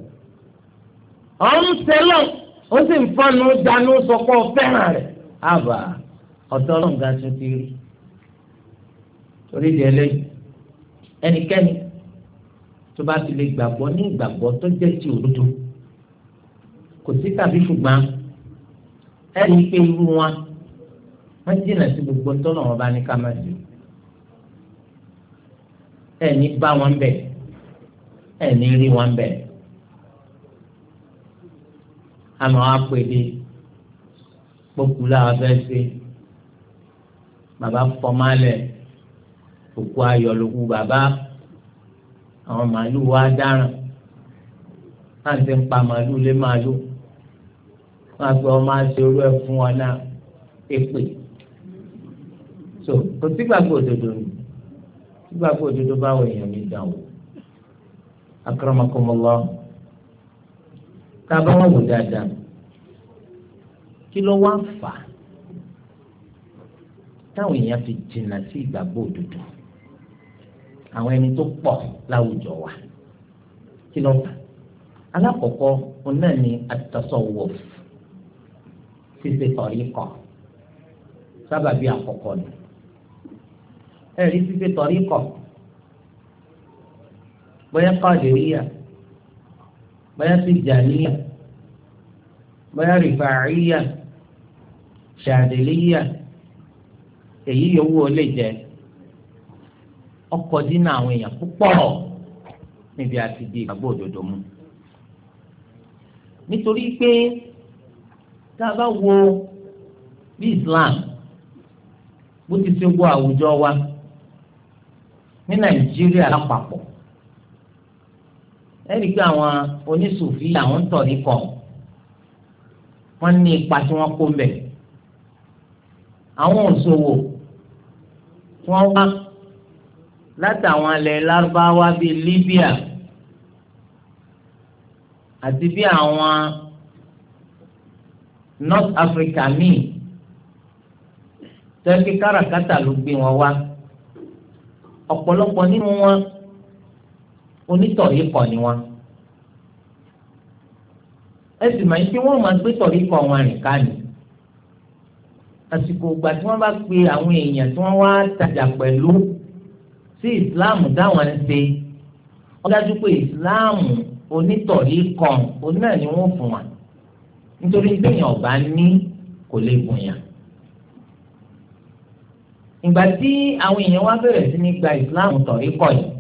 S1: ọ̀n sẹ́lọ̀ ó sì ń fọnù dànù sọ́kọ́ fẹ́ràn rẹ̀ àbà ọ̀tọ́ ọlọ́ǹga tún ti rí. torí di ẹnikẹ́ni tó bá ti lè gbàgbọ́ ní ìgbàgbọ́ tó jẹ́ ti òdodo kò sí tàbí ṣùgbọ́n ẹni pé irú wọn wọ́n jìnnà sí gbogbo ńtọ́nà wọn bá ní ká má sí ẹni bá wọn bẹ̀ ẹni rí wọn bẹ̀ àmọ́ apèdè kpọ́kù làwọn fẹ́ ṣe bàbá fọmálẹ̀ òkú ayọ̀lùkù bàbá àwọn màálù wa dáràn náà ti ń pa màálù lé màálù wọn àgbẹ̀ wọn máa ṣe orú ẹ̀ fún wọn náà èpè tó kò sígbàgbọ́ òdodo ni sígbàgbọ́ òdodo báwo èèyàn ní dàn wò akramakumullah tá a bá wọn wò dáadáa kí ló wá fà á táwọn èèyàn fi jìnnà sí ìgbàgbọ́ òdodo àwọn ẹni tó pọ̀ láwùjọ wa kí ló fà alákọ̀ọ́kọ́ òun náà ni at-tasawwuf ṣíṣe tọ̀rí kan sábàbí àkọ́kọ́ ni ẹ̀rí pípé tọ̀rí kọ̀ bóyá kọ́ọ̀dìríyà bóyá tìjàníyà bóyá rìfàáríyà ṣàdìríyà èyí yòówù ó lè jẹ ọkọ̀ dínà àwọn èèyàn púpọ̀ níbi àti di ìgbàgbọ́ òdodo mu nítorí pé tá a bá wo bí Islam bó ti ṣe wo àwùjọ wa. ní nàìjíríà lápapọ̀ ẹ̀rí pé àwọn oníṣòfì àwọn ń tọ̀ ní kọ̀ wọ́n ní ipa tí wọ́n kó mbẹ̀ àwọn òṣòwò tí wọ́n wá látàwọn ilẹ̀ lárúbáwá bíi Libya àti bí àwọn North Africa míì tẹ́kí káràkátà ló gbé wọn wá ọ̀pọ̀lọpọ̀ nínú wọn onítọ̀rí kọ̀ ni wọn ẹ sì máa ń pé wọ́n máa gbé tọ̀rí kọ̀ wọn rìn ká ni àsìkò ìgbà tí wọ́n bá pe àwọn èèyàn tí wọ́n wá tajà pẹ̀lú sí ìsìláàmù táwọn ń ṣe wọ́n dájú pé ìsìláàmù onítọ̀rí kan onáà ni wọ́n fún wa nítorí téèyàn ọ̀bá ní kò lè bùn yàn ìgbà tí àwọn èèyàn wá bẹ̀rẹ̀ sí ní gba ìsìláàmù tọ̀rí kọ̀ yìí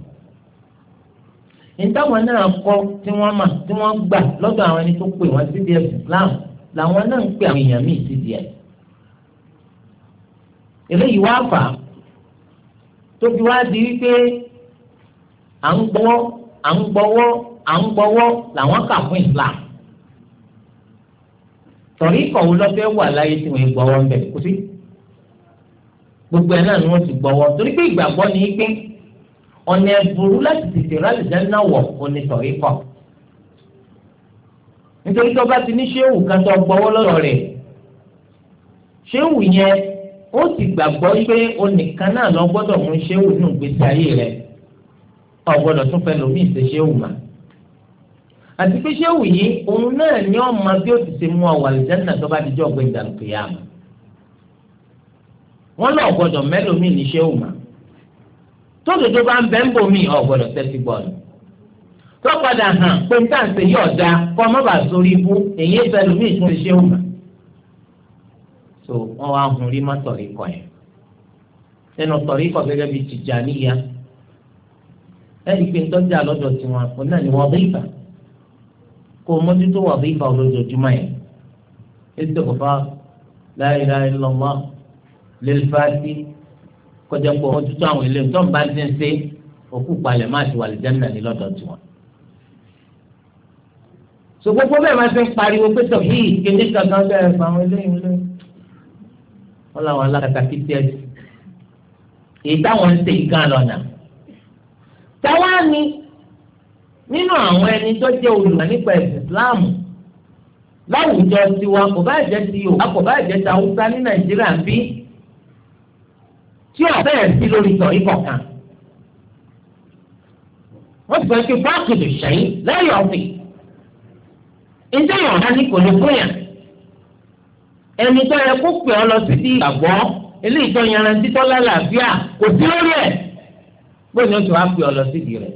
S1: ìtàwọn náà kọ́ tí wọ́n mà tí wọ́n gbà lọ́dọ̀ àwọn ẹni tó pè wọ́n sí di ìsìláàmù làwọn náà ń pè àwọn èèyàn míì sí di ẹ̀ eléyìí wá fà á tó fi wá di wípé à ń gbọ́wọ́ à ń gbọ́wọ́ à ń gbọ́wọ́ làwọn kà fún islam tọ̀rí kọ̀wé lọ́fẹ́ wà láyé tí wọ́n gbọ́wọ́ ń gbogbo ẹ̀ náà ni wọ́n ti gbọ́wọ́ torí pé ìgbàgbọ́ ni pé ọ̀nà ẹ̀bùrú láti tètè rálìjẹ́ náà wọ̀ onítọ̀rí kọ̀ nítorí tó bá ti ní ṣéwù kan tó gbọ́wọ́ lọ́rọ̀ rẹ̀ ṣéwù yẹn ó sì gbàgbọ́ pé onìkan náà lọ gbọ́dọ̀ mú ṣéwù nínú ìgbésí ayé rẹ̀ ọ̀ gbọ́dọ̀ tún fẹ́ lómi ìṣe ṣéwù mà àti pé ṣéwù yìí òun náà ni ọ̀ máa bí ó ti ṣe mú ọ̀wà wọ́n lọ gbọ́dọ̀ mẹ́lòmíì ní ṣé òmà tódodo bá ń bẹ́ ń bò mí ọ̀gbọ́dọ̀ tẹ́tí bọ́ọ̀lù tó padà hàn pé táǹsì yóò da kọ́ ọmọ bá sórí ibú èyí ẹlòmíì tún ṣé òmà so wọ́n wá hun rí má tọ̀rí kọ yẹn nínú tọ̀rí kọ gẹ́gẹ́ bíi Tìjàníyà ẹni pé ntọ́jà lọ́dọ̀ tiwọn àpò náà ni wọ́n bí ibà kó o mójútó bí ibà olójoojúmọ́ yẹn ètò ìkọ̀fà la ilaha lẹ́lifásí kọjá pọ̀ wọ́n tuntun àwọn ilé tó ń bá ti ń ṣe òkú palẹ̀ má ti wà lìjánà ní lọ́dọ̀ tiwọn. so gbogbo bẹ́ẹ̀ máa fi ń pariwo pé tọ̀ yìí kéde kankan bẹ́ẹ̀ fún àwọn eléyìí lé wọ́n làwọn alákatá kí tẹ́ ẹ èyí táwọn ń ṣe ìkan lọ́nà. táwa ni nínú àwọn ẹni tó jẹ́ olùmọ̀ nípa ẹ̀sìn Islam láwùjọ tiwa kò bá jẹ́ ti Yorùbá kò bá jẹ́ ti ní Nàìjíríà ń bí tí ọ̀fẹ́ rẹ̀ sí lórí ìtọ̀ ikọ̀ kan. wọ́n ti sọ pé báàkì lè ṣẹ́yìn lẹ́yìn ọ̀sìn. ǹjẹ́ ìyọ̀nà ni kò lè fún yàn? ẹni tó yẹ kó pè ọ́ lọ síbi ìgbàgbọ́ eléyìí tó yanra títọ́ lálàáfíà kò sí lórí ẹ̀ bó ni ó ti wá pè ọ́ lọ síbi rẹ̀.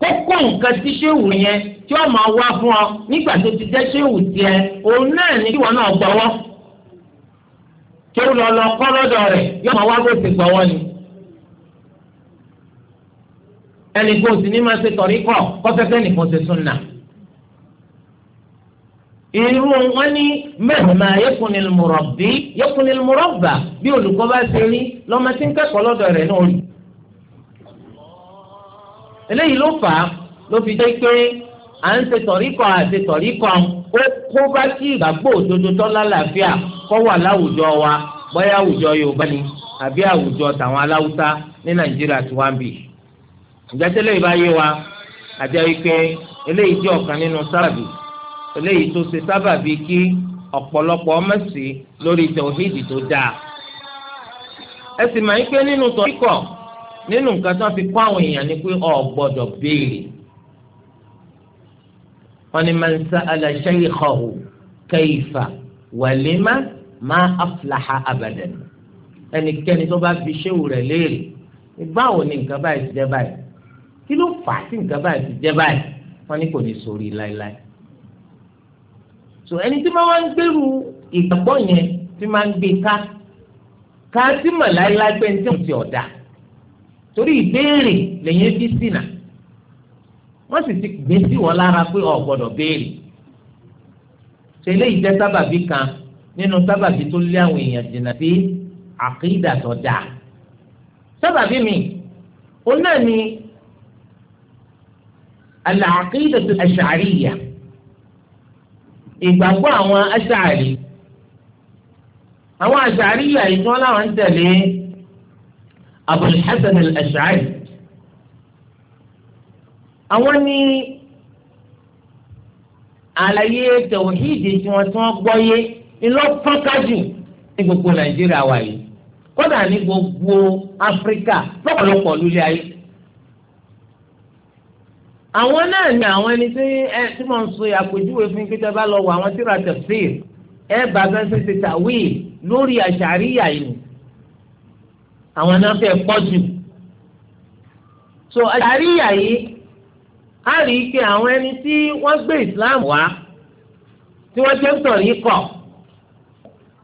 S1: kókó nǹkan tí ṣéwù yẹn tí ó máa wá fún ọ nígbà tó ti jẹ́ ṣéwù tiẹ̀ òun náà ni kí náà gbọ́wọ́ tó lọ lọ kọ́ lọ́dọ̀ rẹ̀ yóò máa wá bó ti gbọ́ wọn ni. ẹnì kò sì ní máa ṣe tọ̀rí kọ̀ kọ́fẹ́fẹ́ nìkan ṣe súnà. irú wọn ní mẹ́hìnmá yẹ́kùnì mùrọ̀bí yẹ́kùnì mùrọ̀bà bí olùkọ́ bá ṣe rí lọ́mọ tí ń kẹ́kọ̀ọ́ lọ́dọ̀ rẹ̀ náà rí. eléyìí ló fà á ló fi jẹ́ pé à ń ṣe tọ̀rí kọ̀ àti tọ̀rí kọ̀ ó kó bá sí ìgbàgbọ́ òdodo tó lálàáfíà kọ́ wà láwùjọ wa bóyá àwùjọ Yorùbá ni àbí àwùjọ tàwọn aláwùsá ní Nàìjíríà tí wọ́n ń bì. ìgbàsílẹ̀ ìbáyé wa àjẹ́ wípé eléyìí jẹ́ ọ̀kan nínú sábàbí eléyìí tó ṣe sábàbí kí ọ̀pọ̀lọpọ̀ ọmọ sí lórí tòhídì tó dáa. ẹ sì máa ń pé nínú tọ́ríkọ̀ nínú nǹkan tó fi kọ́ àwọn èèyàn ni pé o gbọ́dọ̀ béèrè wọ́n ní man sa'ala shaykhahu kayfa wa lima ma aflaha abadan ẹnikẹ́ni tó bá fi ṣéwù rẹ̀ léèrè báwo ni nǹkan báyìí ti jẹ́ báyìí kí ló fà á sí nǹkan báyìí ti jẹ́ báyìí wọ́n ní kò ní sórí láéláé so ẹni tí máa ń gbèrú ìgbàgbọ́ yẹn tí máa ń gbé ká ká sí mọ̀ láéláé pé ní tí wọ́n ti ọ̀dà torí ìbéèrè lèyìn fi sínà wọ́n sì ti gbé sí wọn lára pé ọ̀ gbọ́dọ̀ béèrè ṣe eléyìí jẹ́ sábàbí kan nínú sábàbí tó lé àwọn èèyàn jìnnà sí àkídà tó dáa sábàbí mi òun náà ni àlàkídà tó àṣàríyà ìgbàgbọ́ àwọn aṣáàrí àwọn aṣàríyà ìtàn láwọn ń tẹ̀lé Abul Hasan al-Ash'ari àwọn ní àlàyé tẹ̀wọ̀hídì tí wọ́n tí wọ́n gbọ́ yé ńlọ fọ́nkájù ní gbogbo nàìjíríà wa yìí kódà ní gbogbo áfíríkà lọ́pọ̀lọpọ̀ lulẹ̀ ayé. àwọn náà ni àwọn ẹni tí ẹ tí mo ń sọ àpèjúwe fún pété bá lọ wọ àwọn tíra tafsir ẹ bá bẹ́ẹ̀ ṣe ti tàwí lórí àṣàríyà yìí àwọn náà fẹ́ pọ̀ jù. so àṣàríyà yìí. a rí i pé àwọn ẹni tí wọ́n gbé islam wá tí wọ́n jẹ́ ń tọ̀rí kọ̀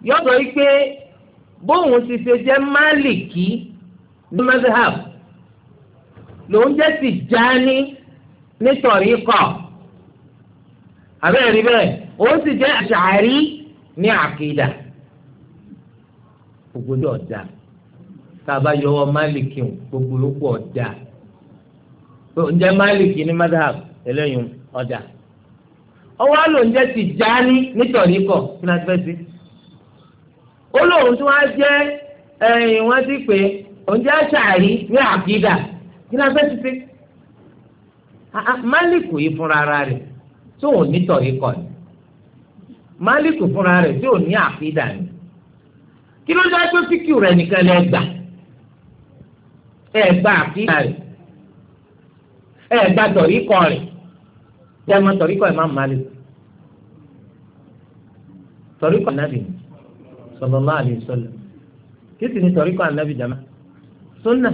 S1: yọ̀dọ̀ yìí pé bóun ti ṣe jẹ́ máàlìkì ní mazhab lòun jẹ́ tìjáni ní n'i kọ̀ àbẹ́rẹ́ bẹ́ẹ̀ òun sì jẹ́ àṣàárí ní àkìdá gbogbo tá a bá máàlìkì gbogbo oúnjẹ máàlìkì ní madhab eléyìí ọjà ọwọ́ àlò oúnjẹ ti já ní nítorí kọ̀ kí náà fẹ́ sí. ó lóun tí wọ́n á jẹ́ ẹ̀yìn wọ́n ti pè oúnjẹ àṣàrí ní àkídà kí náà fẹ́ ah, ah, yìí fúnra ara rẹ̀ tí òun nítorí kọ̀ ni máàlìkù fúnra rẹ̀ tí òun ní àkídà ni kí ló dá tó síkìú rẹ̀ nìkan lẹ́gbàá ẹ gba tọ̀rí kọ rẹ̀ jẹ́ mọ́ tọ̀rí kọ Imam Malik tọ̀rí kọ nàbì sallallahu alaihi wasallam kí sì ni tọ̀rí kọ nàbì jama sunna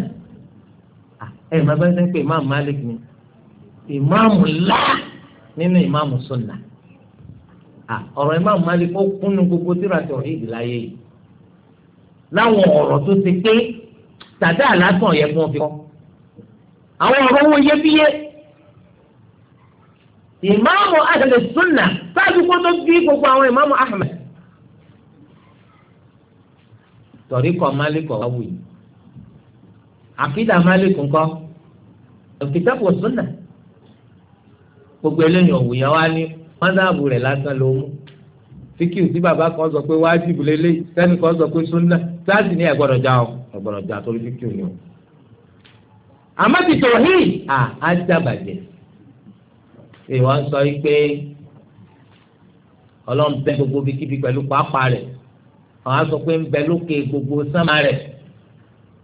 S1: ẹ má bá ṣe ń pè Imam Malik ni ìmáàmù ńlá nínú ìmáàmù sunna ọ̀rọ̀ Imam Malik ó kúnnu gbogbo tíra tọ̀rí ìdíláyé yìí láwọn ọ̀rọ̀ tó ti pé tàdá àlásàn yẹ fún ọ àwọn ọ̀rọ̀ owó iyebíye ìmáàmù ahli sunna sáájú kó tó bí gbogbo àwọn ìmáàmù ahmed tọ̀ríkọ̀ máàlíkọ̀ wá wù yìí àkídà máàlíkù ńkọ́ kitabu wa sunna gbogbo eléyìí òwúyẹ wá ní mọ́sáàbù rẹ̀ lásán ló mú fíkì tí bàbá kan sọ pé wájú ìbúlélẹ́yìí sẹ́ni kan sọ pé sunna sáà sì ní ẹ̀gbọ́dọ̀ já ọ ẹ̀gbọ́dọ̀ já torí fíkì ni o àmọ́ ti tọ̀hìn à á dábàjẹ́ ìwọ ń sọ pé ọlọ́run bẹ gbogbo bíkíbi pẹ̀lú pàápàá rẹ̀ àwọn á sọ pé ń bẹ lókè gbogbo sánmà rẹ̀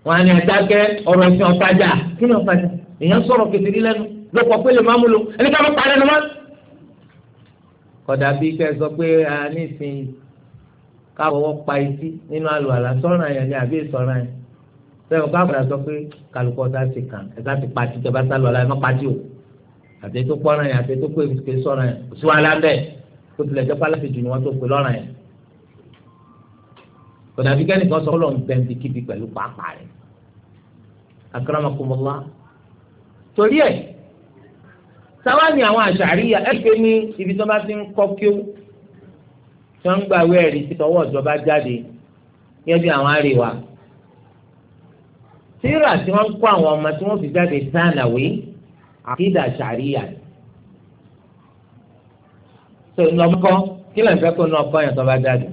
S1: wọn á ní ẹ̀dákẹ́ ọ̀rọ̀ ẹ̀sìn ọ̀tajà kí ni ọ̀tajà èèyàn sọ̀rọ̀ kẹsìrì lẹ́nu ló pọ̀ pé lè má múlò ẹni ká ló pa lẹ́nu mọ́. kódà bíi kẹ́ ẹ sọ pé a ní ìsìn káwọ́ pa etí nínú àlùhàlà sọ́ràn yẹn ni àbí ìsọ̀ràn yẹn sẹ́wọ̀n ká padà sọ pé kálukọ́ ọ̀sá ti kàn ẹ̀sá ti pàtì tẹ̀ bá sá lọ́la ẹ̀ má pàtì o àti tó pọ́nra yẹn àti tó pé èké sọ̀rọ̀ yẹn kò sí wàhálà ń bẹ̀ kó tilẹ̀ jẹ́ pálásì jù ni wọ́n tó pè lọ́ràn yẹn. kò dàbí kẹ́nìkan sọ ọlọ́run bẹ́ẹ̀ ti kíbi pẹ̀lú pàápàá rẹ̀ akaramakomola torí ẹ̀ sáwá ni àwọn àṣàríyà ẹ̀ pé ní ibi tó bá ti ń kọ́ kí ó tí wọ́n ń gbàwé ẹ̀rí títọ́wọ́ ìjọba jáde yẹn bí àwọn àríwá tíra tí wọ́n kó àwọn ọmọ tí wọ́n fi jáde sànàwé àkídà sàríyà tó lọ́kọ́ kí lè fẹ́ kó ní ọkọ yẹn tó bá jáde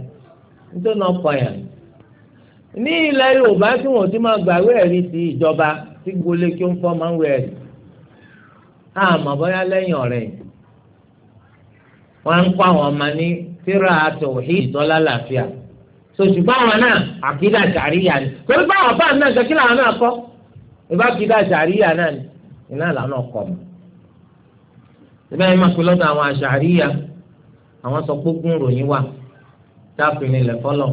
S1: nítorí ní ọkọ yẹn ní ilẹ̀ Yorùbá tí wọ́n ti máa gbàwé ẹ̀rí ti ìjọba tí gbolé kí ó ń fọ́ máa ń wẹ̀ ẹ̀rí àmọ́ bóyá lẹ́yìn ọ̀rẹ́ yìí wọ́n á ń kó àwọn ọmọ ní tíra àtọ̀wé ìtọ́lá làáfíà sòṣùgbọ́n àwọn náà àkídà sàríyà ni torí báwọn bá náà gẹ́gẹ́ làwọn náà kọ́ ìbá àkídà sàríyà náà ni iná làwọn ọkọ̀ mọ̀ síbẹ̀ yìí máa pe lọ́dọ̀ àwọn àṣàríyà àwọn sọ pé ogún ròyìn wà tá a fi nílẹ̀ fọ́lọ̀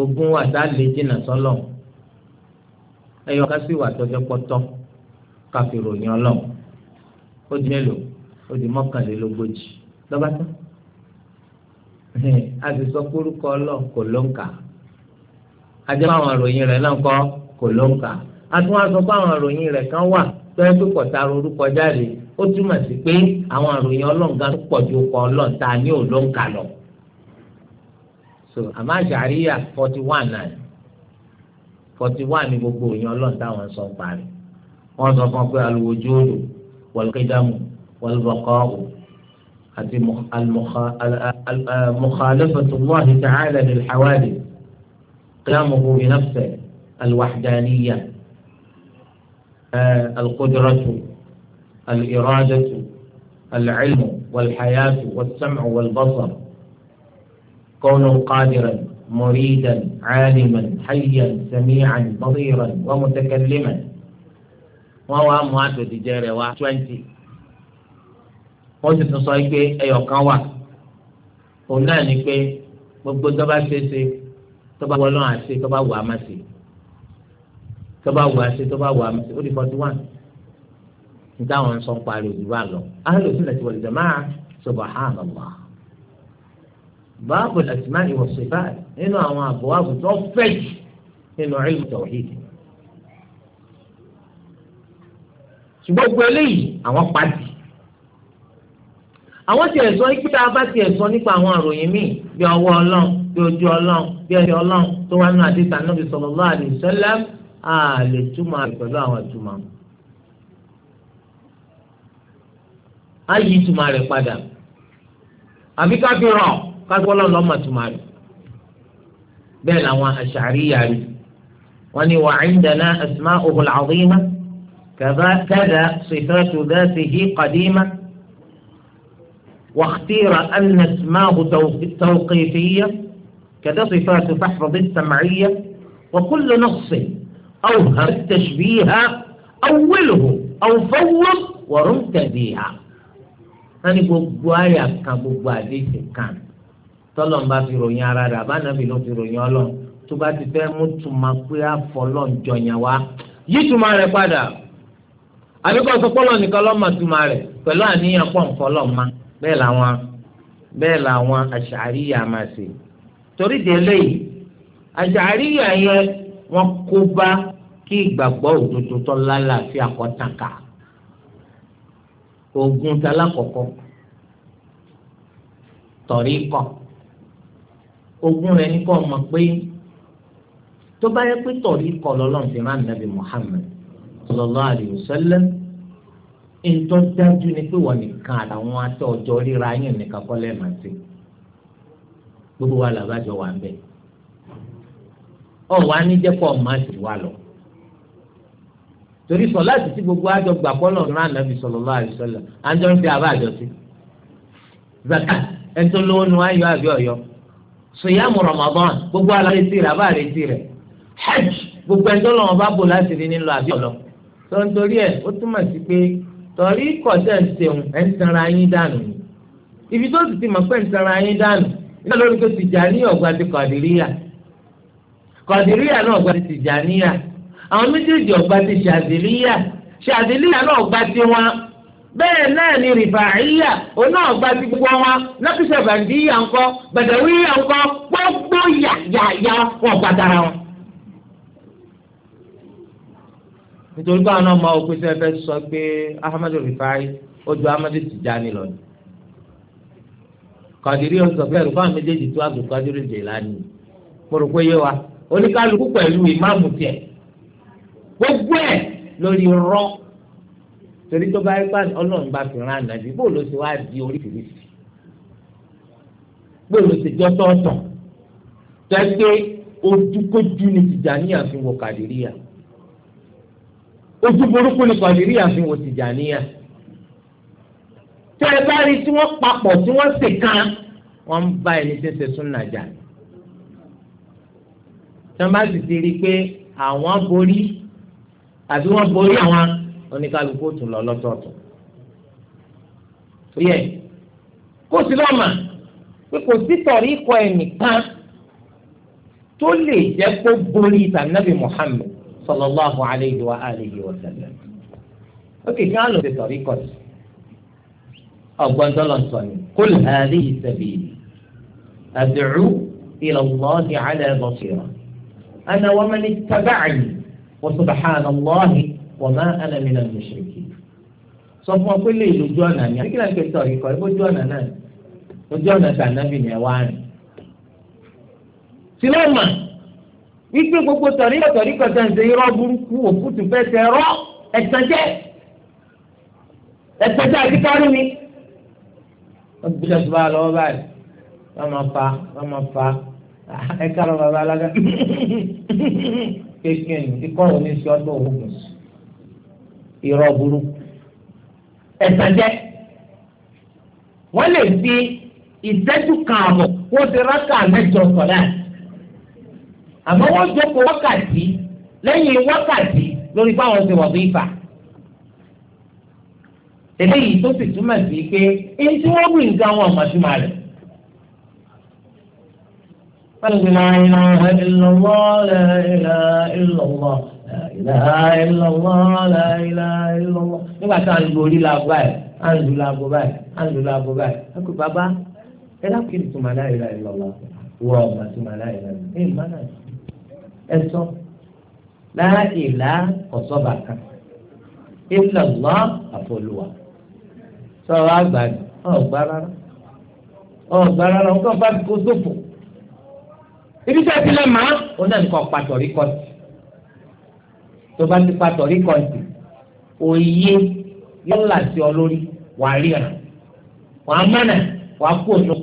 S1: ogún wà tá a lè jìnnà sọ́lọ̀ ẹ̀yọ ká wà tọ́jọ́ pọ́tọ́ ká fi ó di mélòó ó di mọ́kànlélógójì lọ́ba a sì sọ pé orúkọ ọlọ́run kò ló ń kà ajẹ́ àwọn àròyìn rẹ̀ náà kọ́ kò ló ń kà a tún wá sọ pé àwọn àròyìn rẹ̀ kan wà pẹ́ẹ́ pé kọ̀tà orúkọ jáde ó túmọ̀ sí pé so àmọ́ àṣàríyà forty one náà forty one ni gbogbo òyìn ọlọ́ǹta wọn sọ parí wọn sọ fún ọ pé alùwòjú òdò wọlùkẹdàmù wọlùbọkọ òwò àti مخالفة الله تعالى للحوادث قيامه بنفسه الوحدانية آه، القدرة الإرادة العلم والحياة والسمع والبصر كونه قادرا مريدا عالما حيا سميعا بصيرا ومتكلما وهو أمواته mú àtòjìjẹ rẹ̀ wá twenty wọ́n sì òun náà ni pé gbogbo tó bá ṣe ṣe tó bá wọlọ́ àṣe tó bá wọ àmàṣe tó bá wọ àṣe tó bá wọ àmàṣe ó di forty one nítawọn ń sọ ń parí òjò bá lọ ahlu sunnati wal jamaa subhanallah báàbò al-asma'i wa nínú àwọn àbọ̀ àbùtọ́ fẹ́ẹ̀jì nínú ilmu tawhid ṣùgbọ́n gbogbo eléyìí àwọn pàdé àwọn tiẹ̀ sọ ikú tá a bá tiẹ̀ sọ nípa àwọn àròyìn míì bí ọwọ́ ọlọ́run bí ojú ọlọ́run bí ẹsẹ̀ ọlọ́run tó wá nínú àdìsí ànábì sallallahu alaihi wasallam á lè túmọ̀ rẹ̀ pẹ̀lú àwọn ìtumọ̀. á yí ìtumọ̀ rẹ̀ padà àbí ká fi rọ̀ ká gbọ́ lọ́nà ọmọ ìtumọ̀ rẹ̀ bẹ́ẹ̀ làwọn àṣàríyà rí wọ́n ní wa indana asma'uhu al-'azima واختير أن اسماه توقيفية كذا صفات فحفظ السمعية وكل نص أو التشبيه أوله أو فوض ورم تبيها wọ́n ní gbogbo àyà kan gbogbo àdéhìí kan tọ́lọ̀ ń bá fi ròyìn ara rẹ̀ àbánabi ló fi ròyìn ọlọ́run tó bá ti fẹ́ mú tuma pé àfọlọ́njọyàn wa yí tuma rẹ̀ padà àbíkọ́ sọ pọ́lọ́ nìkan lọ́mọ tuma rẹ̀ pẹ̀lú àníyàn pọ̀ ń fọlọ́ ma bẹ́ẹ̀ làwọn bẹ́ẹ̀ làwọn àṣàríyà máa ṣe torí délé yìí àṣàríyà yẹn wọ́n kó bá kí ìgbàgbọ́ òdodo tó lálàáfíà kọ́ tàn ká ogun talákọ̀ọ́kọ́ tọ̀rí kọ̀ ogun rẹ̀ ní kọ́ mọ̀ pé tó bá yẹ pé tọ̀rí kọ̀ lọ́lọ́run ti máa nàbì Muhammad sallallahu alaihi wasallam ntọ́ dájú ni pé wọ́n nìkan àtàwọn atọ ọjọ́ ríra yín nìkan kọ́ lẹ́ẹ̀mà sí gbogbo wa làbájọ wà ń bẹ̀ ọ wá ní jẹ́pọ̀ máa sì wà lọ torí sọ láti tí gbogbo àjọ gbà bọ́lọ̀ náà nàbì sallallahu alaihi wasallam àjọ ń fi àbá àjọ sí zaka ẹ̀ńtọ́ lówó nu ayọ̀ àbí ọ̀yọ́ sọ̀yàmù Ramadan gbogbo alárètí rẹ̀ àbá àrètí rẹ̀ hajj gbogbo ẹ̀ńtọ́ lọ́wọ́ bá bò láti rí nílò àbí ọ̀lọ́ tó ń torí ẹ̀ ó túmọ̀ sí pé tọrị kọ̀tẹ́ ń ṣeun ẹ̀ ń tanra yín dànù ni ibi tó sì ti mọ̀ pé ń tanra yín dànù iná lórí tó ọ̀gbà ti Kọ̀dìríyà Kọ̀dìríyà náà ọ̀gbà ti Tìjàníyà àwọn méjèèjì ọ̀gbà ti Ṣàdìlíyà Ṣàdìlíyà náà ọ̀gbà ti wọn bẹ́ẹ̀ náà ni rìfàáyà òun náà ọ̀gbà ti gbogbo wọn lọ́kùsọ̀ ńkọ́ ńkọ́ nítorí báwọn náà máa òpin sẹ fẹ́ sọ pé Ahmadu Rifai ó ju Ahmadu Tijani lọ ni Kàdírí ọsọ fẹ rẹ fáwọn méjèèjì tó àgbò Kàdírí Jìlání mo rò pé yé wa oníkálukú pẹ̀lú ìmáàmù tiẹ̀ gbogbo ẹ̀ lórí rọ torí tó bá yẹ pé Ọlọ́run bá fi rán ànábì bó ló ṣe wá di oríṣiríṣi bó ló ṣe jọ tọ̀ọ̀tọ̀ tẹ́tẹ́ ojúkójú ni Tìjàníyà fi wọ Kàdíríyà ojú burúkú ni kọ̀dìríyà fi wò tìjàníyà tẹ́ ẹ bá rí tí wọ́n papọ̀ tí wọ́n sì kan wọ́n ń bá ẹni tí ń ṣe súnà jà tí wọ́n bá sì ti rí i pé àwọn borí àbí wọ́n borí àwọn oníkálukú tún lọ lọ́tọ̀ọ̀tọ̀ tó yẹ kó sì lọ́ọ́ mà pé kò sí tọ̀rí ikọ̀ ẹnìkan tó lè jẹ́ kó borí tànàbí Muhammad sallallahu alayhi wa alihi wa sallam. ó kì í kí wọ́n lò ṣe sọ̀rí kọ̀ sí. ọ̀gbọ́n tó lọ sọ ni qul hadhihi sabili ad'u ila Allahi ala basira ana wa man ittaba'ani wa subhanallahi wa ma ana min al-mushrikin. sọ fún ọ pé lè lójú ọ̀nà ni àbíkí náà ń pè sọ̀rí kọ̀ bójú ọ̀nà náà ojú ọ̀nà tànàbì ni ẹ̀ wá rìn. sílẹ̀ mà wípé gbogbo tọ̀ríkọ̀ tọ̀ríkọ̀ tẹ̀ ń ṣe irọ́ burúkú òkútù fẹ́ ṣe rọ́ ẹ̀tẹ́jẹ́ ẹ̀tẹ́jẹ́ àdìkárí mi. wọ́n ti bílẹ̀ tó bá lọ́wọ́ báyìí wọ́n máa fa wọ́n máa fa ẹ kárọ̀ bàbá alága kékeré ikọ́ òní sí ọdún òhùnkùn irọ́ burúkú ẹ̀tẹ́jẹ́ wọ́n lè fi ìṣẹ́jú kan àbọ̀ kó ti rákà mẹ́jọ sọ̀rọ̀ àmọ́ wọ́n jókòó wákàtí lẹ́yìn wákàtí lórí báwọn ṣe wọ̀ bí fà eléyìí tó sì túmọ̀ sí pé èyí tí wọ́n rìn nǹkan wọn àmọ́túmọ̀ rẹ̀. قلبي لا إله إلا الله لا إله إلا الله لا إله إلا الله لا إله إلا الله nígbà tí a ń lu orí laago báyìí a ń lu laago báyìí a ń lu laago báyìí a kò bàbá ẹ dákìrì tó máa láyé láyé lọ́la wọ́ọ̀ máa tó máa láyé láyé ẹ̀ máa náà ẹ̀sọ́ láìlá ọ̀sọ́ba kan ìlànà àfọlùwà sọ̀rọ̀ àgbàdo ọ̀gbà rárá ọ̀gbà rárá ọ̀gbà bá kó sófò ibi tí a ti lè má òun náà nìkan pa tọ̀rí kọ́ọ̀tì tó bá ti pa tọ̀rí kọ́ọ̀tì òye yóò là sí ọ lórí wàá ríran wàá mánà wàá kó ònú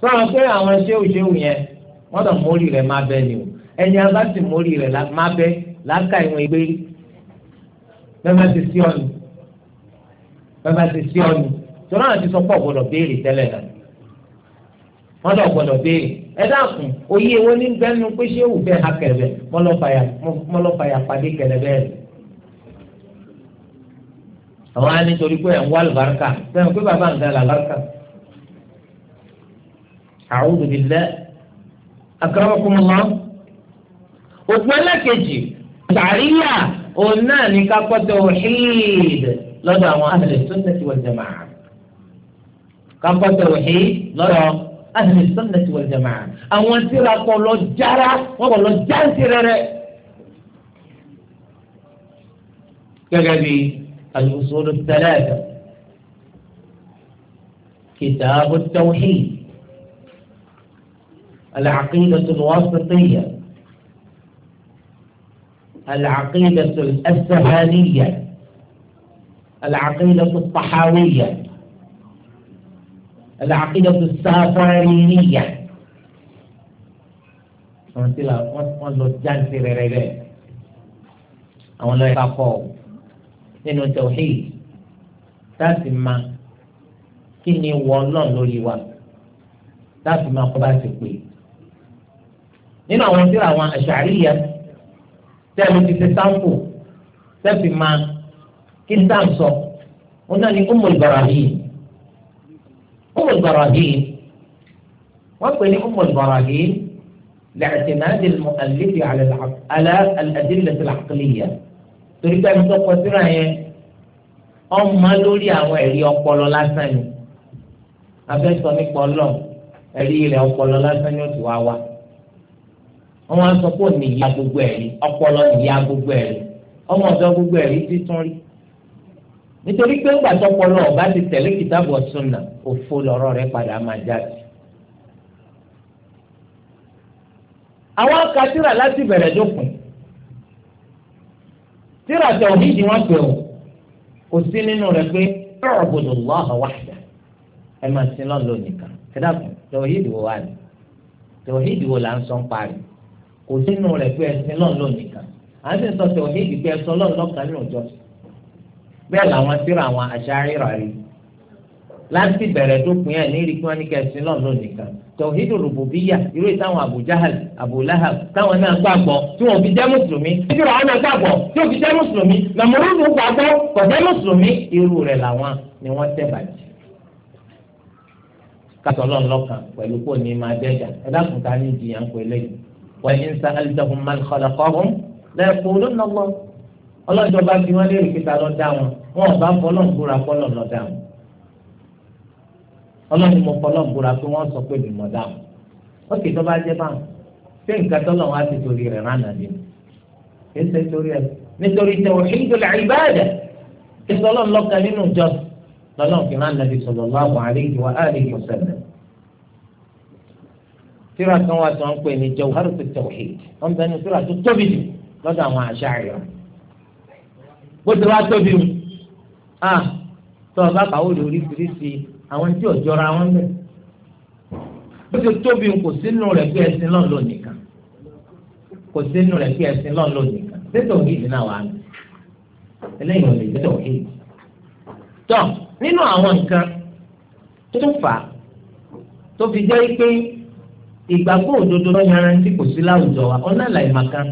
S1: sọ̀rọ̀ pé àwọn ṣéwù ṣéwù yẹn wọ́n lọ mórí rẹ̀ má bẹ́ ni o ẹni abá sì mórí rẹ̀ má bẹ́ láka ìwọ̀n ìgbé bẹ́ẹ̀ bá ti sí ọ̀nù bẹ́ẹ̀ bá ti sí ọ̀nù tọ́lá àti sọ́kọ̀ gbọ́dọ̀ béèrè tẹ́lẹ̀ náà wọ́n lọ gbọ́dọ̀ béèrè ẹ dákun oyè ewo ní bẹ́ẹ̀nu pé ṣé òun fẹ́ ha kẹlẹ̀ mọ́lọ́fàyà pàdé kẹlẹ̀ bẹ́ẹ̀ rẹ̀ àwọn á nítorí pé ẹ̀ ń bẹ́ẹ̀ pé bàbá ń dá akramakumullah òpin ẹlẹ́kejì sàríyà òun náà ní kápẹ́tọ̀ tawhid lọ́dọ̀ àwọn ahli sunnati wal jama'a kápẹ́tọ̀ tawhid lọ́dọ̀ ahli sunnati wal jama'a àwọn tíra kọ̀ lọ jára wọ́n kọ̀ lọ jáǹtì rẹ̀rẹ̀. gẹ́gẹ́ bí al-usul al-thalatha kitab at-tawhid. العقيدة الواسطية العقيدة الأسهانية العقيدة الطحاوية العقيدة السافرينية wọ́n ti la wọ́n lọ jáde rẹ̀ rẹ̀ àwọn lọ́yẹ̀ kakọ̀ nínú tawhid láti ma kí ni wọ́n lọ́n lórí wa láti ma kọ́ bá ti pè é. nínú àwọn tí àwọn àṣàríyà tí a lè fi ṣe sáǹpù sẹ́fì máa kí sáǹ sọ wọn náà ní Ummul Barahim Ummul Barahim wọ́n pè ní Ummul Barahim li'timad al-mu'allif 'ala al-adilla al-'aqliyya torí pé ẹni tó kọ síra yẹn ọmọ lórí àwọn ẹ̀rí ọpọlọ lásán ni abẹ́sọ nípa ọlọ́ọ̀ ẹ̀rí rẹ̀ ọpọlọ lásán ni ó ti wá wá. ọmọ sọ pé òní gbogbo ẹ̀rí ọpọlọ ìyá gbogbo ẹ̀rí ọmọ ọ̀dọ́ gbogbo ẹ̀rí títún rí nítorí pé ńgbà tọpọlọ ọba ti tẹ̀lé kìtàbù ọ̀sùnà òfo lọ́rọ̀ rẹ̀ padà máa jáde. àwọn akatira láti bẹ̀rẹ̀ dópin tíra tẹ̀wọ́mídìí wọn pè ó kò sí nínú pé máa sin lọ́nà lónìí kan wà ní kò sínú rẹ̀ pé ẹsìn lọ́n lò nìkan à ń pe ní ẹsọ bẹ́ẹ̀ làwọn síra àwọn àṣàrí rà rí láti bẹ̀rẹ̀ dópin ẹ̀ ní ìrìkún ẹni kẹsìn lọ́n lò nìkan tọ̀hídù rùbùbíyà irú ìtàwọn àbújáhàl àbúláhàb táwọn náà gbàgbọ́ tí wọ́n fi jẹ́ mùsùlùmí títí náà gbàgbọ́ tí wọ́n fi jẹ́ mùsùlùmí gbàgbọ́ kò jẹ́ mùsùlùmí irú rẹ̀ làwọn ni wọ́n bàjẹ́. pẹ̀lú وإن سألتهم من خلقهم ليقولن الله ọlọ́jọ́ bá fi wọ́n léèrè kíta lọ dá wọn wọn ò bá fọlọ́n búra fọlọ́n lọ dá wọn ọlọ́run mo fọlọ́n búra pé wọ́n sọ pé mi mọ̀ dá wọn ó kì í tó bá báwọn ṣé nǹkan tó lọ́wọ́ á ti torí rẹ̀ ránà bí kì í ṣe torí ẹ̀ nítorí tawhidul ibadah ìṣọlọ́n lọ́kàn nínú ìjọ lọ́lọ́run fi ránà bí sallallahu alaihi wa alihi wa sallam tíra kan wà tó ń pè ní jawharu tawhid wọn bẹ ní tíra tó tóbi jù lọ́dọ̀ àwọn àṣàyà bó ti wá tóbi mu a tó o bá kàwé lórí fèrèsé àwọn tí òjọra wọn bẹ bó ti tóbi mu kò sínú rẹ̀ pé ẹsìn lọ́n lò nìkan kò sínú rẹ̀ pé ẹsìn lọ́n lò nìkan tètè òhìdì náà wà á eléyìí ò lè tètè òhìdì tó nínú àwọn nǹkan tó fà tó fi jẹ́ pé ìgbàgbọ́ òdodo lọ́ yàrá ní kò sí láwùjọ wa ọ̀nàlà ìmàkan.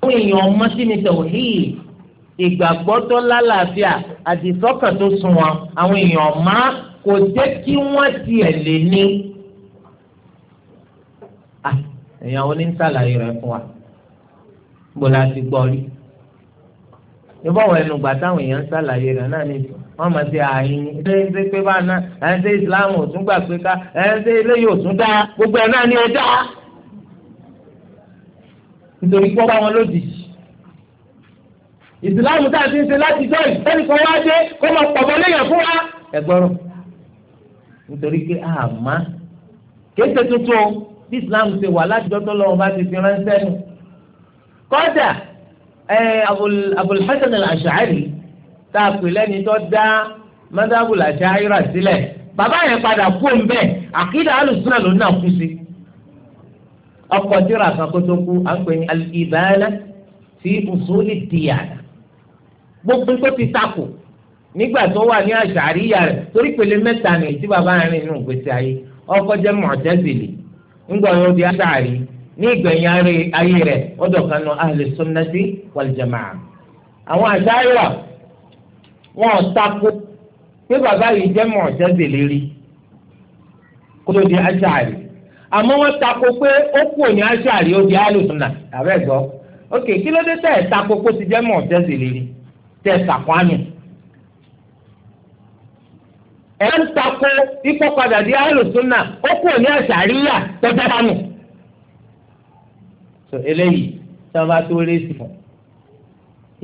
S1: àwọn èèyàn ọmọ sí ni tẹ̀wọ̀hìí ìgbàgbọ́ tó lálàáfíà àdìsọ́kàn tó sunwọ̀n àwọn èèyàn ọmọ kò jẹ́ kí wọ́n tiẹ̀ lè ní. èèyàn oníṣàlàyé rẹ̀ fún wa gbọ́dọ̀ àti gbọ́ rí. ìbọ̀wọ̀ ẹnu gbà táwọn èèyàn ń ṣàlàyé rẹ̀ náà nìkan wọ́n mọ̀ sí ààyìn ṣé ṣé pé bá ná ẹ̀ ṣe islam ò tún gbà pé ká ẹ̀ ṣe eléyìí ò tún dá gbogbo ẹ̀ náà ni ẹ dá nítorí pé ọba wọn lójijì ìsìláàmù tá a ti ń ṣe láti jọ ìfẹ́nìkan wá dé kó máa pọ̀bọ léèyàn fún wa. ẹ gbọ́rọ̀ nítorí pé àmá kéde tuntun bí ìsìláàmù ṣe wà látijọ́ tó lọ́wọ́ bá ti fi ránṣẹ́ nù. kọ́dà Abul Hasan al-Ash'ari tá a pè lẹ́ni tó dá mọ́tàbù làṣà ayọ́rà sílẹ̀ bàbá yẹn padà kú òun bẹ́ẹ̀ alùsùnà ló náà kú sí. ọkọ̀ kú fi usuli gbogbo ti takò nígbà tó wà ní àṣà torí pèlè mẹ́ta ni tí bàbá yẹn rìn nínú ìgbésí ayé ọkọ jẹ́ mọ̀tẹ́sìlì ńgbà yóò di àṣàrí ní ìgbẹ̀yìn ayé ọdọ̀ kan náà àwọn wọn ò takò pé bàbá yìí jẹ́ mọ̀ọ́sẹ́sẹ̀lẹ̀ rí kó ló di aṣáàrí àmọ́ wọ́n takò pé ó kú òní ó di alùsùnà àbẹ́ gbọ́ ok kí ló dé tẹ̀ ẹ̀ takò pé ó ti jẹ́ mọ̀ọ́sẹ́sẹ̀lẹ̀ rí tẹ̀ sàkwánù ẹ̀ ń takò di sọ eléyìí tó lé sí fún un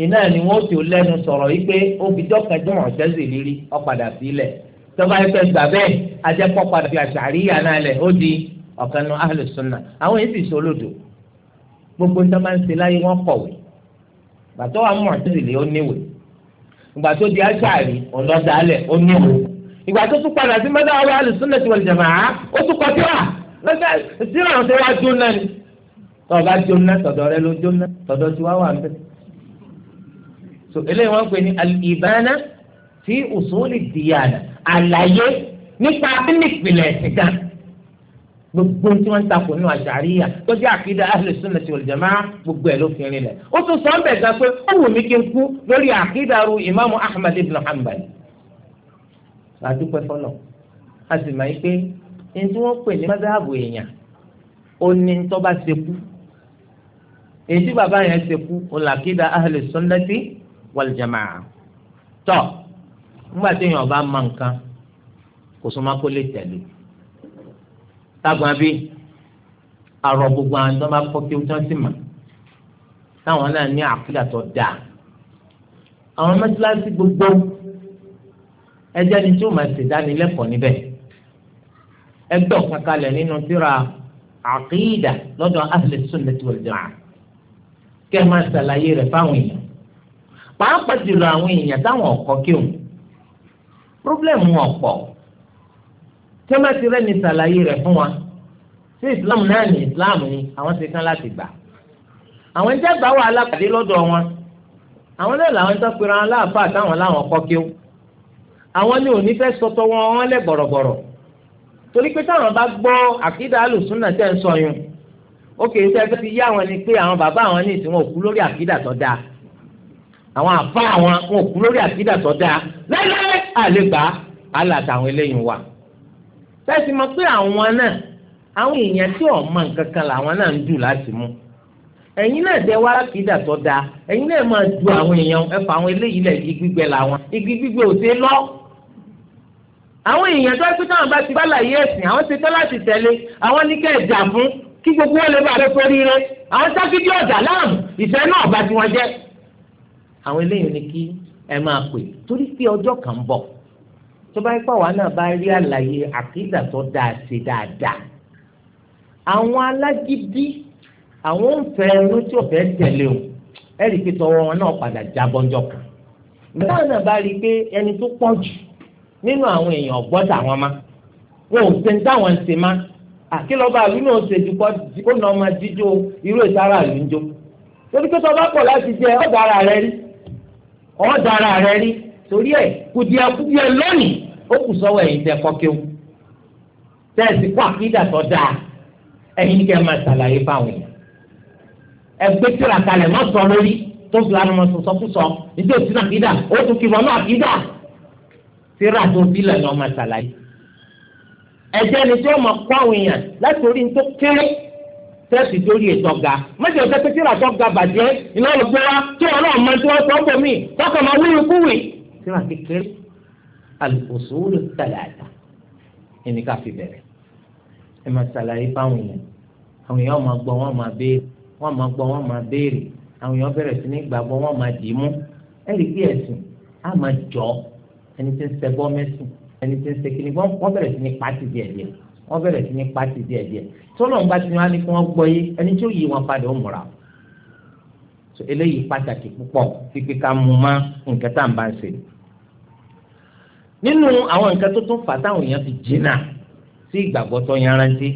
S1: iná ni wọn ti lẹ́nu sọ̀rọ̀ yìí pé obìjọ́ kẹjọ hàn ṣẹ́sì lírí ọ̀padà sílẹ̀ tọ́ba ẹgbẹ́ gbà bẹ́ẹ̀ ajẹ́pọ̀ padà fi àṣàríyà náà lẹ̀ ó di ọ̀kan nu ahlẹ̀ sunna àwọn yìí sì sọlódò gbogbo níta máa ń ṣe láyé wọn kọ̀wé gbàtọ́ wa mọ̀ ṣẹ́sì lé ó níwè ìgbà tó di àṣàrí ọ̀lọ́dàálẹ̀ ó níwè ìgbà tó padà sí mẹ́ta ọ̀rọ̀ ahlẹ̀ sunna ti wọlé jàmá ó tún kọ síra síra àwọn tó wá jóná ni tọ́ba jóná tọ̀dọ̀ so eléyìí wọ́n pè ní al-ibana fi usuli diyana àlàyé nípa abínipìlẹ̀ ẹ̀sìn gan gbogbo tí wọ́n ń takò nínú àṣàríyà tó jẹ́ àkídá ahlẹ̀ sunnati wal jamaa gbogbo ẹ̀ ló fi rin lẹ̀ ó tún sọ ń bẹ̀ gan pé ó wù mí kí n kú lórí àkídá ru ìmáàmù ahmad ibn hanbal àdúpẹ́ fọlọ́ a sì máa ń pé ní tí wọ́n pè ní mọ́sáàbù èèyàn ó ní ṣekú èyí tí bàbá yẹn ṣekú ó làkídá ahlẹ̀ wal jamaa tọ́ nígbà tí èèyàn bá mọ nǹkan kò súnmọ́ kó lè tẹ̀lé tágbọ́n bí àrọ̀ gbogbo àwọn tó bá kọ́ kí wọ́n sì mọ̀ táwọn náà ní àkúdà tó dáa àwọn mẹ́tíláṣí gbogbo ẹjẹ́ ni tí ó máa ṣèdánilẹ́kọ̀ọ́ níbẹ̀ ẹgbẹ́ ọ̀kan nínú síra àkídà lọ́dọ̀ ahlu sunnati wal jamaa kẹ́ máa ṣàlàyé rẹ̀ fáwọn èèyàn pàápàá jùlọ àwọn èèyàn táwọn ọkọ kí òun problem wọn pọ̀ tí wọ́n bá ti rẹ́ni ṣàlàyé rẹ̀ fún wa sí islam náà ní islam ni àwọn ti tán láti gbà àwọn ìjàgbá wà alápàdé lọ́dọ̀ wọn àwọn náà làwọn tó pera wọn láàfáà táwọn láwọn ọkọ kí ó àwọn ní òní fẹ́ sọtọ wọn wọn lẹ bọ̀rọ̀bọ̀rọ̀ torí pé táwọn bá gbọ́ àkídà alùsùnà tẹ̀ ń sọyún ó kè é sẹ́ẹ́ fi yá àwọn ni pé àwọn bàbá àwọn ní ìsìn wọn òkú lórí àkídà tó dáa àwọn àfa àwọn òkú lórí àkídà tó dáa lẹ́lẹ́ àlegbà àlà àtàwọn eléyìí wà. sẹ́sì mọ̀ pé àwọn náà àwọn èèyàn tí wọ́n mọ nǹkan kan làwọn náà ń dù láti mú. ẹ̀yin náà dẹ wá àkídà tó dáa ẹ̀yin náà máa du àwọn èèyàn ẹ fà àwọn eléyìí lẹ̀ igi gbígbẹ làwọn igi gbígbẹ ò ṣe lọ. àwọn èèyàn tó ẹgbẹ́ táwọn bá ti bá láyé ẹ̀sìn àwọn ti tọ́ láti tẹ̀lé àwọn ní kí gbogbo àwọn eléyìí ni kí ẹ máa pè torí pé ọjọ́ kan ń bọ̀ tó bá yẹ pé àwa náà bá rí àlàyé àkídà tó dáa ṣe dáadáa àwọn alágídí àwọn òǹfẹ́ ẹnu tí ò fẹ́ tẹ̀lé o ẹ rí i pé tọwọ́ wọn náà padà jábọ́ ọjọ́ kan nígbà náà bá rí i pé ẹni tó pọ̀ jù nínú àwọn èèyàn gbọ́dọ̀ àwọn ma wọn ò ṣe ń táwọn ṣe ma àkìlọ́ba àlù náà ṣe ju kó nà ọmọ jíjó irú ìtara àlù torí pé tọ́ bá pọ̀ láti jẹ ọ̀gá ara rẹ rí ọ̀dà ara rẹ rí torí ẹ̀ kùdìẹ̀kùdìẹ̀ lónìí ó kù sọ́wọ́ ẹ̀yin tẹ kọ́kíw tẹ́sí kó àkídà tó dáa ẹ̀yin ní kẹ́ ẹ máa ṣàlàyé fáwọn èèyàn ẹgbẹ́ tíra kalẹ̀ má sọ lórí tó fi lánàá máa sọ kú sọ nítorí òsì náà àkídà ó tún kí wọn náà àkídà tíra tó bí lẹ́nu ọmọ ṣàlàyé ẹ̀jẹ̀ ni tí wọ́n máa kó àwọn èèyàn láti orí ní tó kéré tẹ́sí lórí ètò ọ̀gá mẹ́jọ tẹ́ pé tíra tó ga bàjẹ́ iná ló gbé wa tí wọn náà mọ tí wọn sọ bọ̀ mí tọkàn máa wúwo kúwì. tíra kékeré alùpùpù wúlò sàlẹ̀ àjà ẹni ká fi bẹ̀rẹ̀ ẹ máa ṣàlàyé fáwọn èèyàn àwọn èèyàn máa gbọ́ wọn máa béèrè wọn máa gbọ́ wọn máa béèrè àwọn èèyàn bẹ̀rẹ̀ sí ní gbàgbọ́ wọn máa dì í mú ẹ̀rí bí ẹ̀sìn á máa jọ ẹni tí ń ṣẹbọ mẹ́sìn ẹni tí ń ṣe kíni wọ́n bẹ̀rẹ̀ sí ní pàtì díẹ̀ díẹ̀ wọ́n bẹ̀rẹ̀ sí ní pàtì díẹ̀ díẹ̀ tọ́lọ̀ ń bá ti wá ní kí wọ́n gbọ́ yé ẹni tí ó yí wọn padà ó múra so eléyìí pàtàkì púpọ̀ fífi ká mú má nǹkan tá à ń bá ń ṣe nínú àwọn nǹkan tó tún fà táwọn èèyàn fi jìnnà sí ìgbàgbọ́ tó yanrantí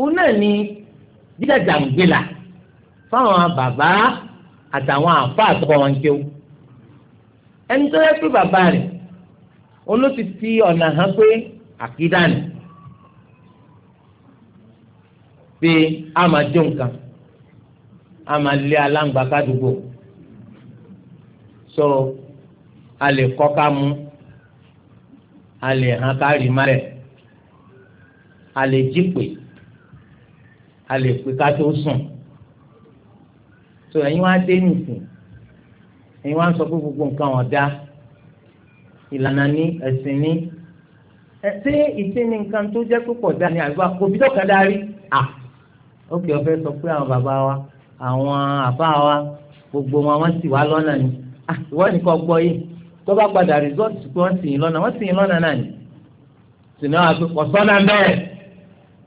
S1: òun náà ni dídàjà ń gbé la fáwọn bàbá àtàwọn àfa àtọkọ wọn kéwù ẹni tó yẹ pé bàbá rẹ̀ olóòtú fi ọ̀nà hàn pé àkídà ni pé a máa dín nǹkan a máa lé aláǹgbá kádùgbò so a lè kọ́ ká mú a lè hàn ká rí má rẹ̀ a lè jí pè a lè pè ká tó sùn so ẹ̀yin wá dé nìsín ẹ̀yin wá sọ pé gbogbo nǹkan ọ̀dá ìlànà ní ẹ̀sìn ní ẹ̀ ṣé ìsìn ní nǹkan tó jẹ́ púpọ̀ dání àgbà kò bí dọ́kadà rí à. Ah ó kì í ọfẹ́ sọ pé àwọn bàbá wa àwọn àbá wa gbogbo wọn wọ́n sì wá lọ́nà ni ah, ìwọ nìkan gbọ́ yìí tó bá padà rìsọ́ọ̀tì pé wọ́n sì yín lọ́nà wọ́n sì yín lọ́nà náà ni sìnà àpèkọ̀ sọ́nà bẹ́ẹ̀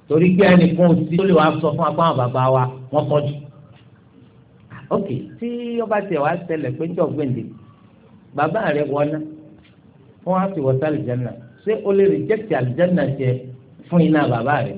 S1: torí pé ẹnìkan òsì tó lè wá sọ fún apá àwọn bàbá wa wọ́n kọ́ jù ah, ok tí ọba tiẹ̀ wá ṣẹlẹ̀ pé njọ́ gbèǹde bàbá rẹ̀ wọná wọ́n á fi wọ́sá àlìjẹ́nà ṣé o lè rìjẹ́tì àlìjẹ́nà jẹ fún iná bàbá rẹ̀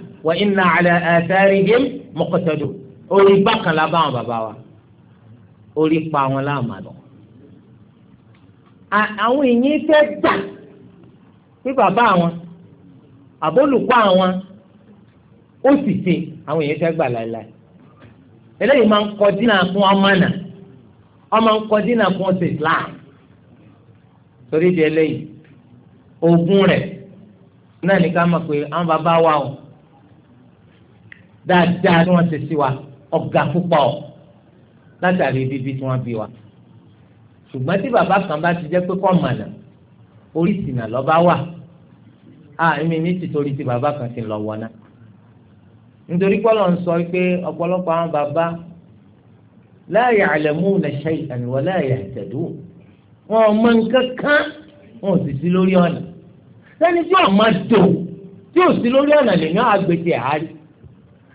S1: wa inna ala atharihim muqtadu orí bákan la báwọn bàbá wa orí pa wọn láàmà lọ. àwọn èèyàn fẹ́ gbà pé bàbá àwọn àbólùkọ́ àwọn ó sì ṣe àwọn èèyàn fẹ́ gbà láéláé eléyìí máa ń kọ dínà fún ọmọnà ọmọ ń kọ dínà fún ọsẹ Islam torí di eléyìí oògùn rẹ̀ náà ní ká mọ̀ pé àwọn bàbá wa o dáadáa ni wọ́n ṣe sí wa ọ̀gá púpọ̀ látàrí bíbí tí wọ́n bí wa ṣùgbọ́n tí bàbá kan bá ti jẹ́ pé kọ́ mọ̀nà orí ìsìnà lọ́ba wà á èmi ní tìtorí tí bàbá kan ti lọ wọná nítorí pọ́lọ̀ ń sọ pé ọ̀pọ̀lọpọ̀ àwọn bàbá la ya'lamuna shay'an wa la yahtadun wọn ò nǹkan kan wọn ò sì sí lórí ọ̀nà sẹ́ni tí ò máa dò tí ò sí lórí ọ̀nà lèmi àgbètì àárí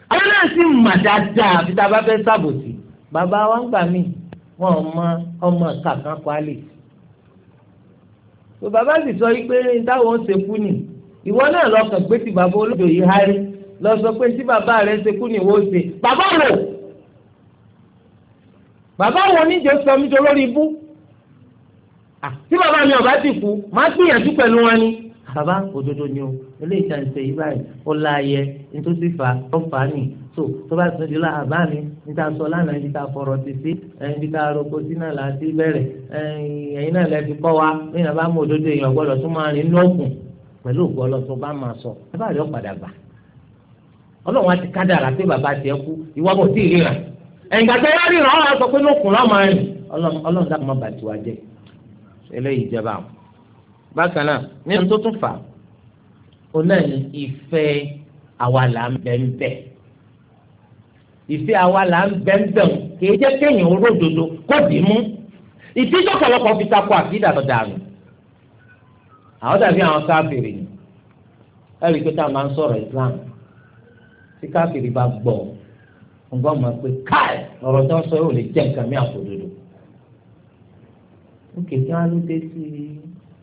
S1: àwọn náà sì mà dáadáa àfi tá a bá fẹ́ ṣàbòsí bàbá wa ń gbà mí wọn ò mọ ọmọ kankan kwalì tó bàbá sì sọ yìí pé táwọn ń sekú nì ìwọ náà lọkàn pé tí bàbá olódò yìí hárí lọ sọ pé tí bàbá rẹ ń sekú nì wọ́n ṣe bàbá rò bàbá wo níjẹ sọ mi jọ lórí ibú tí bàbá mi ò ti kú màá gbìyànjú pẹ̀lú wọn ni bàbá òdodo ni o ilé ìta ìṣe yìí báyìí ó láàyè nítòsí fà ó fà á nì so tó bá ti di láà bá mi níta sọ lánàá ibi tá a fọ̀rọ̀ ti sí ibi tá a roko sí náà láti bẹ̀rẹ̀ ẹ̀yin náà lẹ́ẹ̀fi kọ́ wa nínú bá mú òdodo èèyàn gbọ́dọ̀ tó máa rìn lọ́ọ̀kùn pẹ̀lú òkú ọlọ́tún bá máa sọ ẹ bá rí ọ̀padà gbà ọlọ́run á ti kádàrà pé bàbá tiẹ̀ kú ìwọ kò tí ì ríran ẹ̀yìn gbàtẹ́ wá ríran ọ̀rọ̀ bákan náà nínú tó tún fà ó náà ní ìfẹ́ àwa là ń bẹ́ńbẹ́ ìfẹ́ àwa là ń bẹ́ńbẹ́ kì í jẹ́ kéèyàn olódodo kó dì í mú ìtìjọ́ pọ̀lọpọ̀ fi takò àkídà tó dànù àwọn dàbí àwọn káfíìrì ni ẹ̀rí pé tá a máa ń sọ̀rọ̀ Islam tí káfíìrì bá gbọ́ nǹkan mọ̀ pé káì ọ̀rọ̀ tó ń sọ yóò lè jẹ́ nǹkan mi àpòdodo. ó kè kí wọ́n á ló dé sí i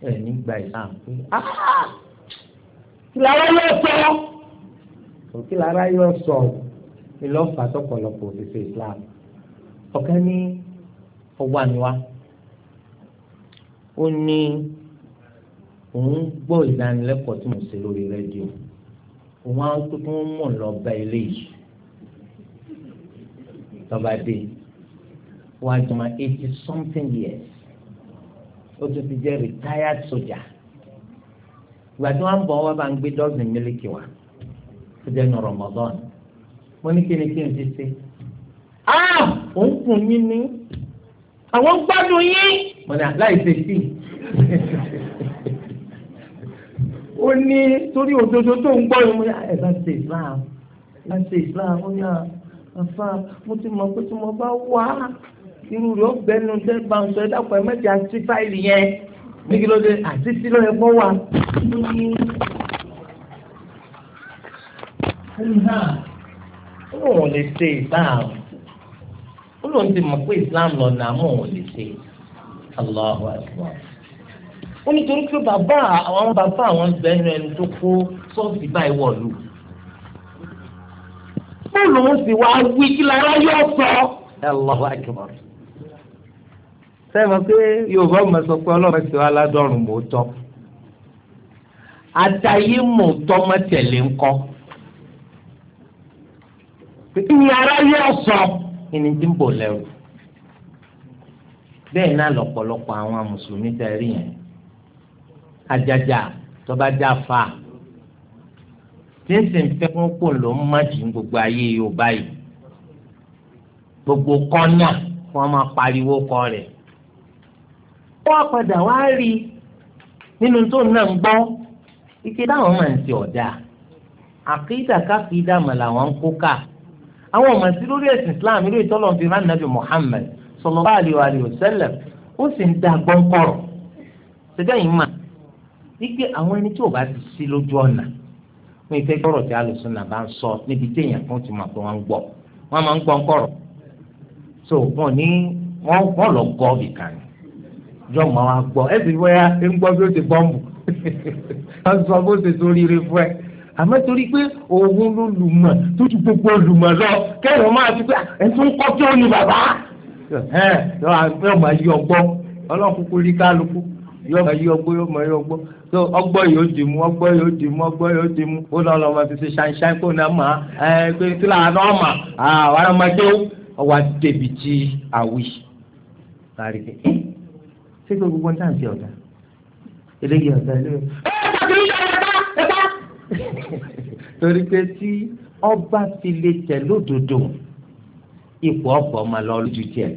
S1: ẹ̀ nígbà islam pé ah,
S2: kí lára yóò sọ
S1: ọ́ kí lára yóò sọ ọ́ ìlọ́fà tọ̀pọ̀lọpọ̀ òṣìṣẹ́ islam ọ̀kan ní ọgbà niwa ó ní òun gbọ́ ìdánilẹ́kọ̀ọ́ tí mo ṣe lórí rédíò òun á tó tó ń mọ̀ lọ bá ilé yìí dé wọ́n á eighty something years ó tún ti jẹ́ retired soldier ìgbà tí wọ́n ń bọ̀ wọ́n bá ń gbé dọ́sìn mílíkì wá ó jẹ́ nu Ramadan mo ní kí ni kí n ti ṣe ah òun kùn yín ní àwọn gbádùn yín mo ní àláì ṣe sí ó ní torí òdodo tó ń gbọ́ yín mo ní ẹ̀ bá ṣe Islam ẹ̀ bá ṣe Islam ó ní àfa mo ti mọ̀ pé tí mo bá wà á irú rẹ̀ ó bẹnu tẹ́ bá ń sọ ẹ dákun ẹ mẹ́jẹ àti fáìlì yẹn ní kí ló dé àti sí ló yẹ kó wà. olóhùn lè ṣe islam olóhùn ti mọ̀ pé islam lọ́nà àmọ́ òun lè ṣe Allahu akbar ó ní torí pé bàbá àwọn bàbá àwọn bẹ́ẹ̀nu ẹni tó kó sọ́ọ̀sì báyìí wọ̀lú. bóòlù ń sì wá wí kí lára yóò sọ. Allahu akbar sẹ́mi pé yorùbá ọmọ sọ pé ọlọ́run ti wá ládọ́rùn mò ń tọ́ àtàyé mò ń tọ́ mọ́tẹ̀lé ń kọ́ ìyàrá yóò sọ ìní tí ń bò lẹ́rù bẹ́ẹ̀ náà lọ́pọ̀lọpọ̀ àwọn mùsùlùmí tẹ̀ yẹn ajaja tó já fa tí ń sìn fẹ́ fún pò ló ń májì gbogbo ayé yorùbá yìí gbogbo kọ́nà wọ́n máa pariwo kọ́ rẹ̀ wọ́n padà wá rí nínú tó náà ń gbọ́ ike dáhùn máa ń ṣe ọ̀dà àkídà káfíńdà mà làwọn ń kó ká àwọn ọmọ sí lórí ẹ̀sìn Islam ilé ìtọ́lọ̀ fi rán nàbì Muhammad sallallahu alaihi wasallam ó sì ń da gbọ́ńkọ̀rọ̀ ṣẹ́gbẹ́ yìí mà wípé àwọn ẹni tí ò bá ti sí lójú ọ̀nà wọ́n ìfẹ́ gbọ́rọ̀ tí alùsùn náà ń sọ níbi téèyàn kan ti máa pé wọ́n ń gbọ́ wọ́n máa ń gbọ́ńkọ̀rọ̀ so wọ́n ní wọ́n lọ gọ́ ọ̀bì jọ mọ wa gbọ́ ẹ sì bóyá ẹ ń gbọ́ bí ó ti bọ́ǹbù wọ́n sọ bó ṣe sórí rẹ fún ẹ àmọ́ torí pé òun ló lùmọ̀ tó ju gbogbo lùmọ̀ lọ kẹ́rù máa ti pé ẹ tún kọ́ kí ó ní bàbá ẹ yọ máa yí ọgbọ́ ọlọ́run kúkú rí kálukú yọ máa yí ọgbọ́ yọ máa yí ọgbọ́ tó ọgbọ́ yóò dì mú ọgbọ́ yóò dì mú ọgbọ́ yóò dì mú ó lọ́ọ́ lọ́ọ́ máa fi ṣe ṣáínṣáín kó náà mà ẹ pé kí là á náà àwọn ọmọdé ọwọ́ àti àwì ṣé pé gbogbo náà ṣe ọ̀dà eléyìí ọ̀dà eléyìí. torí pé tí ọba fi lè tẹ̀ lódodo ipò ọ̀pọ̀ ọmọ lọ lójú tiẹ̀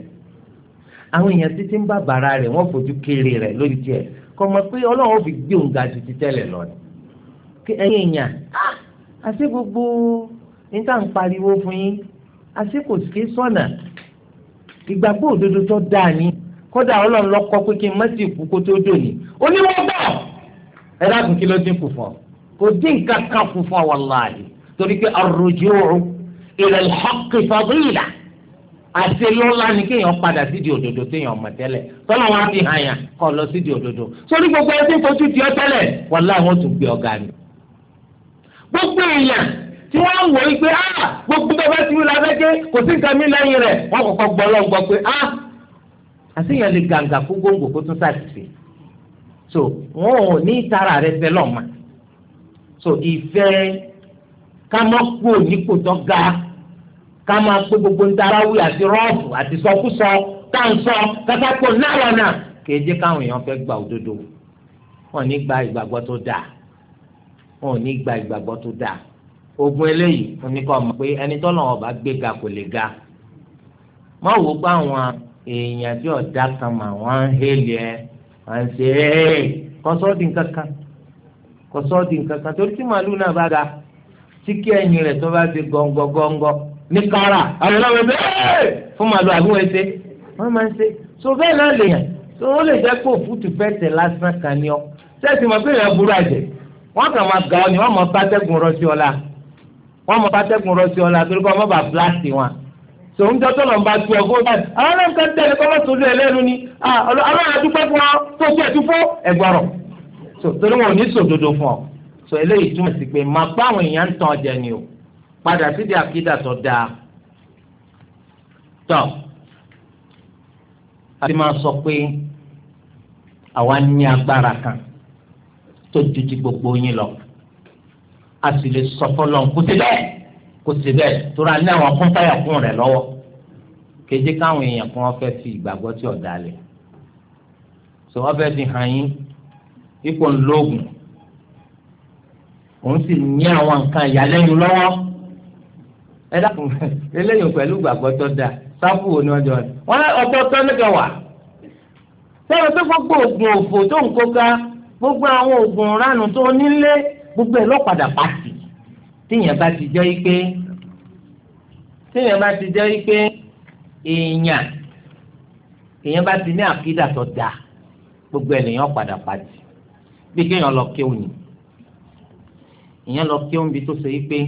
S1: àwọn èèyàn títí ń bá bàrà rẹ̀ wọ́n fojú kéré rẹ̀ lójú tiẹ̀ kọ́ mọ̀ pé ọlọ́run fi gbé òǹga ju ti tẹ́lẹ̀ lọ ni kí ẹ̀yin èèyàn àti gbogbo níta ń pariwo fún yín àti kò sí sọ́nà ìgbàgbọ́ òdodo tó dáa ni kódà ọlọ́run lọ́kọ́ pé kí n má sì kú kó tó dòní oníwọ́gbọ̀ ẹ dákun kí ló dín kù fún ọ kò dín nǹkan kan kù fún ọ wàláhì torí pé ar-ruju' ila al-haqq fadila àti lọ́la ni kéèyàn padà sídìí òdodo téèyàn mọ̀ tẹ́lẹ̀ tọ́lá wa fi hàn yàn kọ́ lọ sídìí òdodo sórí gbogbo ẹni tí ń fojú tẹ́lẹ̀ wàláhì wọn tún gbé ọ̀gá ni. gbogbo èèyàn tí wọ́n ń wò pé ah, gbogbo bàbá tí fẹ́ ké kò sí nǹkan mi lẹ́yìn rẹ̀ wọ́n kọ́kọ́ gbọ́ lọ́gbọ́ pé ah, àṣeyàn lè gàǹgà kó góńgò kó tún ṣàṣìṣe so wọn ò ní tara rẹ fẹ lọ́mọ so ìfẹ́ ká má kú onípò tó ga ká má pé gbogbo ń tara wí àti rọ́ọ̀bù àti sọkúsọ ká ń sọ kátákó náírà náà kèé jẹ́ káwọn èèyàn fẹ́ gba òdodo wọn ò ní gba ìgbàgbọ́ tó dáa wọn ò ní gba ìgbàgbọ́ tó dáa ogun eléyìí oníkọ́ mọ̀ pé ẹni tọ́lọ́wọ́ bá gbéga kò lè ga má wò ó bá àwọn èèyàn tí ọ̀dà kan mà wọ́n ń hélì ẹ̀ wọ́n ń ṣe é kọ́sọ́ọ̀dì kankan kọ́sọ́ọ̀dì kankan torí tí màálù náà bá ga tí kí ẹ̀yìn rẹ̀ tó bá ti gọ́ngọ́gọ́ngọ́ ní kára àwọn ọlọ́wọ́ bẹ́ẹ̀ fún màálù àbúrò ẹ̀ṣẹ̀ wọ́n máa ń ṣe so bẹ́ẹ̀ náà lèèyàn so ó lè jẹ́ pé òfútù fẹ́sẹ̀ lásán kan ni ọ sẹ́ẹ̀sì mọ̀ pé èèyàn burú àjẹ́ wọ́n kàn máa gà ọ ni wọ́n mọ̀ bá tẹ́gùn rọ sí ọ tòun jọ tọ́lọ̀ ń bá tu ọgbọ́n báyìí àwọn náà ń ka tẹ̀lé kọ́mọ́ tó lé ẹlẹ́nu ni ọlọ́run àdúgbò fún ọ tó tiẹ̀ tún fún ẹgbọ́rọ̀ torí wọn ò ní sòdodo fún ọ sọ eléyìí túmọ̀ sí pé máa pa àwọn èèyàn ń tan ọjà ni o padà sídi àkídà tó dáa tọ́ a ti máa sọ pé àwa ní agbára kan tó ju ti gbogbo yín lọ a sì lè sọ fọlọ́n kó bẹ́ẹ̀ kò sí bẹ́ẹ̀ tóra ní àwọn kún fáyà kún rẹ̀ lọ́wọ́ kéde káwọn èèyàn kan fẹ́ fi ìgbàgbọ́ tí ọ̀dà lẹ̀ sọ wọ́n fẹ́ fi hàn yín ipò ńlọ́ọ̀gùn òun sì ní àwọn nǹkan ìyàlẹ́nu lọ́wọ́ ẹ dákun eléyìí pẹ̀lú ìgbàgbọ́ tó dáa sáfù wo ni wọ́n ni wọ́n lé ọ̀tọ̀ tó nígbà wà sẹ́yìn tó gbogbo oògùn òfò tó ń kóka gbogbo àwọn oògùn ránù tó nílé gbogbo ẹ̀ lọ́padà pàṣẹ téèyàn bá ti jẹ́ pé téèyàn bá ti jẹ́ pé èèyàn èèyàn bá ti ní àkídà tó dáa gbogbo ènìyàn padà pàdé bí kéèyàn lọ kéwù ni èèyàn lọ kéwù bí tó ṣe pé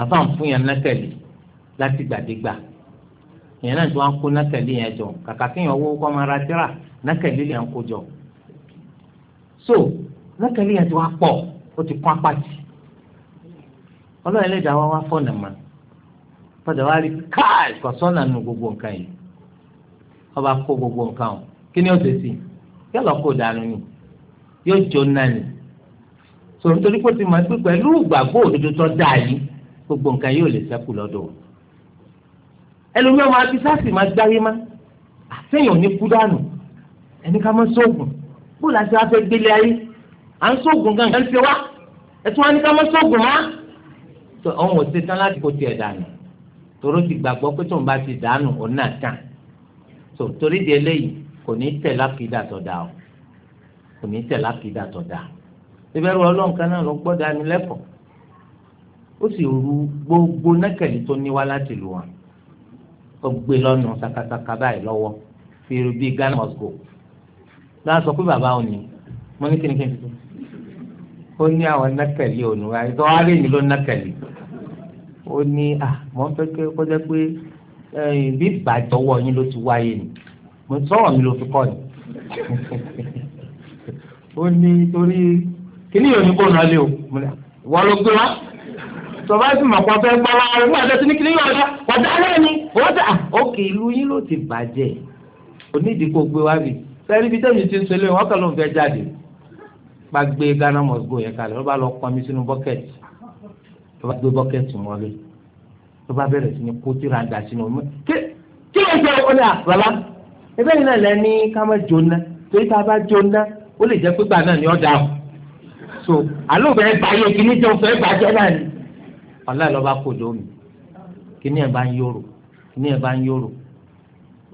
S1: àfa ń fún yàn nákẹ́lì láti gbàdégbà èèyàn náà tó wá ń kó nákẹ́lì yẹn jọ kàkà kéèyàn owó kọ́ máa ra tíra nákẹ́lì yẹn ń kó jọ so nákẹ́lì yẹn ti wá pọ̀ ó ti kún apáti ọlọ́run ẹlẹ́dàá wọn wá fọ̀nà mọ́ padà wá rí káì kò sọ́nà nu gbogbo nǹkan yìí ọba kó gbogbo nǹkan o kí ni ó ṣe sí yóò lọ kó dànù ni yóò jó náà ni sọ nítorí pé ó ti mọ̀ pé pẹ̀lú ìgbàgbọ́ òdodo tó dáa yìí gbogbo nǹkan yóò lè ṣẹ́kù lọ́dọ̀ o máa fi sáàsì máa gbáyé má àtẹ̀yìn ní kú dànù ẹni ká mọ́ sóògùn bó la wá fẹ́ gbélé ayé à ń sóògùn gan-an ṣe wá ẹtù wọn ní ká mọ́tò ògùn má. tó ọ̀hún ò ṣe tán láti kó tiẹ̀ dànù toró ti gbàgbọ́ pé tóun bá ti dànù òun náà tàn tó torí di eléyìí kò ní tẹ̀ lákìdá tó dà o kò ní tẹ̀ lákìdá tó dà ìbẹ̀rù ọlọ́run kan náà ló gbọ́ dání lẹ́kọ̀ọ́ ó sì ru gbogbo nákẹ́lì tó níwá láti lù wọn ó gbé lọ́nà sakasaka báyìí lọ́wọ́ fi ru bíi Ghana mosco láti sọ pé bàbá òní mo ní kíni kíni tuntun ó ní àwọn nákàlí ònúra ìtọ́ wálé mi ló nákàlí ó ní à mọ́ fẹ́ kí ó jẹ́ pé bí ìbàjọ́wọ́ yín ló ti wáyé ni mo sọ̀rọ̀ mi ló fi kọ́ ni ó ní torí kíní yóò ní kó nà lé o wọ́n ló gbé wá tọba sì mọ̀ pọ̀ fẹ́ gbọ́ wa ọ̀rọ̀ àti ẹ̀sìn ní kíní yóò ọ̀dà náà ni wọ́n dà ókè ìlú yín ló ti bàjẹ́ onídìí kò gbé wá bì sẹ́ẹ́rì bíi tẹ́lifí ti ń sọ lé wọn kàn ló ń fẹ́ jáde bá gbé Ghana must go yẹn kalẹ̀ ló bá lọ pọnmi sínú bọ́kẹ́tì ló bá gbé bọ́kẹ́tì wọlé ló bá bẹ̀rẹ̀ sí ní kó tíra dà sínú omi kí
S2: kí ló ń sọ ọ́ ní
S1: ah, àbálá ẹgbẹ́ yìí náà lẹ́ni ká má torí tá a bá jóná ó lè jẹ́ pípa náà ni ọ́ dà ó so àlọ́ bẹ́ẹ̀ bá yẹ kí ní jẹun fẹ́ bàjẹ́ náà ni ọ̀la lọ́ba kò dómi kí ní ẹ̀ bá ń yòrò kí ní ẹ̀ bá ń yòrò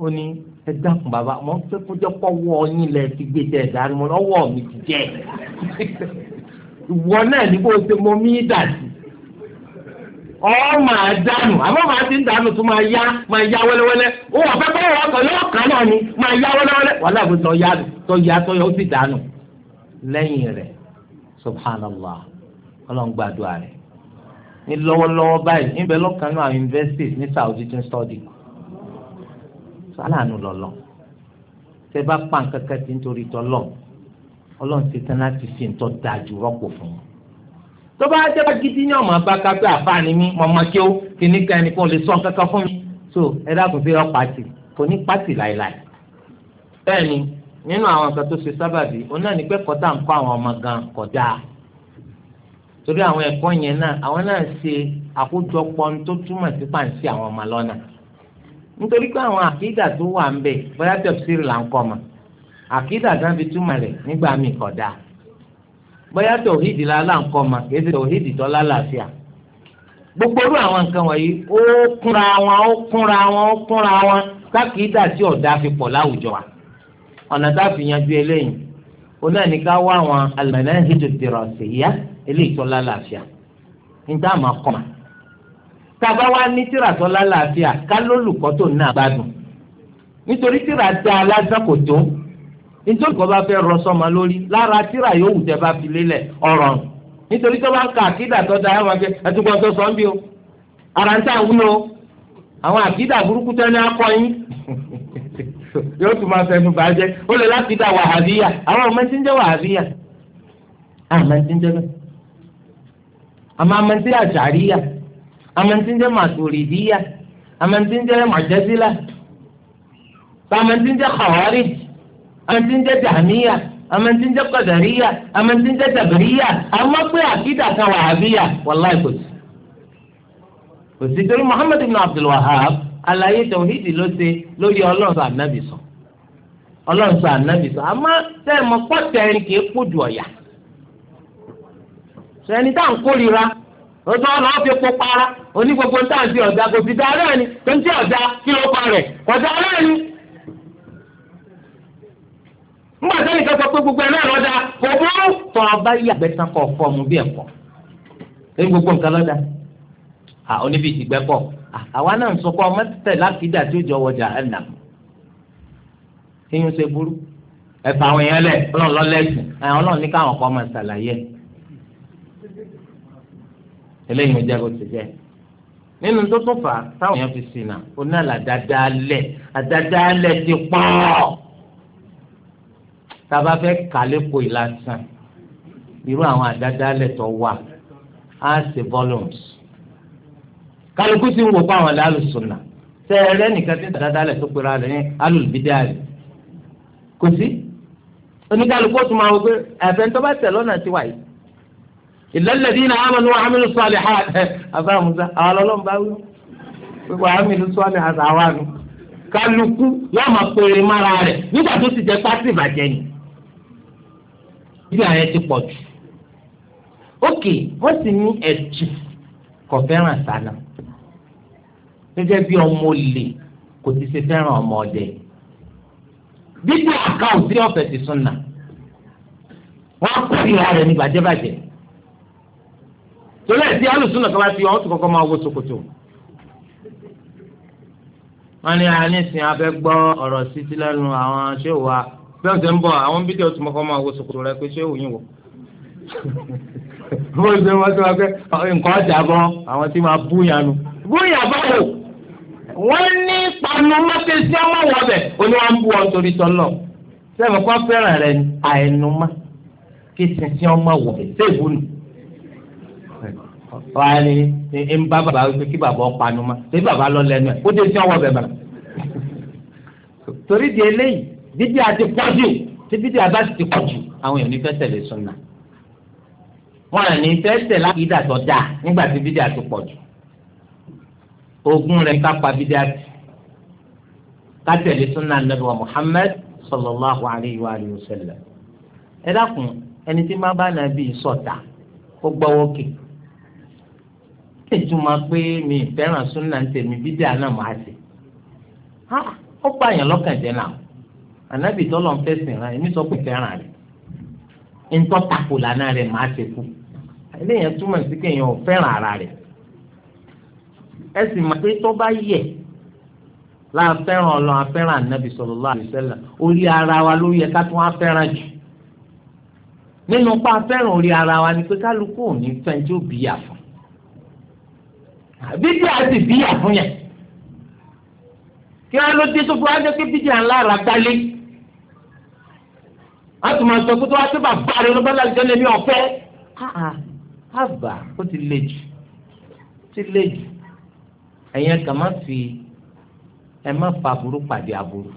S1: ó ní ẹ dákun bàbá mo fẹ́ kó jẹ́ kó wọ ọyìn lẹ ti gbé jẹ ìdarí mo lọ́wọ́ mi ti jẹ ìwọ náà ní kó o ṣe mo mí dàsí ọ máa dànù àmọ́ màá ti ń dànù tó máa yá máa yá wẹ́lẹ́wẹ́lẹ́ ó wà fẹ́ báwo ọkọ̀ yóò kàn náà ni máa yá wẹ́lẹ́wẹ́lẹ́ wàhálà mi tọ́ ya tọ́ ya tọ́ ya ó sì dànù lẹ́yìn rẹ̀ subhanallah ọlọ́run gbàdúrà rẹ̀ ní lọ́wọ́lọ́wọ́ báyìí níbẹ̀ lọ́kàn náà universities ní Saudi ti ń study kù aláàánú lọlọ tẹ bá pa nǹkan kan tí nítorí tọlọ Ọlọ́run ti tán láti fi ń tọ da jù rọ́pò fún un tó bá bá gidi ní ọmọ abá kápẹ àfáàní mi mọ ọmọ kí ó kíní ká ẹnìkan lè sọ kankan fún mi so ẹ dákun fi ọ pàtì kò ní pàtì láìláì bẹ́ẹ̀ ni nínú àwọn nǹkan tó ṣe sábàbí òun náà ní pé kọta ń kọ àwọn ọmọ gan kọjá torí àwọn ẹ̀kọ́ yẹn náà àwọn náà ṣe àkójọpọ̀ tó sí pàǹsí àwọn ọmọ lọ́nà nítorí pé àwọn àkídà tó wà ń bẹ bóyá tẹ̀síìrì là ń kọ́ ma àkídà kan fi túmọ̀ rẹ̀ nígbà mi kọ̀ da bóyá tòhídì la là ń kọ́ ma kì í ṣe tòhídì tó lálàáfíà gbogbo orú àwọn nǹkan wọ̀nyí ó kúnra wọn ó kúnra wọn ó kúnra wọn kákìídà tí ọ̀dà fi pọ̀ láwùjọ wa ọ̀nà tá a fi yanjú eléyìí oní ẹnìkan wá àwọn al-manahij ad-dirasiyya eléyìí tó lálàáfíà níta máa kọ́ ma. tàbá wa ní tíra tó lálàáfíà ká lólùkọ́ tó nitori tira nítorí tíra dá nitori kò tó nítorí kọ́ bá fẹ́ rọ sọ́mọ lórí lára tíra yóò wù tẹ́ bá fi lélẹ̀ ọ̀rọ̀ nítorí tó bá ń ka da ẹtùkọ́ sọ ń bí ara ń tà wúlò àwọn àkídà burúkú tó ní akọyín yóò tún máa fẹnu bàjẹ́ ó lè àwọn ọmọ ń amẹntinjẹ màtòrìdíyà amẹntinjẹ mọ̀jẹ́sílà amẹntinjẹ kọ̀wárì amẹntinjẹ dàmíyà amẹntinjẹ kọ̀dàríyà amẹntinjẹ dàbíríyà amọ́pẹ́ àkídà kan wàhábíyà wàláì kò sí. kò sí torí Muhammad ibn Abdul Wahhab alaye tawhidi ló ṣe lórí ọlọ́run sọ ànábì sọ ọlọ́run sọ ànábì sọ àmọ́ sẹ́yìn mọ́ pọ́tẹ́rin kì í kú ju ọ̀yà sẹ́ni tá à ń kórira o na lọ́ọ́ fi kó para oní gbogbo ń tàǹtì ọ̀dà kò tó ń tẹ ọ̀dà kí ló pa rẹ̀ kọjá náà ni. ńgbà sẹ́ni kan sọ pé gbogbo ẹ̀ náà kò burú tọ́ gbogbo nǹkan lọ́dà à oníbi ìgbẹ́ pọ̀ àwa náà ń sọ pé ọmọ tẹ̀ lákìdá tí ó jọ wọjà kí eléyìí ọjà bó ti jẹ nínú tó tún fà táwọn èèyàn fi sìn náà ó náà là dáadáa lẹ àdáadáa lẹ ti pọ̀ tába fẹ́ kàlépo ìlàsàn irú àwọn àdáadáa tó wà á ṣe volumes kálukú ti ń wò fún àwọn alùsùn náà tẹ́ẹ̀rẹ́ nìkan tí dáadáa lẹ̀ tó pera rẹ̀ ní alùlùbídà rẹ̀ kò sí oníkálukú tó máa wọ pé ẹ̀fẹ̀ tó bá tẹ̀ lọ́nà tiwa yìí ìlẹ́lẹ̀dínà amanu wa hamilu sọ́ọ̀lì ha ẹ̀ afẹ́ musa àwọn ọlọ́run bá wí pípa hamilu sọ́ọ̀lì ha sàwọn àná kálukú yóò máa pèrè mára rẹ̀ nígbà tó ti jẹ pátì ìbàjẹ́ ni ibi àyẹ̀ ti pọ̀ jù ókè wọ́n sì ní ẹ̀tù kò fẹ́ràn sálà gẹ́gẹ́ bí ọmọ olè kò ti ṣe fẹ́ràn ọmọ ọdẹ bíbí àká òsì ọ̀fẹ́ ti sún nà wọ́n á pèrè ara rẹ̀ ní torí ẹ̀ tí alùsùn náà tó bá ti wọ́n tún kọ́kọ́ máa wo ṣòkòtò wọ́n ní àníṣin abẹ́ gbọ́ ọ̀rọ̀ sí ti lẹ́nu àwọn ṣéwù wa bí wọ́n ti ń bọ̀ àwọn fídíò tún kọ́kọ́ máa wo ṣòkòtò rẹ pé ṣéwù yín wò bó ṣe wọ́n ti wá pé nǹkan ọjà bọ́ àwọn tí máa bú yanu bú yàgbọ́ wò wọ́n ní panu mọ́tẹ́sí ọmọ wọ̀bẹ̀ oní wọn torí tọ́lọ̀ sẹ́mi kọ́ fẹ́ràn rẹ àìnumá kí sinsin ọmọ wọ̀bẹ̀ sẹ́ẹ̀bù nù wà á ní ẹ ń bá bàbá wípé kí bàbá ọpanu ma ṣé bàbá lọ lẹ́nu ẹ ó dé sí ọwọ́ bẹ̀rẹ̀ torí di eléyìí bíbí àti pọ́jù tí bíbí àbá ti pọ́jù àwọn èèyàn ní fẹ́ tẹ̀lé sunna wọn à ní fẹ́ tẹ̀lé àkídà tó dáa nígbà tí bíbí àti pọ́jù ogun rẹ̀ ká pa bíbí àti ká tẹ̀lé sunna nabi wa Muhammad sallallahu alayhi wa sallam ẹ dákun ẹni tí má bá nàbí sọ̀tà ó gbọ́wọ́ kéè ìtumọ̀ pé mi fẹ́ràn súnà ń tèmi bídíà náà máa ṣe ó pa àyàn lọ́kàn jẹ́ náà ànábì tọ́lọ̀ ń fẹ̀sìn rán èmi sọ pé fẹ́ràn rẹ̀ ńtọ́ tako lànà rẹ̀ máa ṣe kú eléyàn túmọ̀ sí kéèyàn ò fẹ́ràn ara rẹ̀ ẹ sì mọ̀ pé tó bá yẹ láà fẹ́ràn ọlọ́run afẹ́ràn ànábì sallallahu alaihi wasallam orí ara wa ló yẹ ká tún wá fẹ́ràn jù nínú pa afẹ́ràn orí ara wa ni pé kálukú ò ní fẹ́ tí ó bí yà fún bídí àti bíyà fún yẹn kí wọn ló dé tó fún wa jẹ pé bídí à ń lára gbálé wọn tún máa sọ pé tó wá sí bàbá rẹ lọ́gbọ́n láti jẹ́ lẹ́mí ọ̀fẹ́ àbá ó ti le jù ti le jù ẹ̀yin kà má fi ẹ má fa aburú pàdé aburú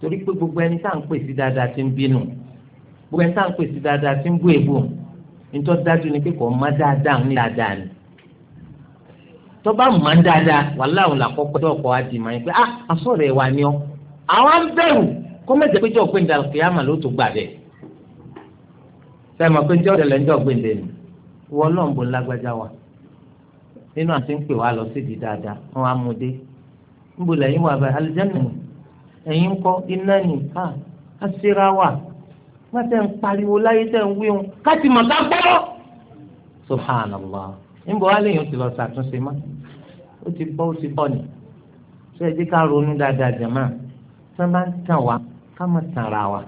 S1: torí pé gbogbo ẹni tá à ń pè sí dáadáa ti ń bínú gbogbo ẹni tá à ń pè sí dáadáa ti ń bú èbú nítorí dájú ni pé kò má dáadáa ń dáadáa ni tó bá mọ̀ ń dáadáa wàhálà òun làkọ́kọ́ tó ọkọ̀ àti ìmọ̀ yẹn pé ah asọ̀rọ̀ ẹ̀ wà ní ọ àwọn ń bẹ̀rù kó mẹ́jẹ pé jọ́ gbẹ̀ndà kìyàmà ló tó gbà bẹ̀ sẹ́mi pé jọ́ tẹ̀lé ń jọ́ gbẹ̀ndẹ̀ ni wọ́n náà ń bo lágbájá wa nínú àti ń pè wá lọ sídìí dáadáa wọn á mú dé ń bo lẹ́yìn wà bẹ́ẹ̀ alìjẹ́nà ni ẹ̀yin ń kọ́ iná ni a á wà wọ́n tẹ̀ ń pariwo láyé tẹ̀ ń wí wọn ká ti mọ̀ subhanallah níbo wá lẹ́yìn ó ti lọ ṣàtúnṣe mọ́ ó ti bọ́ ó ti bọ́ ni ṣé ẹ jẹ́ ká ronú dáadáa jẹ̀mọ́ tí wọ́n bá ń tàn wá ká má tàn ra wa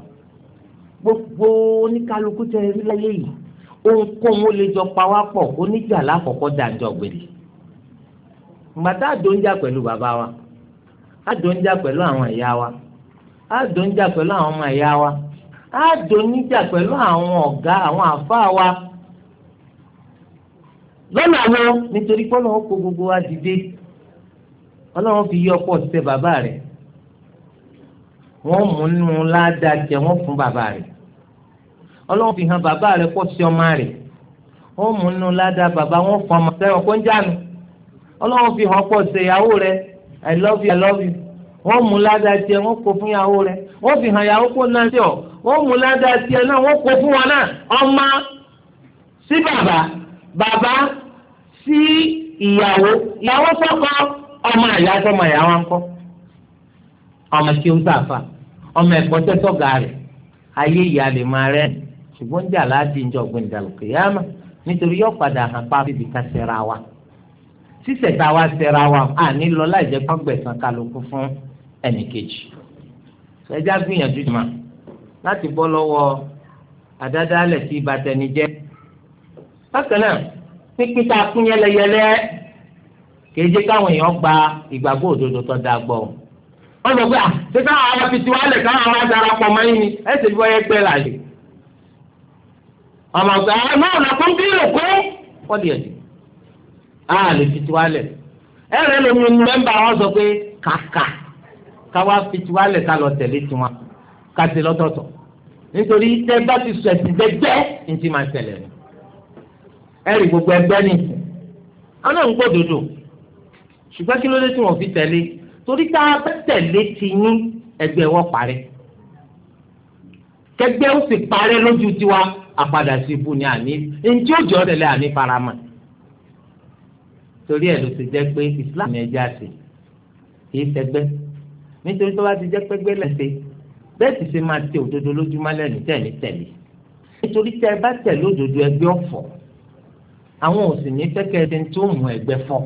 S1: gbogbo oníkálukú tẹ rí láyé yìí ohunkóhun ó lè jọ pa wá pọ̀ oníjà lákọ̀ọ́kọ́ dàjọ́ gbèrè gbàtà àdóńjà pẹ̀lú bàbá wa àdóńjà pẹ̀lú àwọn ìyá wa àdóńjà pẹ̀lú àwọn ọmọ ìyá wa àdóńjà pẹ̀lú àwọn ọ̀gá àwọn àfáà wa lọ́nà àwọn nítorí pé ọlọ́run kó gbogbo wa dìde ọlọ́run fi yí ọ̀pọ̀ tẹ bàbá rẹ̀ wọ́n mú nù ládàá jẹ wọ́n fún bàbá rẹ̀ ọlọ́run fi hàn bàbá rẹ̀ pọ̀ sí ọmọ rẹ̀ wọ́n mú nù ládàá bàbá wọ́n fún ọmọ sẹ́wọ̀n kó ń jánu ọlọ́run fi hàn pọ̀ sí ìyàwó rẹ̀ i love you i love you wọ́n mú ládàá jẹ wọ́n kó fún ìyàwó rẹ̀ wọ́n fi hàn ìyàwó kó náà sí ọ wọ́n mú ládàá jẹ náà wọ́n kó fún wọn náà ọmọ sí bàbá bàbá sí ìyàwó ìyàwó sọ́kọ ọmọ àyà sọmọ ìyá wa ń kọ́ ọmọ tí ó ń sàfà ọmọ ẹ̀kọ́ tẹ́sọ̀gà rẹ̀ ayé ìyá lè máa rẹ́ ṣùgbọ́n jà láti ń jọ gbìn dàlùkì yáàmà nítorí yóò padà hàn pa bíbi ká ṣẹra wa sísẹ̀tà wa ṣẹra wa à ní lọ láì jẹ́ pọ́ngbẹ̀sán kálukú fún ẹnì kejì gbìyànjú jùmọ̀ láti bọ́ lọ́wọ́ àdádálẹ̀ tí ìbátẹni jẹ́ bákan náà pínpín tá a pín yẹlẹyẹlẹ kì í jẹ́ káwọn èèyàn gba ìgbàgbọ́ òdodo tó dáa gbọ́ wọ́n sọ pé à ṣé káwọn ará fi tiwa lẹ̀ káwọn ará darapọ̀ mọ́ yín ni ẹ sì fọ́ ẹgbẹ́ là lè ọmọ ọgbà náà nà fún bí rò kó wọ́n di ẹ̀jẹ̀ á lè fi tiwa lẹ̀ ẹ rẹ̀ lè mú mẹ́mbà wọn sọ pé kàkà káwa fi tiwa lẹ̀ ká lọ tẹ̀lé tiwọn ká lọ́tọ̀ọ̀tọ̀ nítorí tẹ́ bá ti sọ ẹ̀rì gbogbo ẹgbẹ́ nì àwọn náà ń gbọ́ dòdò ṣùgbọ́n kí ló dé tí wọ́n fi tẹ̀lé torí tá a bẹ́ tẹ̀lé ti yín ẹgbẹ́ wọn parẹ́ kẹgbẹ́ ó sì parẹ́ lójú tiwa àpadà sí ibu ni àní ntí ó jọ tẹ̀lé àní farama torí ẹ̀ ló ti jẹ́ pé Islam ẹ̀jẹ̀ àti kì í tẹgbẹ́ nítorí tó bá ti jẹ́ pẹ́gbẹ́ lẹ́sẹ̀ bẹ́ẹ̀ sì ṣe máa tẹ òdodo lójúmọ́ lẹ́nu tẹ̀lé tẹ̀lé nítorí tẹ bá tẹ̀lé òdodo ẹgbẹ́ ọ̀fọ̀ àwọn ò sì ní fẹ́kẹ́ ẹni tó mú ẹgbẹ́ fọ́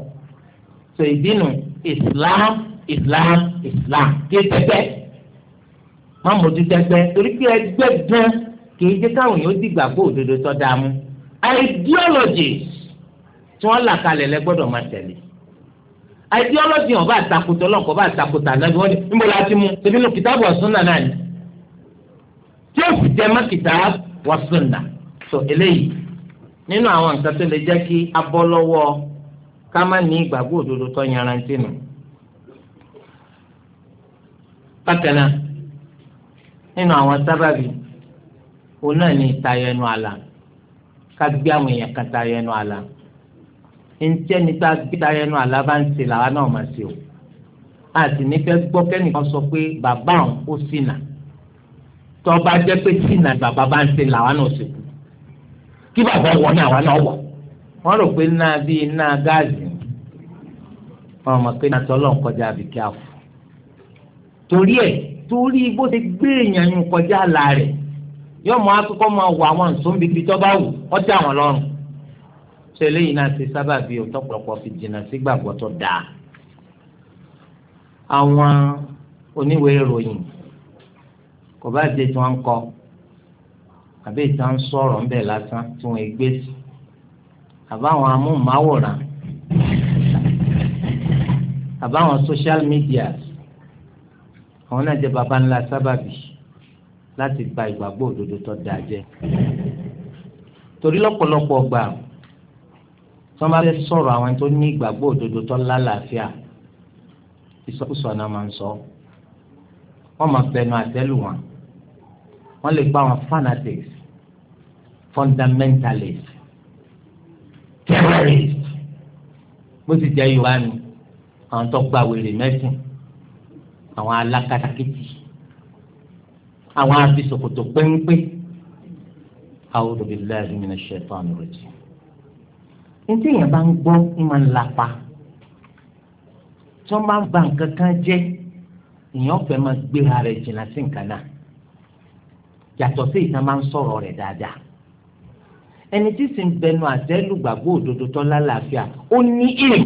S1: so ìdínú Islam Islam Islam kí tẹ́gbẹ́ má mójú tẹ́gbẹ́ torí pé ẹgbẹ́ gan kì í jẹ́ káwọn yóò dìgbà kó òdodo tọ́ da mú ideologies tí wọ́n là kalẹ̀ lẹ gbọ́dọ̀ máa tẹ̀lé ideology ọba àtakùtà ọlọ́kọ̀ ọba àtakùtà lẹ́nu wọ́n ní níbo la ti mú ṣebí nu kìtàbù wa sunna náà ni tí ó sì jẹ́ mọ́ kìtàbù wa sunna so eléyìí nínú àwọn nǹkan tó lè jẹ́ kí a bọ́ lọ́wọ́ ká má ní ìgbàgbọ́ òdodo tó yanrantí nù. bákan náà nínú àwọn sábàbí òun náà ní ìtayọ ẹnu àlà ká gbé àwọn èèyàn kan tayọ ẹnu àlà ntẹ́ ní tá a gbé tayọ àlà bá ń ṣe làwa náà mà sí o a ní fẹ́ gbọ́ kẹ́nìkan sọ pé bàbá òun ó ṣìnà tọ́ba jẹ́ pé ṣìnà bàbá bá ń ṣe làwa náà sí o kí bàbá wọ ní àwọn náà wọ. wọ́n rò pé iná bíi iná gáàsì wọ́n mọ̀ pé iná tọ́lọ̀ ń kọjá àbí kí a fò. torí ẹ̀ torí bó ṣe gbé èèyàn yín kọjá àlà rẹ̀ yóò mọ akókó máa wọ àwọn nsọ́nbíbi tó bá wù ọ́ dá àwọn lọ́rùn. ṣe eléyìí náà ti sábà bí òótọ́ fi jìnnà sí gbàgbọ́ tó dáa. àwọn oníwèé ìròyìn kò bá jẹ́ tí wọ́n ń kọ́ àbí ìta ń sọ̀rọ̀ ńbẹ̀ lásán tí wọ́n gbé sí àbáwọn amóhùnmáwòrán àbáwọn social media àwọn náà jẹ́ baba ńlá sábàbí láti gba ìgbàgbọ́ òdodo tó dáa jẹ́ torí lọ́pọ̀lọpọ̀ gbà tí wọ́n bá fẹ́ sọ̀rọ̀ àwọn tó ní ìgbàgbọ́ òdodo tó lálàáfíà ìsọkúsọ náà máa ń sọ wọ́n máa fẹnu àtẹ́lù wọn wọ́n lè gba àwọn fanatics fundamentalist terrorist bó ti jẹ́ yorùbá ni àwọn tó gba wèrè mẹ́sìn àwọn alákatakítí àwọn abisokoto péńpé a'udhu billahi minash shaitani rajim ntí èèyàn bá ń gbọ́ ń máa ń lapa tí wọ́n bá ń ba nǹkan kan jẹ́ èèyàn fẹ́ máa gbéra rẹ̀ jìnnà sí nǹkan náà yàtọ̀ sí ìtàn máa ń sọ̀rọ̀ rẹ̀ dáadáa ẹni tí sì ń bẹnu àtẹ́lù gbàgbọ́ òdodo tó lálàáfíà ó ní èrè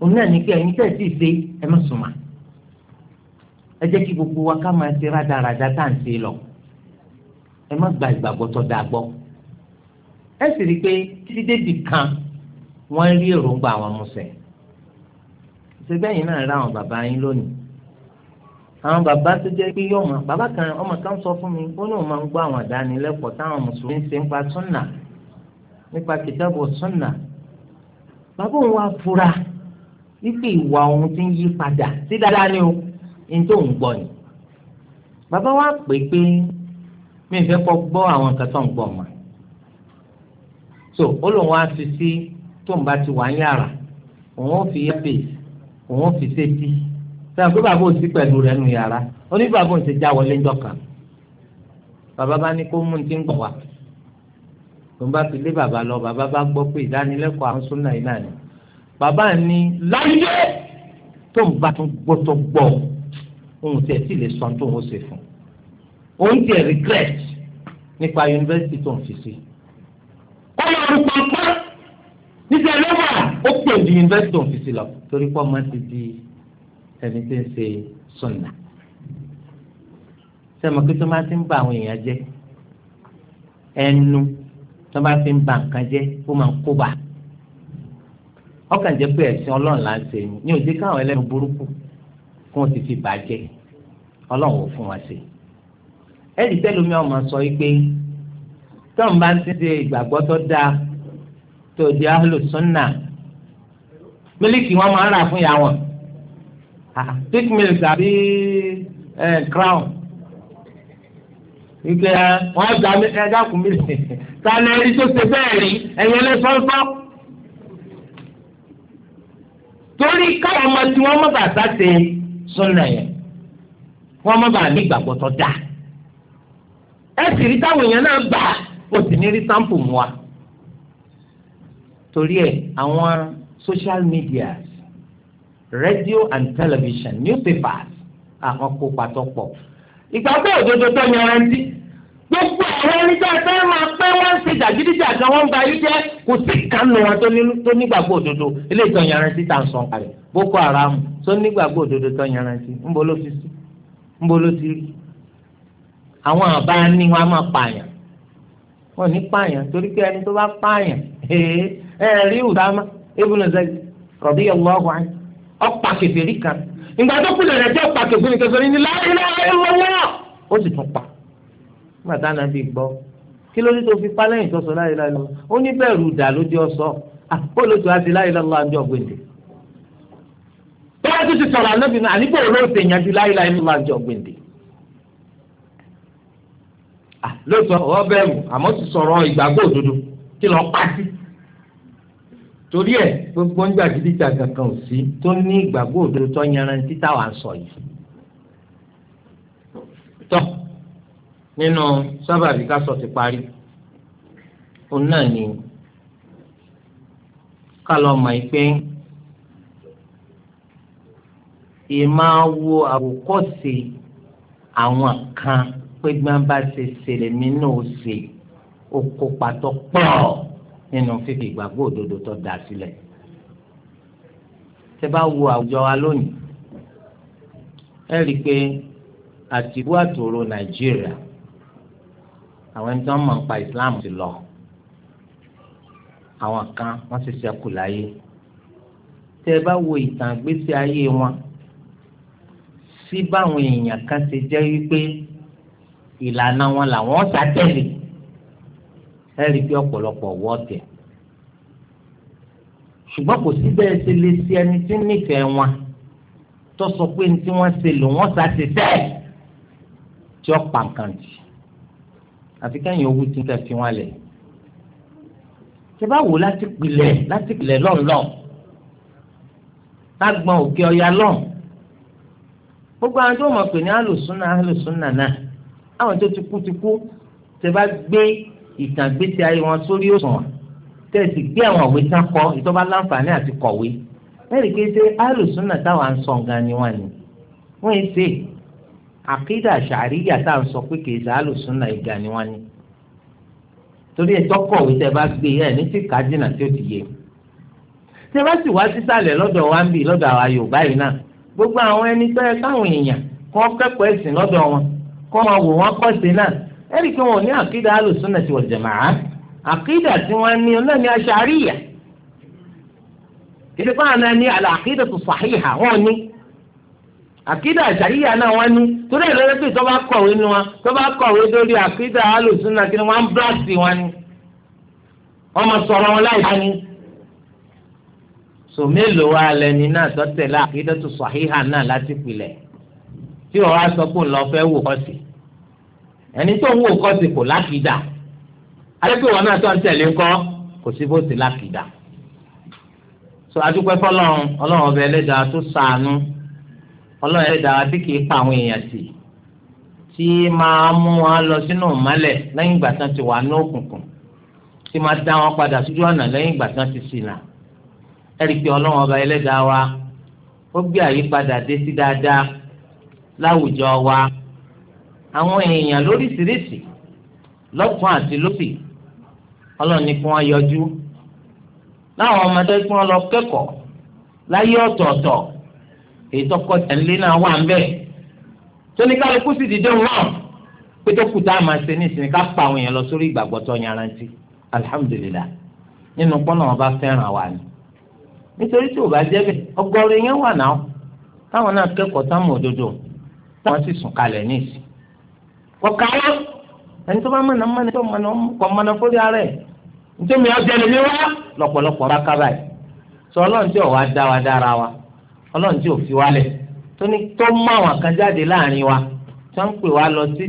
S1: òun náà ní pé ẹ̀yin tẹ̀sí ṣe ẹ má sùn mà ẹ jẹ́ kí gbogbo wa ká máa ṣe rádaràda tá à ń ṣe lọ ẹ má gba ìgbàgbọ́ tó dáa gbọ́ ẹ sì rí i pé títí débi kan wọ́n rí èròǹgbà àwọn ọmọ sẹ̀ ṣe yìí náà rá àwọn bàbá yín lónìí àwọn bàbá tó jẹ́ pé yọ̀mọ̀ bàbá kan ọmọ kan sọ fún mi ó ní òun máa ń gbọ́ àwọn àdánilẹ́kọ̀ọ́ táwọn mùsùlùmí ń ṣe nípa súnà nípa kìtàbù súnà bàbá òun wá fura wípé ìwà òun ti ń yí padà sí dáadáa ni o ní tó ń gbọ́ ni bàbá wa pè pé mi fẹ́ kọ́ gbọ́ àwọn nǹkan tó ń gbọ́ mà so ó lóun wá fi sí tóun bá ti wà ń yàrá òun ó fi yẹ́ òun ó fi sétí sọ pé bàbá òsì pẹ̀lú rẹ̀ nù yàrá oníbàbá òsì já wọlé ńjọ kan bàbá bá ní kó mú ti ń gbọ̀ wá tó ń bá fi lé bàbá lọ bàbá bá gbọ́ pé ìdánilẹ́kọ̀ọ́ àwọn súnà yìí náà ni bàbá ní láyé tó ń bá tún gbọ́ tó gbọ́ ohun tẹ̀ sí lè sọ tó ń ṣe fún ohun tẹ̀ regret nípa yunifásitì tó ń fi sí.
S2: ó lọ rú pàápàá
S1: níta lọ́wọ́ ó pè ní yunifásitì tó ń fi sí lọ torí pé ọmọ ti di ẹni tí ń ṣe sunna sẹ́mi pé tó máa ti ń ba àwọn èèyàn jẹ́ ẹnu tó máa fi ń ba nǹkan jẹ́ ó máa ń kóbá ọkàn jẹ́ pé ẹ̀sìn ọlọ́run là ń ṣe ni ní òjì káwọn ẹlẹ́nu burúkú kí wọ́n ti fi bàjẹ́ ọlọ́run ò fún wa ṣe ẹ̀rí tẹ́lómi ọmọ sọ pé tọ́m bá ń ṣe ìgbàgbọ́ tó dáa tó di ahlu sunna mílíkì wọn máa ń rà fún ìyá wọn. Ah, ah. thick milk àbí crown ike wọn gba ẹja kún mi ta ni ẹni tó ṣe bẹ́ẹ̀ rí ẹ̀yin ẹlẹ́sọ́nsọ́ torí káwọn ọmọ tí wọ́n mọ̀ bàtà ṣe sọ́nà yẹn wọ́n mọ̀ bàa ní ìgbàgbọ́ tó dáa ẹ sì rí táwọn èèyàn náà gbà ó sì ní rí sáǹpù mu wa torí ẹ àwọn social media radio and television newspapers àwọn kópa tó pọ ìgbàgbọ́ òdodo tó gbogbo àwọn ẹni a fẹ́ máa pẹ́ wọ́n ń ṣe jàgídíjàgan wọ́n ń ayé jẹ́ kò sí kánú wọn tó nígbàgbọ́ òdodo Boko Haram tó nígbàgbọ́ òdodo tó mbolo ló fi sí ló ti rí àwọn ni wọn á máa pààyàn wọn ní pààyàn torí pé ẹni tó bá pààyàn ẹ ẹ ọ̀pá kẹfẹ́rí kan ìgbà tó kú lẹ̀rẹ̀ tí ọ̀pá kẹfẹ́rí kan sọ̀rọ̀ ní láìlá ìlọ́wọ́ ó sì tún pa nígbà tá gbọ́ kí ló dé tó fi pa lẹ́yìn tó sọ láìlá ìlọ́wọ́ ó ní dà ló dé ọ̀sọ́ àpòlótó àti láìlá ìlọ́wọ́ àti ọ̀gbìndì tọ́wọ́ tó ti sọ̀rọ̀ àníbò olóòtú ìyanjú lóòótọ́ torí ẹ gbogbo ń gbàgídíjà kankan ò sí tó ní ìgbàgbọ́ òdodo tó yanrantí táwa ń sọ yìí. tọ́ nínú sábàbí ká sọ ti parí òun náà ni ká lọ mọ̀ pé ìmọ̀ wo àwọn kan pé gbọ́n bá ṣe ṣẹlẹ̀ mí náà ṣe ó kópa pọ̀ nínú fífi ìgbàgbọ́ òdodo tó dá sílẹ̀ tẹ́ bá wo àwùjọ wa lónìí ẹ rí i pé àtìwú àtòrò nàìjíríà àwọn ẹni tó ń mọ̀ nípa islam ti lọ àwọn kan wọ́n sì ṣẹ́kù láyé tẹ́ bá wo ìtàn ìgbésí ayé wọn sí báwọn èèyàn kan ṣe jẹ́ wípé ìlànà wọn làwọn ṣàtẹ̀lé ẹ rí i pé ọ̀pọ̀lọpọ̀ wọ́ tẹ̀ ṣùgbọ́n kò sí bẹ́ẹ̀ ṣe lè ṣe ẹni tí nífẹ̀ẹ́ wọn tó sọ pé ní tí wọ́n ṣe lò wọ́n ṣàṣìṣe tí ó pa nǹkan jì àfi kẹ́yìn owó tí kẹ́ fi wọn lẹ̀ ṣe bá wò láti pilẹ̀ láti pilẹ̀ lọ́ọ̀lọ́ọ̀ lágbọn òkè ọ̀yà lọ́ọ̀ gbogbo àwọn tó mọ̀ pé ní alùsùnà alùsùnà náà àwọn tó ti kú ti kú ṣe bá gbé ìtàgbésí ayé wọn sórí òṣùwọ̀n tẹ̀sí gbé àwọn òwe tán kọ ìtọ́ba láǹfààní àti kọ̀wé ẹ̀rí pé ṣé alùsùnà táwa ń sọ nǹkan ni wọ́n ni wọ́n ń ṣe àkídà ṣàríyà tá à ń sọ pé kì í ṣe alùsùnà ìgbà ni wọ́n ni torí ẹ̀tọ́ kọ̀wé tẹ bá gbé ẹ̀ ní tí kájínà tí ó ti yé tẹ bá sì wá sísàlẹ̀ lọ́dọ̀ wa ń bì lọ́dọ̀ àwa Yorùbá yìí náà gbogbo àwọn ẹni tó káwọn èèyàn kọ́ kẹ́kọ̀ọ́ ẹ̀sìn lọ́dọ̀ wọn kọ́ máa wò wọ́n kọ́ sí náà ẹ̀rí kí wọn ò ní àkídà alùsùnà ti wal àkídà tí wọ́n ní ọ̀nà ní aṣàríyà kìdí kan náà ní àkídà tó sàhíhà wọ́n ní àkídà aṣàríyà náà wọ́n ní torí ẹ̀rọ tó bá kọ̀wé ní wọn tó bá kọ̀wé lórí àkídà alùsùnà kí wọ́n blásì wọn wọn láì dání so mélòó wa lẹni náà àkídà tó sàhíhà náà láti pilẹ̀ tí wá sọ pé ẹni tó ń wò kọ́ sí kò lákìdá alẹ́pẹ́ wọn náà tó ń tẹ̀lé ńkọ́ kò sí bó ti lákìdá. so adúpẹ́ fọlọ́run ọlọ́run ọbẹ̀ ẹlẹ́dàá tó sànú ọlọ́run ẹlẹ́dàá tí kì pa àwọn èèyàn sí tí máa lọ sínú ìmọ́lẹ̀ lẹ́yìn ìgbà tán ti wà ní òkùnkùn tí máa dá wọn padà ọ̀nà lẹ́yìn ìgbà tán ti ẹ̀rí pé ọlọ́run ọba ẹlẹ́dàá wa ó wa. àwọn èèyàn lóríṣiríṣi lọ́kùn àti lóbì ọlọ́run ní kí wọ́n yọjú láwọn ọmọdé kí wọ́n lọ kẹ́kọ̀ọ́ láyé ọ̀tọ̀ọ̀tọ̀ èyí tọkọ tẹ̀lé náà wà ń bẹ̀ tóníkàlùkù sì dìde wọn pé tó kù tá a máa ṣe ní ìsinmi ká pa àwọn èèyàn lọ sórí ìgbàgbọ́ tó yanrantí alihamudulilayi nínú pọ́nà wọn bá fẹ́ràn wa ni nítorí tí ò bá jẹ́ bẹ́ẹ̀ ọgọ́rin yẹn wà náà táwọn náà kẹ́kọ̀ọ́ táwọn òdodo táwọn sì kọ̀ọ̀ká ẹni tó bá mọ̀nà mọ̀nà tó mọ̀nà kọ̀ mọ̀nà fórí ara ẹ̀ nítorí ọjà lèmi wá lọ̀pọ̀lọpọ̀ bá kábà ẹ̀ sọ ọlọ́run tí wa dára wa ọlọ́run tí ò lẹ̀ tó ní tó mọ àwọn wa ń pè wá lọ sí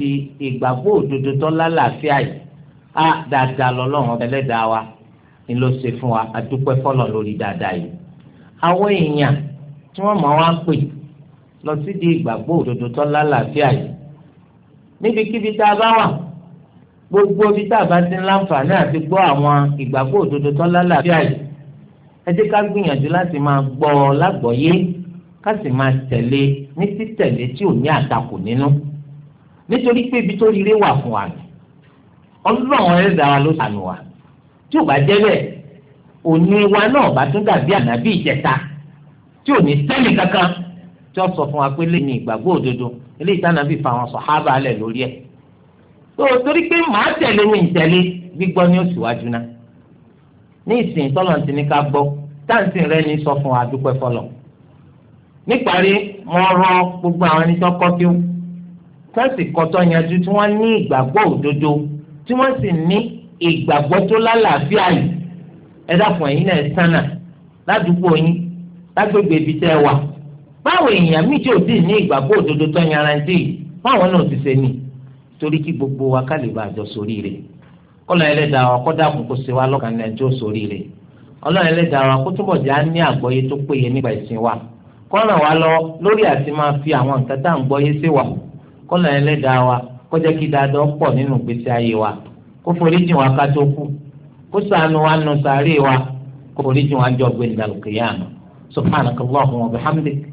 S1: ìgbàgbọ́ òdodo tó lálàáfíà yìí á dáadáa lọ́lọ́run ẹlẹ́dàá wa ni ló ṣe fún wa adúpẹ́ fọlọ́ lórí dáadáa yìí àwọn èèyàn tí wọ́n wá pè lọ sí di ìgbàgbọ́ òdodo tó lálàáfíà yìí níbikíbi tá a bá wà gbogbo ibi tá a bá ti ń láǹfààní àti gbọ́ àwọn ìgbàgbọ́ òdodo tó lálàáfíà yìí ẹ jẹ́ ká gbìyànjú láti máa gbọ́ ọ lágbọ́yé ká sì máa tẹ̀lé ní títẹ̀lé tí ò ní àtakò nínú nítorí pé ibi tó rire wà fún wa ọlọ́run ẹ̀ dára ló sànù wa tí ò bá jẹ́ bẹ́ẹ̀ òní wa náà bá tún dàbí ànábì ìjẹta tí ò ní sẹ́ni kankan tí ó sọ fún wa pé lè ní ìgbàgbọ́ òdodo eléyìí tí anabi fa àwọn sọ̀hábà alẹ̀ lórí ẹ̀ tó torí pé màá tẹ̀lé mi tẹ̀lé gbígbọ́ ní oṣù wájú náà ní ìsìn tọ́lọ̀ ti ní ká gbọ́ táǹtì rẹ ní sọ fún wa dúpẹ́ fọlọ̀ níparí mo rọ gbogbo àwọn ẹni tó kọ́ kí ó tẹ́sì kọ́tọ́ yanjú tí wọ́n ní ìgbàgbọ́ òdodo tí wọ́n sì ní ìgbàgbọ́ tó lálàáfíà yìí ẹ dákun ẹ̀yin náà sánà ládùúgbò yín lágbègbè ibi tẹ́ wà báwo èèyàn mi tí ò tí ì ní ìgbàgbọ́ òdodo tó yanrantí báwọn náà ti ṣe ni torí kí gbogbo wa ká lè bá àjọ sórí rẹ̀ kọ́lọ́ ẹlẹ́dàá wa kọ́dà kún kó ṣe wa lọ́kàn náà tó sórí rẹ̀ ọlọ́run ẹlẹ́dàá wa kó túbọ̀ já ní àgbọ́yé tó péye nípa ìsìn wa kọ́ràn wa lọ lórí àti máa fi àwọn nǹkan tá à ń gbọ́yé sí wa kọ́lọ́ ẹlẹ́dàá wa kó jẹ́ kí dáadọ́ pọ̀ nínú ìgbésí ayé wa kó foríjìn wa ká tó kú kó ṣàánú wa nù sàárè wa kó foríjìn wa jọ gbé ìdàlùkìyàmù subhanakallahumma wa bihamdik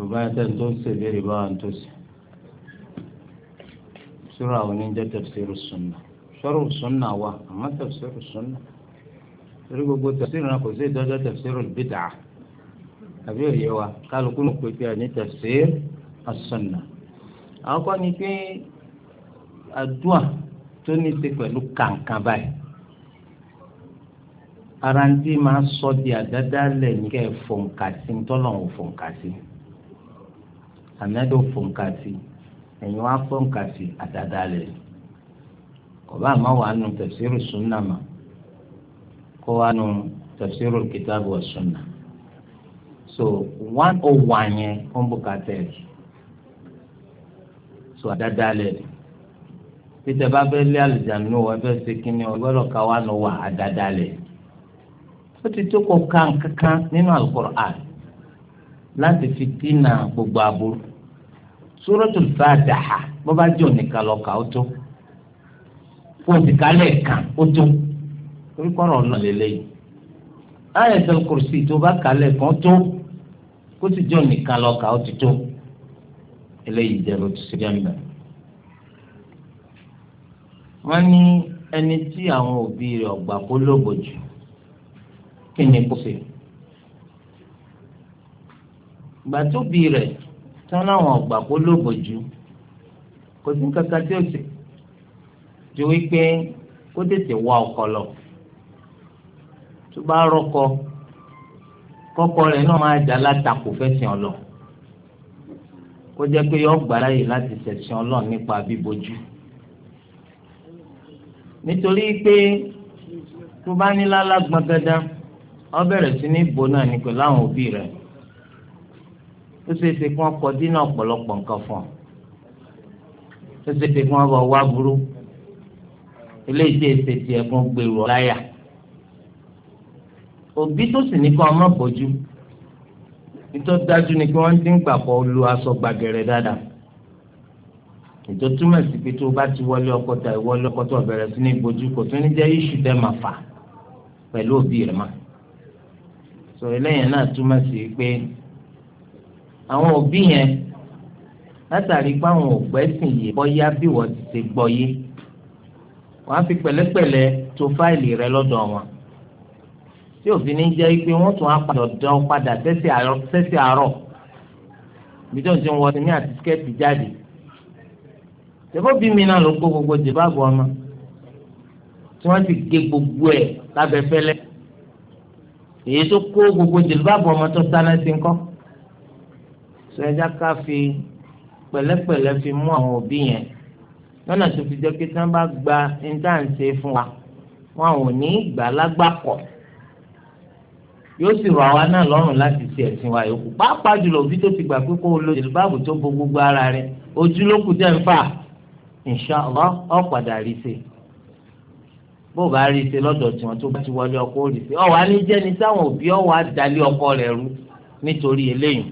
S1: ṣùgbọ́n ẹsẹ̀ tó ń ṣe léèrè báwa ń tó ṣe. sura òní jẹ́ tafsiru sunna sharhu sunna wa àmọ́ tafsiru sunna torí gbogbo tafsiru náà kò sí ìdájọ́ tafsiru bid'a àbí òye wa kálukú ló pépé ẹ̀ ní tafsir as-sunna. àwọn kan ní pé àdúà tó ní ṣe pẹ̀lú kàǹkàn báyìí ara ń máa sọ di àdádálẹ̀ ní kẹ́ fòǹkà sí ń tọ́lọ̀ fòǹkà sí ànádò fòǹkàsì ẹ̀yin wá fòǹkàsì àdàdàlẹ̀ kọ̀bá àmọ́ wàá nu tafsiru sunna mà kó wàá nu tafsiru kìtàbù wa so one oh one yẹn ó bùkátà ẹ̀ so àdàdàlẹ̀ títẹ̀ bá fẹ́ lé àlùjánu wọ́n fẹ́ ṣe kínní ọgbọ́dọ̀ ká wàá nu wà àdàdàlẹ̀ ó ti tó kọ kankankan nínú Al-Qur'an láti fi dínà gbogbo aburú suratul fàdáhà bó bá jẹ́ òníkan lọ́ka ó tó kó o sì kálẹ̀ kan ó tó torí kọ́rọ̀ ọ̀nà lélẹ́yìn ayatul kursi tó bá kálẹ̀ kan tó kó sì jẹ́ òníkan lọ́ka ó ti tó eléyìí jẹ́ ló ti ṣe wọ́n ní ẹni tí àwọn òbí rẹ̀ ọ̀gbà kó lóbò jù kí ni kó fi gbàtóbi rẹ̀ tí wọ́n láwọn ọ̀gbà kó lóògùn jù kò sí kankan tí ó sì ju wípé kó tètè wá ọkọ lọ tó bá rọkọ kọkọ rẹ̀ náà máa dà látakò fẹsẹ̀ ọlọ kó jẹ́ pé yọ gbàrà yìí láti ṣẹ̀sìn ọlọ́run nípa bíbojú nítorí pé tó bá ní lálá dandan ọ bẹ̀rẹ̀ sí ní bo náà ní pẹ̀lú àwọn òbí rẹ̀ ó ṣe é ṣe kí wọ́n kọ dínà ọ̀pọ̀lọpọ̀ nǹkan fún ọ ó ṣe é ṣe kí wọ́n bọ̀ wá burú eléyìí tí èsè tí ẹ̀gbọ́n gbèrú ọ̀láyà òbí tó sì ní kọ́ ọmọ bójú nítorí dájú ni kí wọ́n ti ń gbàpọ̀ lu aṣọ gbàgẹ̀rẹ̀ dáadáa ètò túmọ̀ sí pé tó bá ti wọlé ọkọ tà ìwọlé ọkọ tó bẹ̀rẹ̀ sí ní bójú kò tún ní jẹ́ iṣu tẹ́ máa fà pẹ̀lú òbí rẹ̀ mọ́ sọ eléyìí náà túmọ̀ sí pé àwọn òbí yẹn látàrí pé àwọn ògbẹ́sìn yìí bọ́yá bí wọ́n ti ṣe gbọ́ yé wọ́n á fi pẹ̀lẹ́pẹ̀lẹ́ tó fáìlì rẹ lọ́dọ̀ wọn tí òfin ní jẹ́ pé wọ́n tún á padà dán padà sẹ́sì àárọ̀ bí tó ń ti wọ ní àti skẹ́ẹ̀tì jáde tẹ́fọ́ bí mi náà ló kó gbogbo jìbáàbù ọmọ tí wọ́n ti gé gbogbo ẹ̀ lábẹ́fẹ́lẹ́ èyí tó kó gbogbo jìbáàbù ọmọ tó sáná sí ń sọ ẹja ká fi pẹ̀lẹ́pẹ̀lẹ́ fi mú àwọn òbí yẹn lọ́nà tó fi jẹ́ pé tí wọ́n bá gba intanṣe fún wa wọn ò ní gbà lágbàkọ̀ yóò sì rọ àwa náà lọ́rùn láti ṣe ẹ̀sìn wa yòókù pàápàá jùlọ òbí tó ti gbà pé kó o lo jìlbáàbù tó bo gbogbo ara rẹ ojú ló kù tẹ̀ ń fà ìṣàlọ́ ọ̀padà rí ṣe bó bá rí ṣe lọ́dọ̀ tí wọ́n tó bá ti wọlé ọkọ rí ṣe ọ̀wá ní jẹ́ni táwọn òbí ọ̀wá dalé ọkọ rẹ̀ rú nítorí eléyìí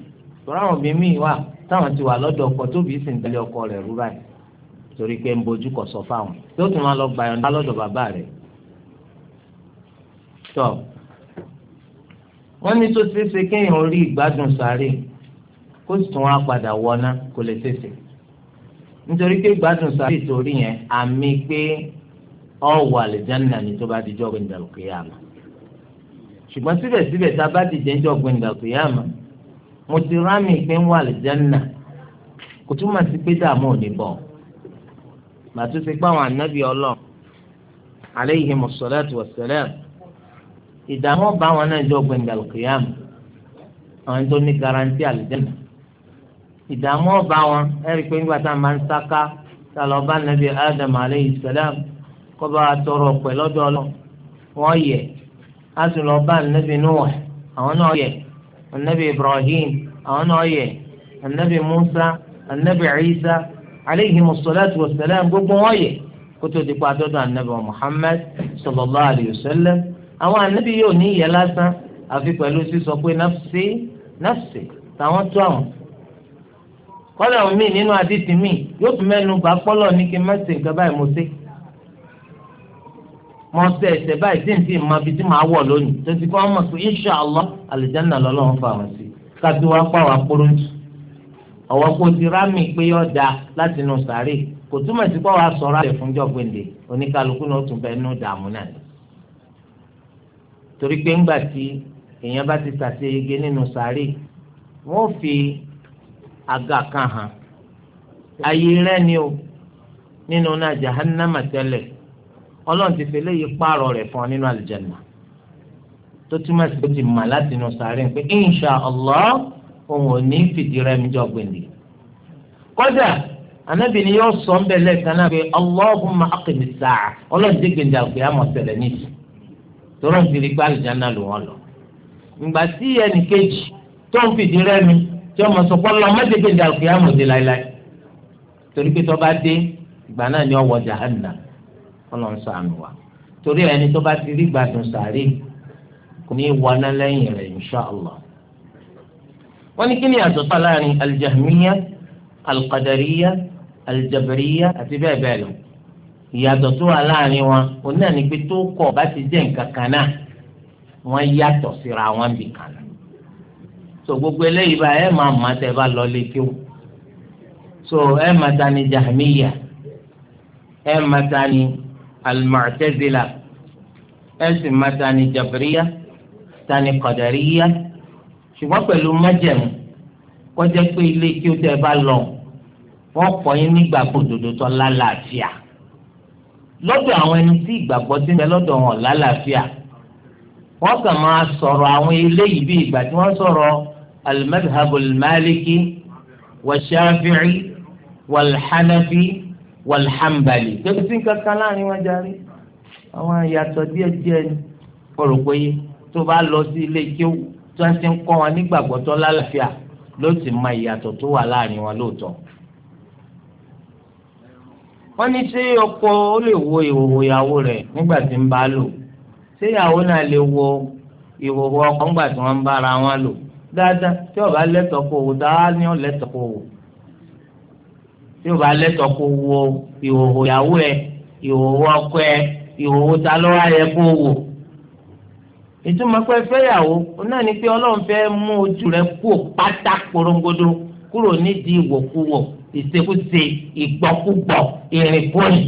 S1: tọ́ra àwọn obìnrin míì wà táwọn ti wà lọ́dọ̀ ọkọ tóbi sì ń tẹ̀lé ọkọ rẹ̀ rú báyìí torí pé ń bojú kọ̀ sọ fáwọn tí ó tún máa lọ gba ẹ̀ńdá lọ́dọ̀ bàbá rẹ̀ tọ́ wọ́n ní tó ṣeé ṣe kéèyàn rí ìgbádùn sáré kó sì tún wá padà wọná kó lè tètè nítorí pé ìgbádùn sáré ìtòrí yẹn àmì pé ọ̀wọ̀ àlìjáná ni tó bá di jọ́ gbẹ̀ndàlùkìyàmà ṣùgbọ́n síbẹ̀síbẹ̀ tá a bá dìde ń jọ́ gbẹ̀ndàlùkìyàmà mo ti rámì pé ń wà lìjánà kò túmọ̀ sí pé dààmú ò ní bọ̀ màtó ti pa àwọn ànábì ọlọ́run alayhimu salatu wassalam ìdààmú ọba àwọn náà jọ gbẹngàn kìyàm àwọn tó ní garanti àlìjánà ìdààmú ọba wọn ẹ̀rí pé ńgbà tá a máa ń sáká tá a lọ bá nàbí Adam aleyhi salam kọ́ bá a tọrọ pẹ̀ lọ́dọ̀ ọlọ́ wọn yẹ a sì lọ bá nàbí Nuh àwọn náà yẹ anabi ibrahim àwọn náà yẹ anabi musa anabi isa aleyhi musalatu wasalam gbogbo wọn yẹ kótó ti pa dọdọ anabi muhammad sallallahu alayhi wa sallam àwọn anabi yóò ní ìyẹ lásán àfi pẹ̀lú sísọ pé nafsi nafsi táwọn tó àwọn kọ́lá omi nínú adídì mi yóò fi mẹ́nu bá pọ́lọ̀ ní kí n má ṣe nǹkan báyìí mo ṣe mọ ṣe ẹsẹ̀ báyìí tí n ti mọ ibi awọ màá wọ̀ lónìí tó ti kọ́ ọmọ pé insha allah alìjánná lọ́lọ́run fà wọ́n sí kátó wá pa wá kúrúntù ọ̀wọ́ kó ti rámì pé yọ̀ da láti inú sàárè kò túmọ̀ sí pé sọ̀rọ̀ àlẹ́ fúnjọ́ náà tún bẹ́ẹ̀ dààmú náà torí pé ńgbà tí èèyàn bá ti nínú sàárè fi ayé ni o nínú náà jahannama ọlọ́run ti fi eléyìí pààrọ̀ rẹ̀ fún ọ nínú àlùjánnà tó túmọ̀ sí ti mà láti inú pé insha allah òun ò ní fìdí rẹ̀ anabi ni yóò sọ ńbẹ lẹ́ẹ̀kan náà pé allahumma aqim saa ọlọ́run ti gbèndé àgbè àmọ̀ sẹ̀lẹ̀ níbi tọ́rọ̀ ti rí pé àlùjánnà ló wọ́n lọ ìgbà tí ẹnì kejì tó ń fìdí rẹ̀ mi tí ọmọ sọ pé ọlọ́run àmọ̀ Ọlọ́run ṣàánú wa torí ẹni tó bá ti rí gbádùn sàárè kò ní í wọná lẹ́yìn rẹ̀ insha allah wọ́n ní kí ni àtọ́tọ́ láàrin aljahmiya alqadariya aljabariya àti bẹ́ẹ̀ bẹ́ẹ̀ lọ ìyàtọ̀ tó wà láàrin wọn òun náà ní pé tó kọ̀ bá ti jẹ́ nǹkan kan náà wọ́n yàtọ̀ síra wọn bì kan náà so gbogbo eléyìí bá ẹ máa mọ̀ tẹ́ bá lọ lékè o so ẹ máa ta ni jahmiya ẹ máa ta ni al-Mu'tazila ẹ̀sìn máa ta ni jabiriya ta ni kọ̀dàríya ṣùgbọ́n pẹ̀lú májẹ̀mú kọjá pé ilé kí o tẹ́ bá lọ wọ́n kọ́ yín nígbà gbòdòdó tó lálàáfíà lọ́dọ̀ àwọn ẹni tí ìgbàgbọ́ ti ń bẹ lọ́dọ̀ wọn lálàáfíà wọ́n kàn máa sọ̀rọ̀ àwọn eléyìí bí ìgbà tí wọ́n sọ̀rọ̀ al-madhhabul maliki wa shafi'i wal hanafi wàlhámbàlì tóbi sí kankan láàrin wọn járe àwọn ìyàtọ̀ díẹ̀ díẹ̀ ni kọ̀rọ̀ pé tó bá lọ sí ilé kíó tó ń ti ń kọ́ wọn nígbàgbọ́ tó lálàáfíà ló sì mọ ìyàtọ̀ tó wà láàrin wọn lóòótọ́. wọ́n ní ṣé ọkọ ó lè wo ìhòòhò ìyàwó rẹ̀ nígbà tí ń bá lò ṣé ìyàwó náà lè wo ìhòòhò ọkọ nígbà tí wọ́n ń bára wọn lò dáadáa tí ó bá lẹ́tọ̀ọ́ wò dáa ni ó lẹ́tọ̀ọ́ kó wò tí o bá lẹ́tọ̀ọ́ kó wo ìhòòhò ìyàwó ẹ ìhòòhò ọkọ ẹ ìhòòhò ta ló wá yẹ kó wò. ìtumọ̀ pé fẹ́yàwó náà ni pé ọlọ́run fẹ́ mú ojú rẹ kó pátá korongodo kúrò nídìí ìwòkuwò ìṣekúṣe ìgbọ́kúgbọ̀ ìrìnkúrìn.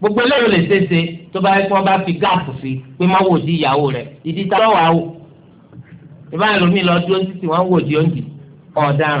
S1: gbogbo eléyìí lè ṣeéṣe tó bá yẹ kí wọ́n bá fi gáàpù sí pé má wò di ìyàwó rẹ̀ ìdí ta lọ́wọ́ àwò. ìbáraẹ̀lómi lọ dúró títí wọ́n wò di oúnjẹ ọ̀daràn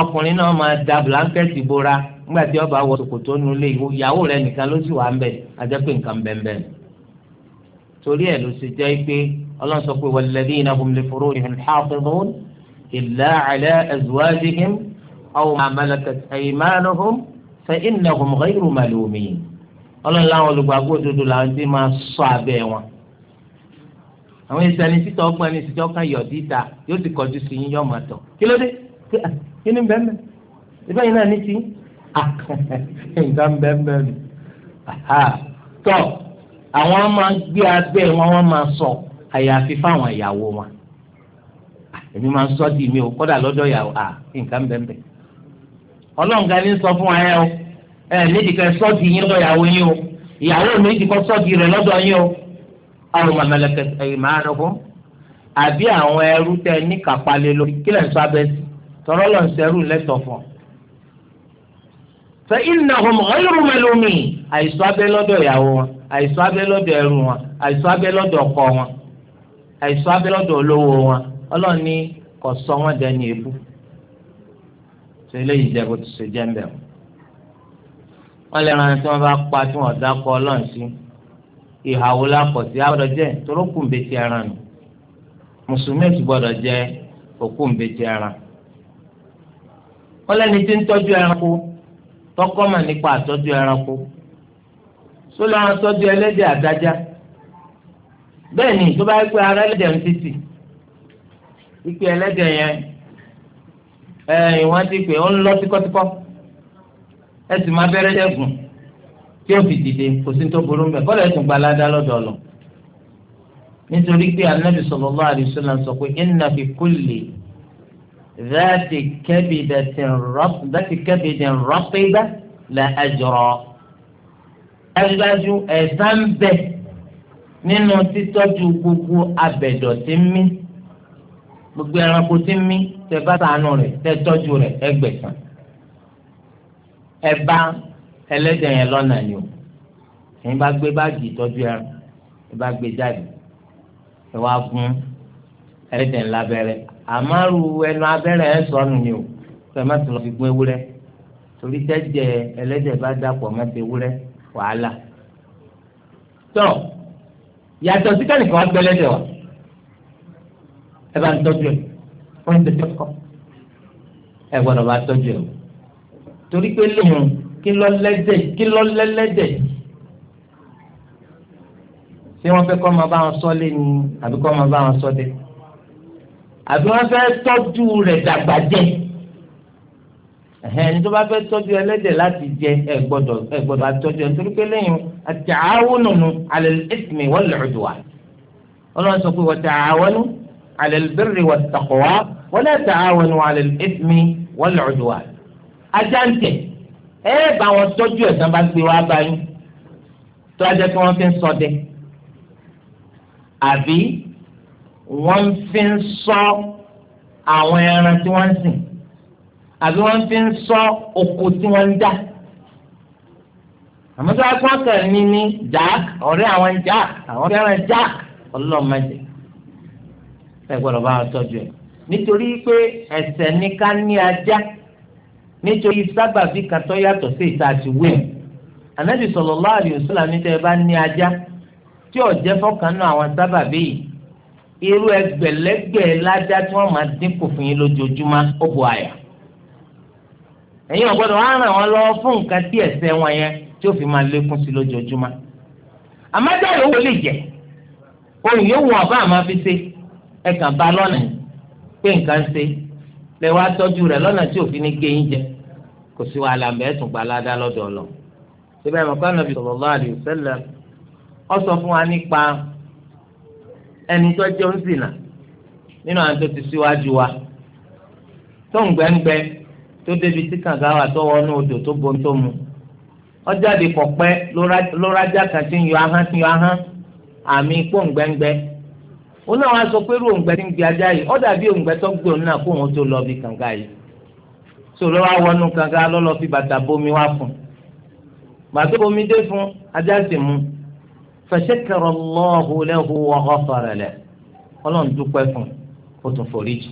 S1: ọkùnrin náà máa da blanketi bora nígbà tí ọba wọ ṣòkòtò nulẹ̀ ìyàwó rẹ̀ nìkan ló sì wà ń bẹ̀ ajẹ́pẹ́ nǹkan bẹ́ẹ̀ torí ẹ̀ ló ṣe jẹ́ pé ọlọ́run sọ pé walladhina hum li furujihim hafidhun illa ala azwajihim aw ma malakat aymanuhum fa innahum ghayru malumin ọlọ́run láwọn olùgbàgbọ́ òdodo làwọn ti máa ṣọ́ abẹ́ wọn àwọn ìsẹ̀ni títọ́ ọgbọ́n ní ìsìtọ́ kan yọ̀ dídà yóò ti kọjú sí yín yọ̀ mọ̀tọ̀ kí ló dé ah, kí ni bẹ́ẹ̀ bẹ́ẹ̀ ìbá yìí náà ní ti nǹkan bẹ́ẹ̀ bẹ́ẹ̀ ni tọ́ àwọn máa gbé abẹ́ wọn wọ́n máa sọ àyàfi fáwọn ìyàwó wọn ah, èmi máa sọ di mi ò kọ́dà lọ́dọ̀ ìyàwó à ah, nǹkan bẹ́ẹ̀ bẹ́ẹ̀ ọlọ́ǹga ní sọ fún ayé o ẹ nídìí kẹ sọ di yín lọ́dọ̀ ìyàwó yín o ìyàwó mi ti kọ́ sọ di rẹ̀ lọ́dọ̀ yín o àwọn mọ̀mọ́lẹ́kẹ̀ ẹ̀yìn máa rọ̀ fún àbí àwọn ẹrú tẹ ní kápálẹ̀ lórí kílẹ̀ ń sọ sí tọrọ lọ ń sẹrù lẹtọ fún ọ. fa innahum ghayru malumin àìsàn abẹ́ lọ́dọ̀ ìyàwó wọn àìsàn abẹ́ lọ́dọ̀ ẹrú wọn àìsàn abẹ́ lọ́dọ̀ ọkọ wọn àìsàn abẹ́ lọ́dọ̀ olówó wọn Ọlọ́run ní kò sọ wọn dẹni ebu ṣe eléyìí jẹ bó ti ṣe jẹ ń wọn. lè ran tí wọn bá pa tí wọn dákọ Ọlọ́run sí ìhàwó lápọ̀sí àbọ̀dọ̀ jẹ́ torókùnbẹ̀tì ẹran nù mùsùlùmí ti ẹran. kọle lẹ́ni tí ń tọ́jú ẹranko tọkọ mà nípa àtọ́jú ẹranko sólà wọn tọ́jú ẹlẹ́dẹ̀ àdájá bẹ́ẹ̀ ni tó bá pé ara ẹlẹ́dẹ̀ ń títì ìpè ẹlẹ́dẹ̀ yẹn ẹ̀yìn ti pè ó ń lọ tíkọ́tíkọ́ máa bẹ́rẹ́ dẹ́gùn tí ó fi dìde kò sí tó burú mbẹ kọ́lẹ̀ lọ́dọ̀ nítorí pé anabi ذات كبدة رب ذات كبد رطبة لا أجرى ẹgbẹ́jú ẹ̀sán ń bẹ nínú títọ́jú gbogbo abẹ̀dọ̀ tí ń mí gbogbo ẹranko tí ń mí tẹ bá sànù rẹ̀ tẹ tọ́jú rẹ̀ ẹgbẹ̀sán ẹ bá ẹlẹ́dẹ̀ yẹn lọ́nà o ẹ̀yin bá gbé báàgì ìtọ́jú ẹran ẹ gbé jáde ẹ gún ẹlẹ́dẹ̀ ńlá bẹ́rẹ́ àmárù ẹnu abẹ́rẹ́ ẹ̀ sọnù ni o fẹ́ má ti lọ fi gún ewúrẹ́ torí tẹ́jẹ̀ ẹlẹ́jẹ̀ bá dàpọ̀ má ti ewúrẹ́ wàhálà. tọ́ yàtọ̀ sí kẹ́nìkan wá gbẹ́lẹ́dẹ̀ wa ẹ bá ń tọ́jú ẹ̀ wọ́n ń tọ́jú ọkọ̀ ẹ gbọ́dọ̀ bá tọ́jú ẹ̀ torí pé lóyún kí lọ lẹ́dẹ̀ kí lọ lẹ́lẹ́dẹ̀ ṣé wọ́n fẹ́ kọ́ máa bá wọn sọ lé ni àbí kọ́ máa bá wọn sọ dé àbí wọ́n fẹ́ tọ́jú rẹ̀ dàgbà jẹ ẹni tó bá fẹ́ tọ́jú ẹlẹ́dẹ̀ láti jẹ ẹ gbọ́dọ̀ ẹ gbọ́dọ̀ àtọ́jú ẹ nítorí pé lẹ́yìn àtàwọnùnù alẹ́ ìsìnmi wọ́n lọ́dọ̀ wa ọlọ́run sọ pé wọ́n tàwọnù alẹ́ bẹ́rẹ̀ wọ́n tàkọ̀wá wọ́n lẹ́ tàwọnù alẹ́ ìsìnmi wọ́n lọ́dọ̀ wa. ajá ń tẹ̀ ẹ bá wọn tọ́jú ẹ̀ tán gbé wá báyìí tó ajá tí wọ́n fi ń ṣọdẹ àbí wọ́n fi ń ṣọ́ àwọn ẹran tí wọ́n ń sìn àbí wọ́n fi ń ṣọ́ oko tí wọ́n ń dá àmọ́ tí wọ́n ní jack ọ̀rẹ́ àwọn jack àwọn ẹran jack ọlọ́mọdé ẹ gbọ́dọ̀ bá wọn tọ́jú ẹ̀ nítorí pé ẹ̀ṣẹ̀ ní ká ní ajá nítorí sábàbí kan tó yàtọ̀ sí ìta àti wíìmù ànábì sallallahu alaihi wasallam ní tẹ́ ẹ bá ní ajá tí ò jẹ́ náà àwọn sábàbí yìí irú ẹgbẹ̀lẹ́gbẹ̀ ládá tí wọ́n máa dínkù fún yín lójoojúmọ́ ó bu àyà. ẹ̀yin ọ̀gbọ́dọ̀ wá ràn wọ́n lọ́wọ́ fún nǹkan tí ẹ̀ṣẹ̀ wọn yẹn tí ó fi máa lékún sí lójoojúmọ́. àmájá yòówó lè jẹ́ ohun yòówó ọ̀bá àmọ́ fi ṣe ẹ kàn bá lọ́nà pé nǹkan ṣe lẹ wá tọ́jú rẹ̀ lọ́nà tí òfin ní gé jẹ kò sí wàhálà mẹ́ẹ̀ tún gba ládá lọ́dọ̀ ẹni tó jẹ́ ń zìnà nínú àwọn tó ti síwájú wa tó ń gbẹ́ngbẹ́ tó débi tí kàǹgá wà tó wọnú odò mu ọjàde kọ̀pẹ́ ló kan tí ń yọ ahán tí ń yọ ahán àmì ń gbẹ́ngbẹ́ sọ pé ń gbé ajá yìí tó gbé òun náà kó òun tó lọ bí yìí so ló wọnú kàǹgá lọ́lọ́ fi bàtà bomi wá fún un fẹsẹkẹrọ lọọhùn lẹhùn ọkọ fara lẹ Ọlọ́run dúpẹ́ fún ó tún foríjì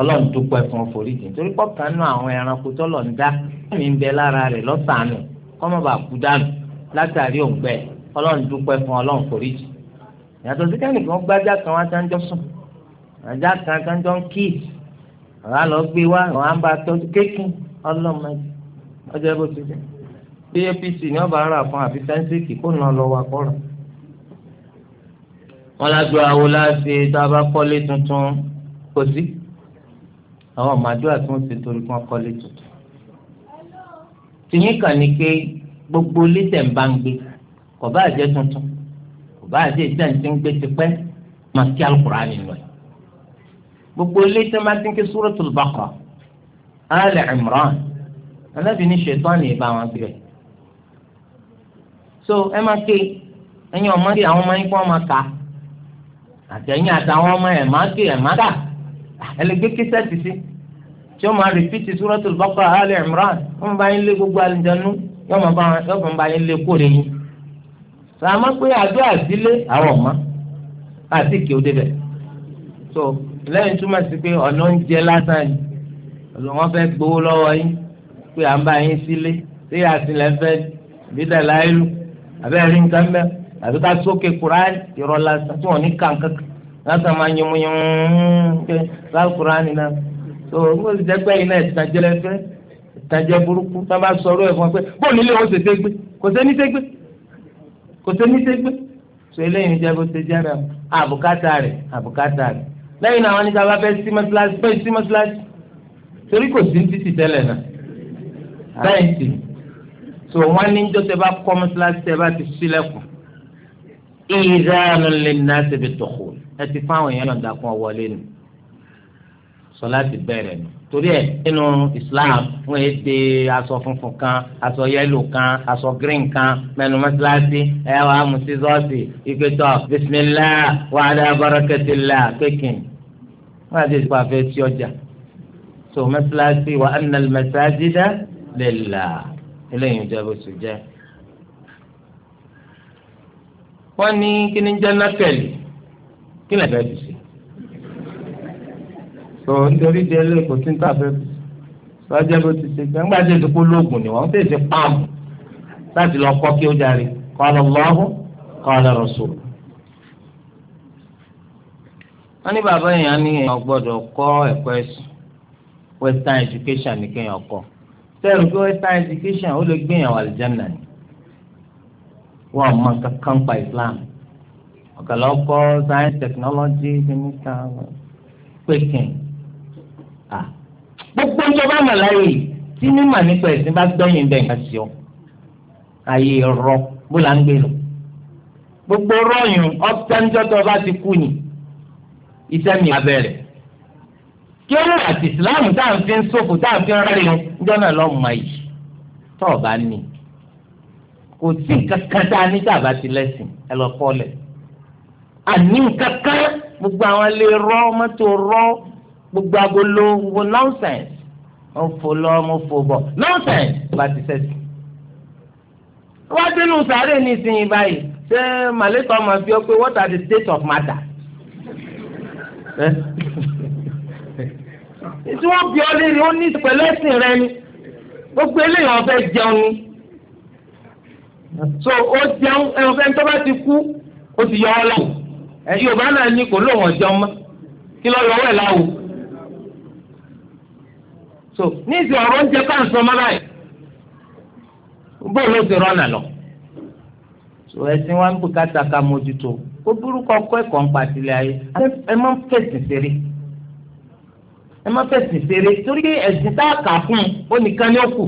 S1: Ọlọ́run dúpẹ́ fún ó foríjì nítorí pọkàn náà àwọn ẹranko tọlọ ń dá ẹmí ń bẹ lára rẹ̀ lọsànán kọmọba kú dànù látàrí òǹgbẹ Ọlọ́run dúpẹ́ fún Ọlọ́run foríjì yàtọ̀ sí kẹ́nìkan gbájá kan wá sáńjọ́ sùn ajá kan sáńjọ́ ń kíì àwọn àlọ́ gbé wá àwọn àǹbá tọ́jú kékin ọlọ́mọdé ọjọ́ bó ti dẹ́ bí apc ní ọba ara fún àfi sẹ́ńsìkì kó nà lọ wà kọ́ra. wọn lájọ àwo láti tá a bá kọ́lé tuntun kò sí àwọn màdúrà tí wọn ti torí kí wọn kọ́lé tuntun. tìyín kàn ní pé gbogbo lítẹ̀ ń bá ń gbé kò bá jẹ́ tuntun kò bá jẹ́ ìdáǹtí ń gbé tipẹ́ máa kí al nínú ẹ̀. gbogbo lítẹ̀ máa ti ń ké Suratul Baqara, Al Imran alábìíní ṣètọ́ ni ìbá wọn gbé so ẹ máa ké ẹ̀yin ọmọdé àwọn ọmọ yín kó máa kà àtẹ̀yìn àtàwọn ọmọ ẹ̀ máa ké ẹ̀ máa kà ẹlẹgbẹ́ kíṣẹ́ ti sí tí wọ́n máa rìpítì Suratul Baqara Ali Imran wọ́n bá yín lé gbogbo àlùjànnú yóò máa bá yóò máa bá yín lé kó lè yín sàmọ́ pé àdó àdílé àwọn ọmọ àti ìkè òde bẹ̀ so lẹ́yìn túmọ̀ sí pé ọ̀nà ń jẹ lásán yìí ọ̀nà fẹ́ gbowó lọ́wọ́ yín pé à ń bá yín sílé sí àtìlẹ́fẹ́ bídà láìlú abẹ́rẹ́ nǹkan mẹ́ àbí ká sókè kuraani irọ́ lásán tí wọ́n ní kàǹkan lásán máa yunmuyun pé láì kuraani náà tó o ti jẹ́ pé iná ìtajà lẹ́fẹ́ ìtajà burúkú tá a bá sọ̀rọ̀ ẹ̀ fún ọ pé bóun nílé wọn ṣètè gbé kò sẹ́ni tẹ́ gbé kò sẹ́ni tẹ́ gbé tó eléyìí jẹ́ bó ṣe jẹ́ rẹ̀ àbùkátà rẹ̀ àbùkátà rẹ̀ lẹ́yìn náà wọ́n ní ká bá fẹ́ sí mọ́tíláṣí fẹ́ sí mọ́tíláṣí torí kò sí ní títì tẹ́lẹ̀ náà tó wọn ní jọ́sẹ̀ bá kọ́ mọ́sálásí tẹ́ bá ti sílẹ̀kùn ìdáhùn lè ná síbi tọ̀kù ẹ ti fáwọn èèyàn náà dákun wọlé nù sọlá ti bẹ̀rẹ̀ nù torí ẹ nínú Islam wọn yé de aṣọ funfun kan aṣọ yẹlò kan aṣọ green kan mẹnu mọ́sálásí ẹ wà á mú sísọ́ọ̀sì ìpẹ́tọ̀ bisimilá wàhálà barakẹ́tìlá kékin wọn àti ìsìnkú àfẹ́ sí ọjà so mọ́sálásí wà á nà lè lè là eléyìí jẹ́ bó ṣe jẹ́. wọ́n ní kí ni jẹ́ nákẹ́lì kí lè fẹ́ bì sí. tó nítorí di ẹlẹ́yìn kò tí ń tàfẹ́ bì sí. lọ́jọ́ bó ti ṣe jẹ́ ńgbà tí èsì kó lóògùn ni wọ́n tètè pààmù láti lọ kọ́ kí ó darí qala Allahu qala Rasul. wọ́n ní bàbá èèyàn ní èèyàn gbọ́dọ̀ kọ́ ẹ̀kọ́ ẹ̀sìn western education ní kéèyàn kọ́ sẹ́yìn pé western education ó lè gbìyànjú àlìjáná ni wọ́n mọ kankan pa Islam ọ̀kàlà ọkọ science technology kìnnìkan pékin gbogbo ìjọba màláyé tí mímà nípa ẹ̀sìn bá gbẹ̀yìn bẹ́ẹ̀ ká sí ọ ayé rọ bó la ń gbé lọ gbogbo rọyùn ọ̀tẹ́ńjọ́tọ̀ bá ti kú ni iṣẹ́ mi abẹ́rẹ́ kí ó rà àti ìsìláàmù tá à ń fi ń sófò tá à ń fi ń rárẹ̀ o níjọ́ náà lọ́ọ́ mọ yìí tó o bá ní kò sí kankan tá a ní tá a bá ti lẹ́sìn ẹ lọ kọ́lẹ̀ àní kankan gbogbo àwọn ilé rọ mọ́tò rọ gbogbo agolo gbogbo nonsense mo fò lọ mo fò bọ̀ nonsense bá ti sẹ́sìn wá sínú sàárè nísìnyí báyìí ṣé màlẹ́kọ̀ọ́ máa fi ọ pé what are the state of matter. Eh? tí wọ́n bí ọ léèrè ó ní pẹ̀lẹ́sìn rẹ ni gbogbo eléyìí wọ́n jẹun ni so ó jẹun ẹ̀rọ fẹ́ tó bá ti kú ó ti yọ ọ lọ ẹ̀ Yorùbá náà ní kò lóun ọ̀jọ́ mọ́ kí lọ́ọ́ yọ ọwọ́ ẹ̀ láwù so ní ìsìn ọ̀rọ̀ oúnjẹ káàsán ọmọ báyìí
S2: bóòlù ó ti rọ́nà
S1: lọ. so ẹ̀sìn wa ń bùkátà ká mójútó ó burúkọ ọkọ ẹ̀kọ́ ń pa sílẹ̀ ayé ẹ má fèsì sẹ́rí ẹ má fẹsẹ̀ ṣeré torí ẹ̀sìn tá a kà fún un ó nìkan ni ó kù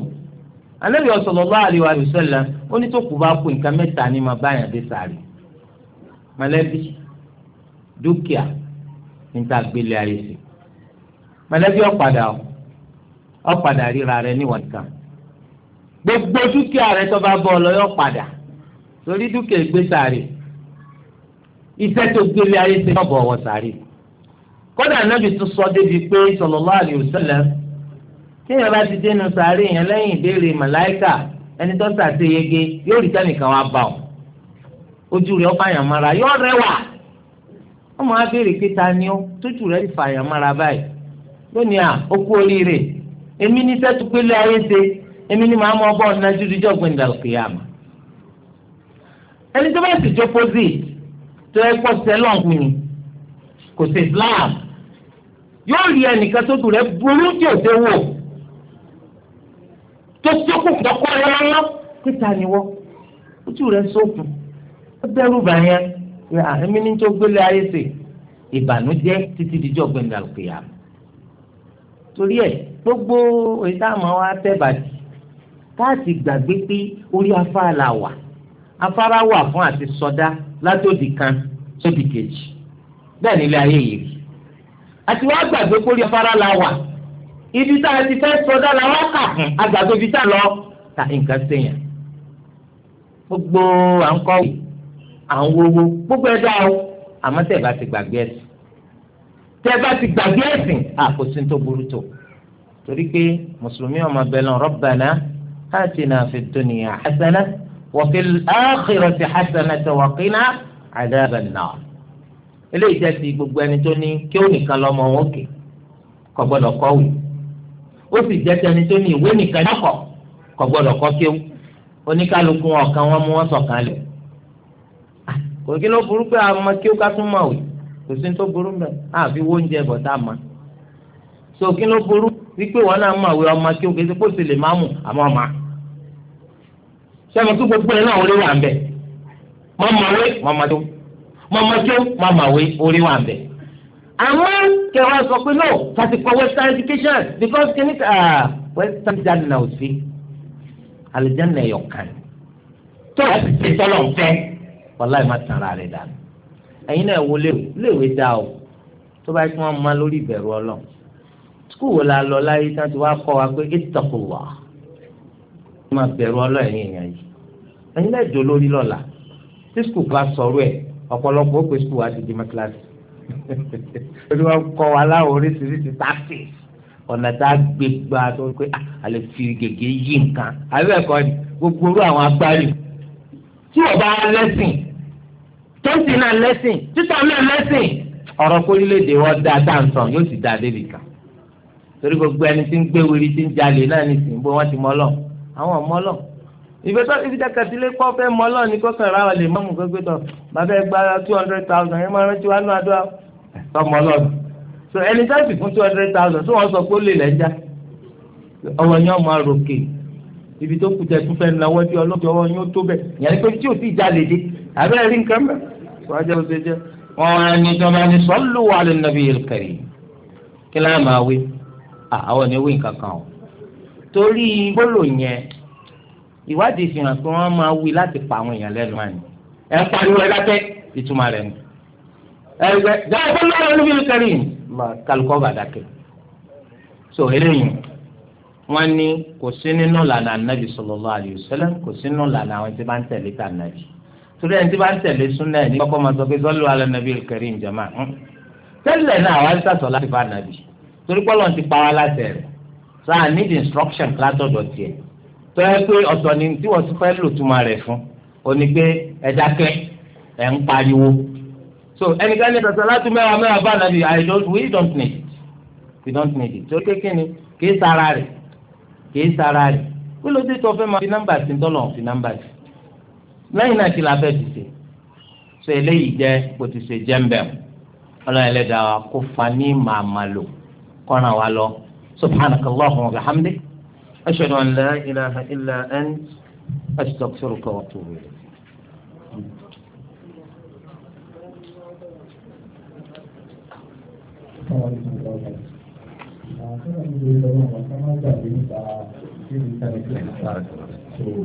S1: anabi sallallahu alaihi wa sallam ó ní tó kù bá kú nǹkan mẹ́ta ni máa báyàn dé sàárè mọ̀lẹ́bí dúkìá níta gbélé ayé sí mọ̀lẹ́bí ọ̀padà ọ̀padà ríra rẹ níwọ̀n kan gbogbo dúkìá rẹ tó bá bọ̀ ọ lọ́yọ̀ padà torí dúkìá gbé sàárè iṣẹ́ tó gbélé ayé sí náà ọ̀wọ̀ sàárè kódà anábì tún sọ débi pé sallallahu alaihi wasallam tíyẹn bá ti dénú sàárè yẹn lẹ́yìn ìbéèrè màláìkà ẹni tó sàṣe yege yóò rí tẹnìkan wá bá ọ ojú rẹ mara yóò rẹwà ọmọ abéèrè pété ni ó tójú rẹ fà yàn mara báyìí lónìí à ó kú oríire èmi ní sẹ́tù pélé ayé ṣe èmi ní màá mọ ọgbọ́n ọ̀nà ẹni tó bá sì tó ẹ yóò rí ẹnìkan tó dùn rẹ burú tí ò déwò tó sókù tọkọ rẹ lọ́wọ́ kíta ni wọ́ ojú rẹ sókù ó dẹ́rù bà yẹn àmì ní tó gbélé ayé sè ìbànújẹ́ títí dijọ́ gbẹndàlùkìyà torí ẹ gbogbo ìdáàmú wa tẹ́ bàjẹ́ káàtì gbàgbé pé orí afárá la wà afárá wà fún àti sọdá látòdì kan sódì kejì bẹ́ẹ̀ nílé ayé yìí àti wàá gbàgbé kórè afárá la wà ibi tá a ti fẹ́ sọdá la wá kà fún àgbàdo ibi tá a lọ ta nǹkan sèyàn gbogbo à ń kọ́wé à ń wowó gbogbo ẹ̀ dáa o àmọ́ tẹ̀ bá ti gbàgbé ẹ̀sìn tẹ̀ bá ti gbàgbé ẹ̀sìn àkóso tó burú tó torí pé mùsùlùmí ọmọ bẹ́ẹ̀ lọ Rabbana atina fid dunya hasana wa fil akhirati hasana wa qina adhaban nar eléyìí jẹ́ ti gbogbo ẹni tó ní kí ó nìkan lọ́mọ wọn kè kò gbọ́dọ̀ kọ́wé ó sì jẹ́ ti ẹni tó ní ìwé nìkan lọ́kọ̀ kò gbọ́dọ̀ kọ́ kéwú oníkálukú ọ̀kan wọn mú wọn sọ̀kan lẹ̀ ah, kò kí ló burú pé àwọn ọmọ kéwú ká tún mọ̀ wí kò sí tó burú mẹ́ àfi wó oúnjẹ bọ̀ tá a mọ̀ so kí ló burú wípé wọn náà mọ̀ wí ọmọ kéwú kì í kó sì lè má mú àmọ́ ọmọ sẹ́mi kí gbogbo ẹ̀ náà wọlé wà ń bẹ̀ mọ́ mọ̀ wé mọ́ mọ́ tó mọ̀mọ́kẹ́ mọ̀mọ́wé orí wa bẹ̀. àmọ́ kẹwàá sọ pé no kàti kọ western education because kí ni ah, western jannah ò sí alìjánná ẹ̀yọ̀ kan tó o ti ṣe tọ́lọ̀ fẹ́ wàláì má tàn ara rẹ̀ dànù. ẹ̀yin náà wo léwe léwe dá o tó bá yẹ kí wọ́n mọ lórí ìbẹ̀rù ọlọ́run sukuu wo la lọ láyé tí wọ́n ti wá kọ́ wa pé ìtọ̀kùwà wọ́n máa bẹ̀rù ọlọ́run ẹ̀yìn ẹ̀yin náà dò lórí lọ́la tí sukuu bá sọ̀rọ̀ ẹ̀ ọ̀pọ̀lọpọ̀ ó pè sùkúù wá dìde mọ́tíláṣí ó ní wọ́n kọ́ wa láwọn oríṣiríṣi tactics ọ̀nà tá a gbé gba tó pé ah, a lè fi gègé yí nǹkan àbẹ́ ẹ̀kọ́ ni gbogbo orú àwọn agbárí tí ọba lẹ́sìn tọ́sí náà lẹ́sìn títà náà lẹ́sìn ọ̀rọ̀ kórìlédè wọn dáa dáa ń sàn yóò sì dáa débi kan torí gbogbo ẹni tí ń gbé wiri tí ń jalè náà nìsín bó wọ́n ti mọ́ lọ àwọn mọ́ lọ́ọ̀ ìgbésọ ibi tẹ kẹtìlẹ kọ fẹ mọ Ọlọ́run ní kọkàn ra wàlẹ mọmù gbẹgbẹ tọ bàbá ẹ gba two hundred thousand ẹ máa rántí wa nù adúlá tọmọ Ọlọ́run so ẹni tá sì fún two hundred thousand tí wọn sọ pé ó lè lẹjà ọwọ́ yẹn ọmọ àròkè ibi tó kù tẹtù fẹ náwó ẹbí ọlọpàá ọwọ́ yẹn ó tó bẹ yẹn pé tí o ti jà lédè àbẹ rí nǹkan mẹ wọn jẹ oṣù jẹ wọn ẹni jọba ẹni sọlù wà lẹ nàbí ìkẹrì kí láàmú àwí àwọn ẹni wí nǹkan kan o torí bólò yẹn ìwádìí fi hàn pé wọ́n máa wí láti pa àwọn èèyàn lẹ́nu àná ẹ̀ ń pariwo ẹ dákẹ́ ìtumọ̀ rẹ̀ ni. ẹgbẹ́ jáde fún lọ́wọ́ olúbi kẹrì kálukọ́ bá dákẹ́. so eléyìí wọ́n ní kò sí nínú lànà ànábì sallallahu alaihi wasallam kò sí nínú lànà àwọn tí bá ń tẹ̀lé tà ànábì torí ẹni tí bá ń tẹ̀lé súnà ẹ̀ ní kọ́kọ́ máa sọ pé sọ́lù alẹ́ nàbí kẹrì jama hmm. tẹ́lẹ̀ náà wàá sàtọ̀ láti bá ànábì torí pọ́lọ́n ti pa wá láti ẹ̀rẹ̀ sáà need instruction látọ̀dọ̀ tiẹ̀ tọ́yẹ pé ọ̀tọ̀ ni tí wọ́n ti fẹ́ lò túmọ̀ rẹ̀ fún òní pé ẹ dákẹ́ ẹ̀ ń pariwo so ẹnìkan ní sọ̀tọ̀ láti mẹ́wàá mẹ́wàá bá nàbí i don't we don't need it we don't need it tó kékeré ni kì í sara rẹ̀ kì í sara rẹ̀ kí ló dé tó fẹ́ máa fi nọ́mbà sí tọ́lọ̀ fi nọ́mbà sí lẹ́yìn náà kí la fẹ́ ti ṣe so eléyìí jẹ́ kò ti ṣe jẹ́ńbẹ̀m ọlọ́run ẹlẹ́dàá kó fa ní màmá lò kọ́ràn wa lọ subhanakallahumma wa bihamdik. أشهد أن لا إله إلا أنت أستغفرك وأتوب إليك Thank
S2: you.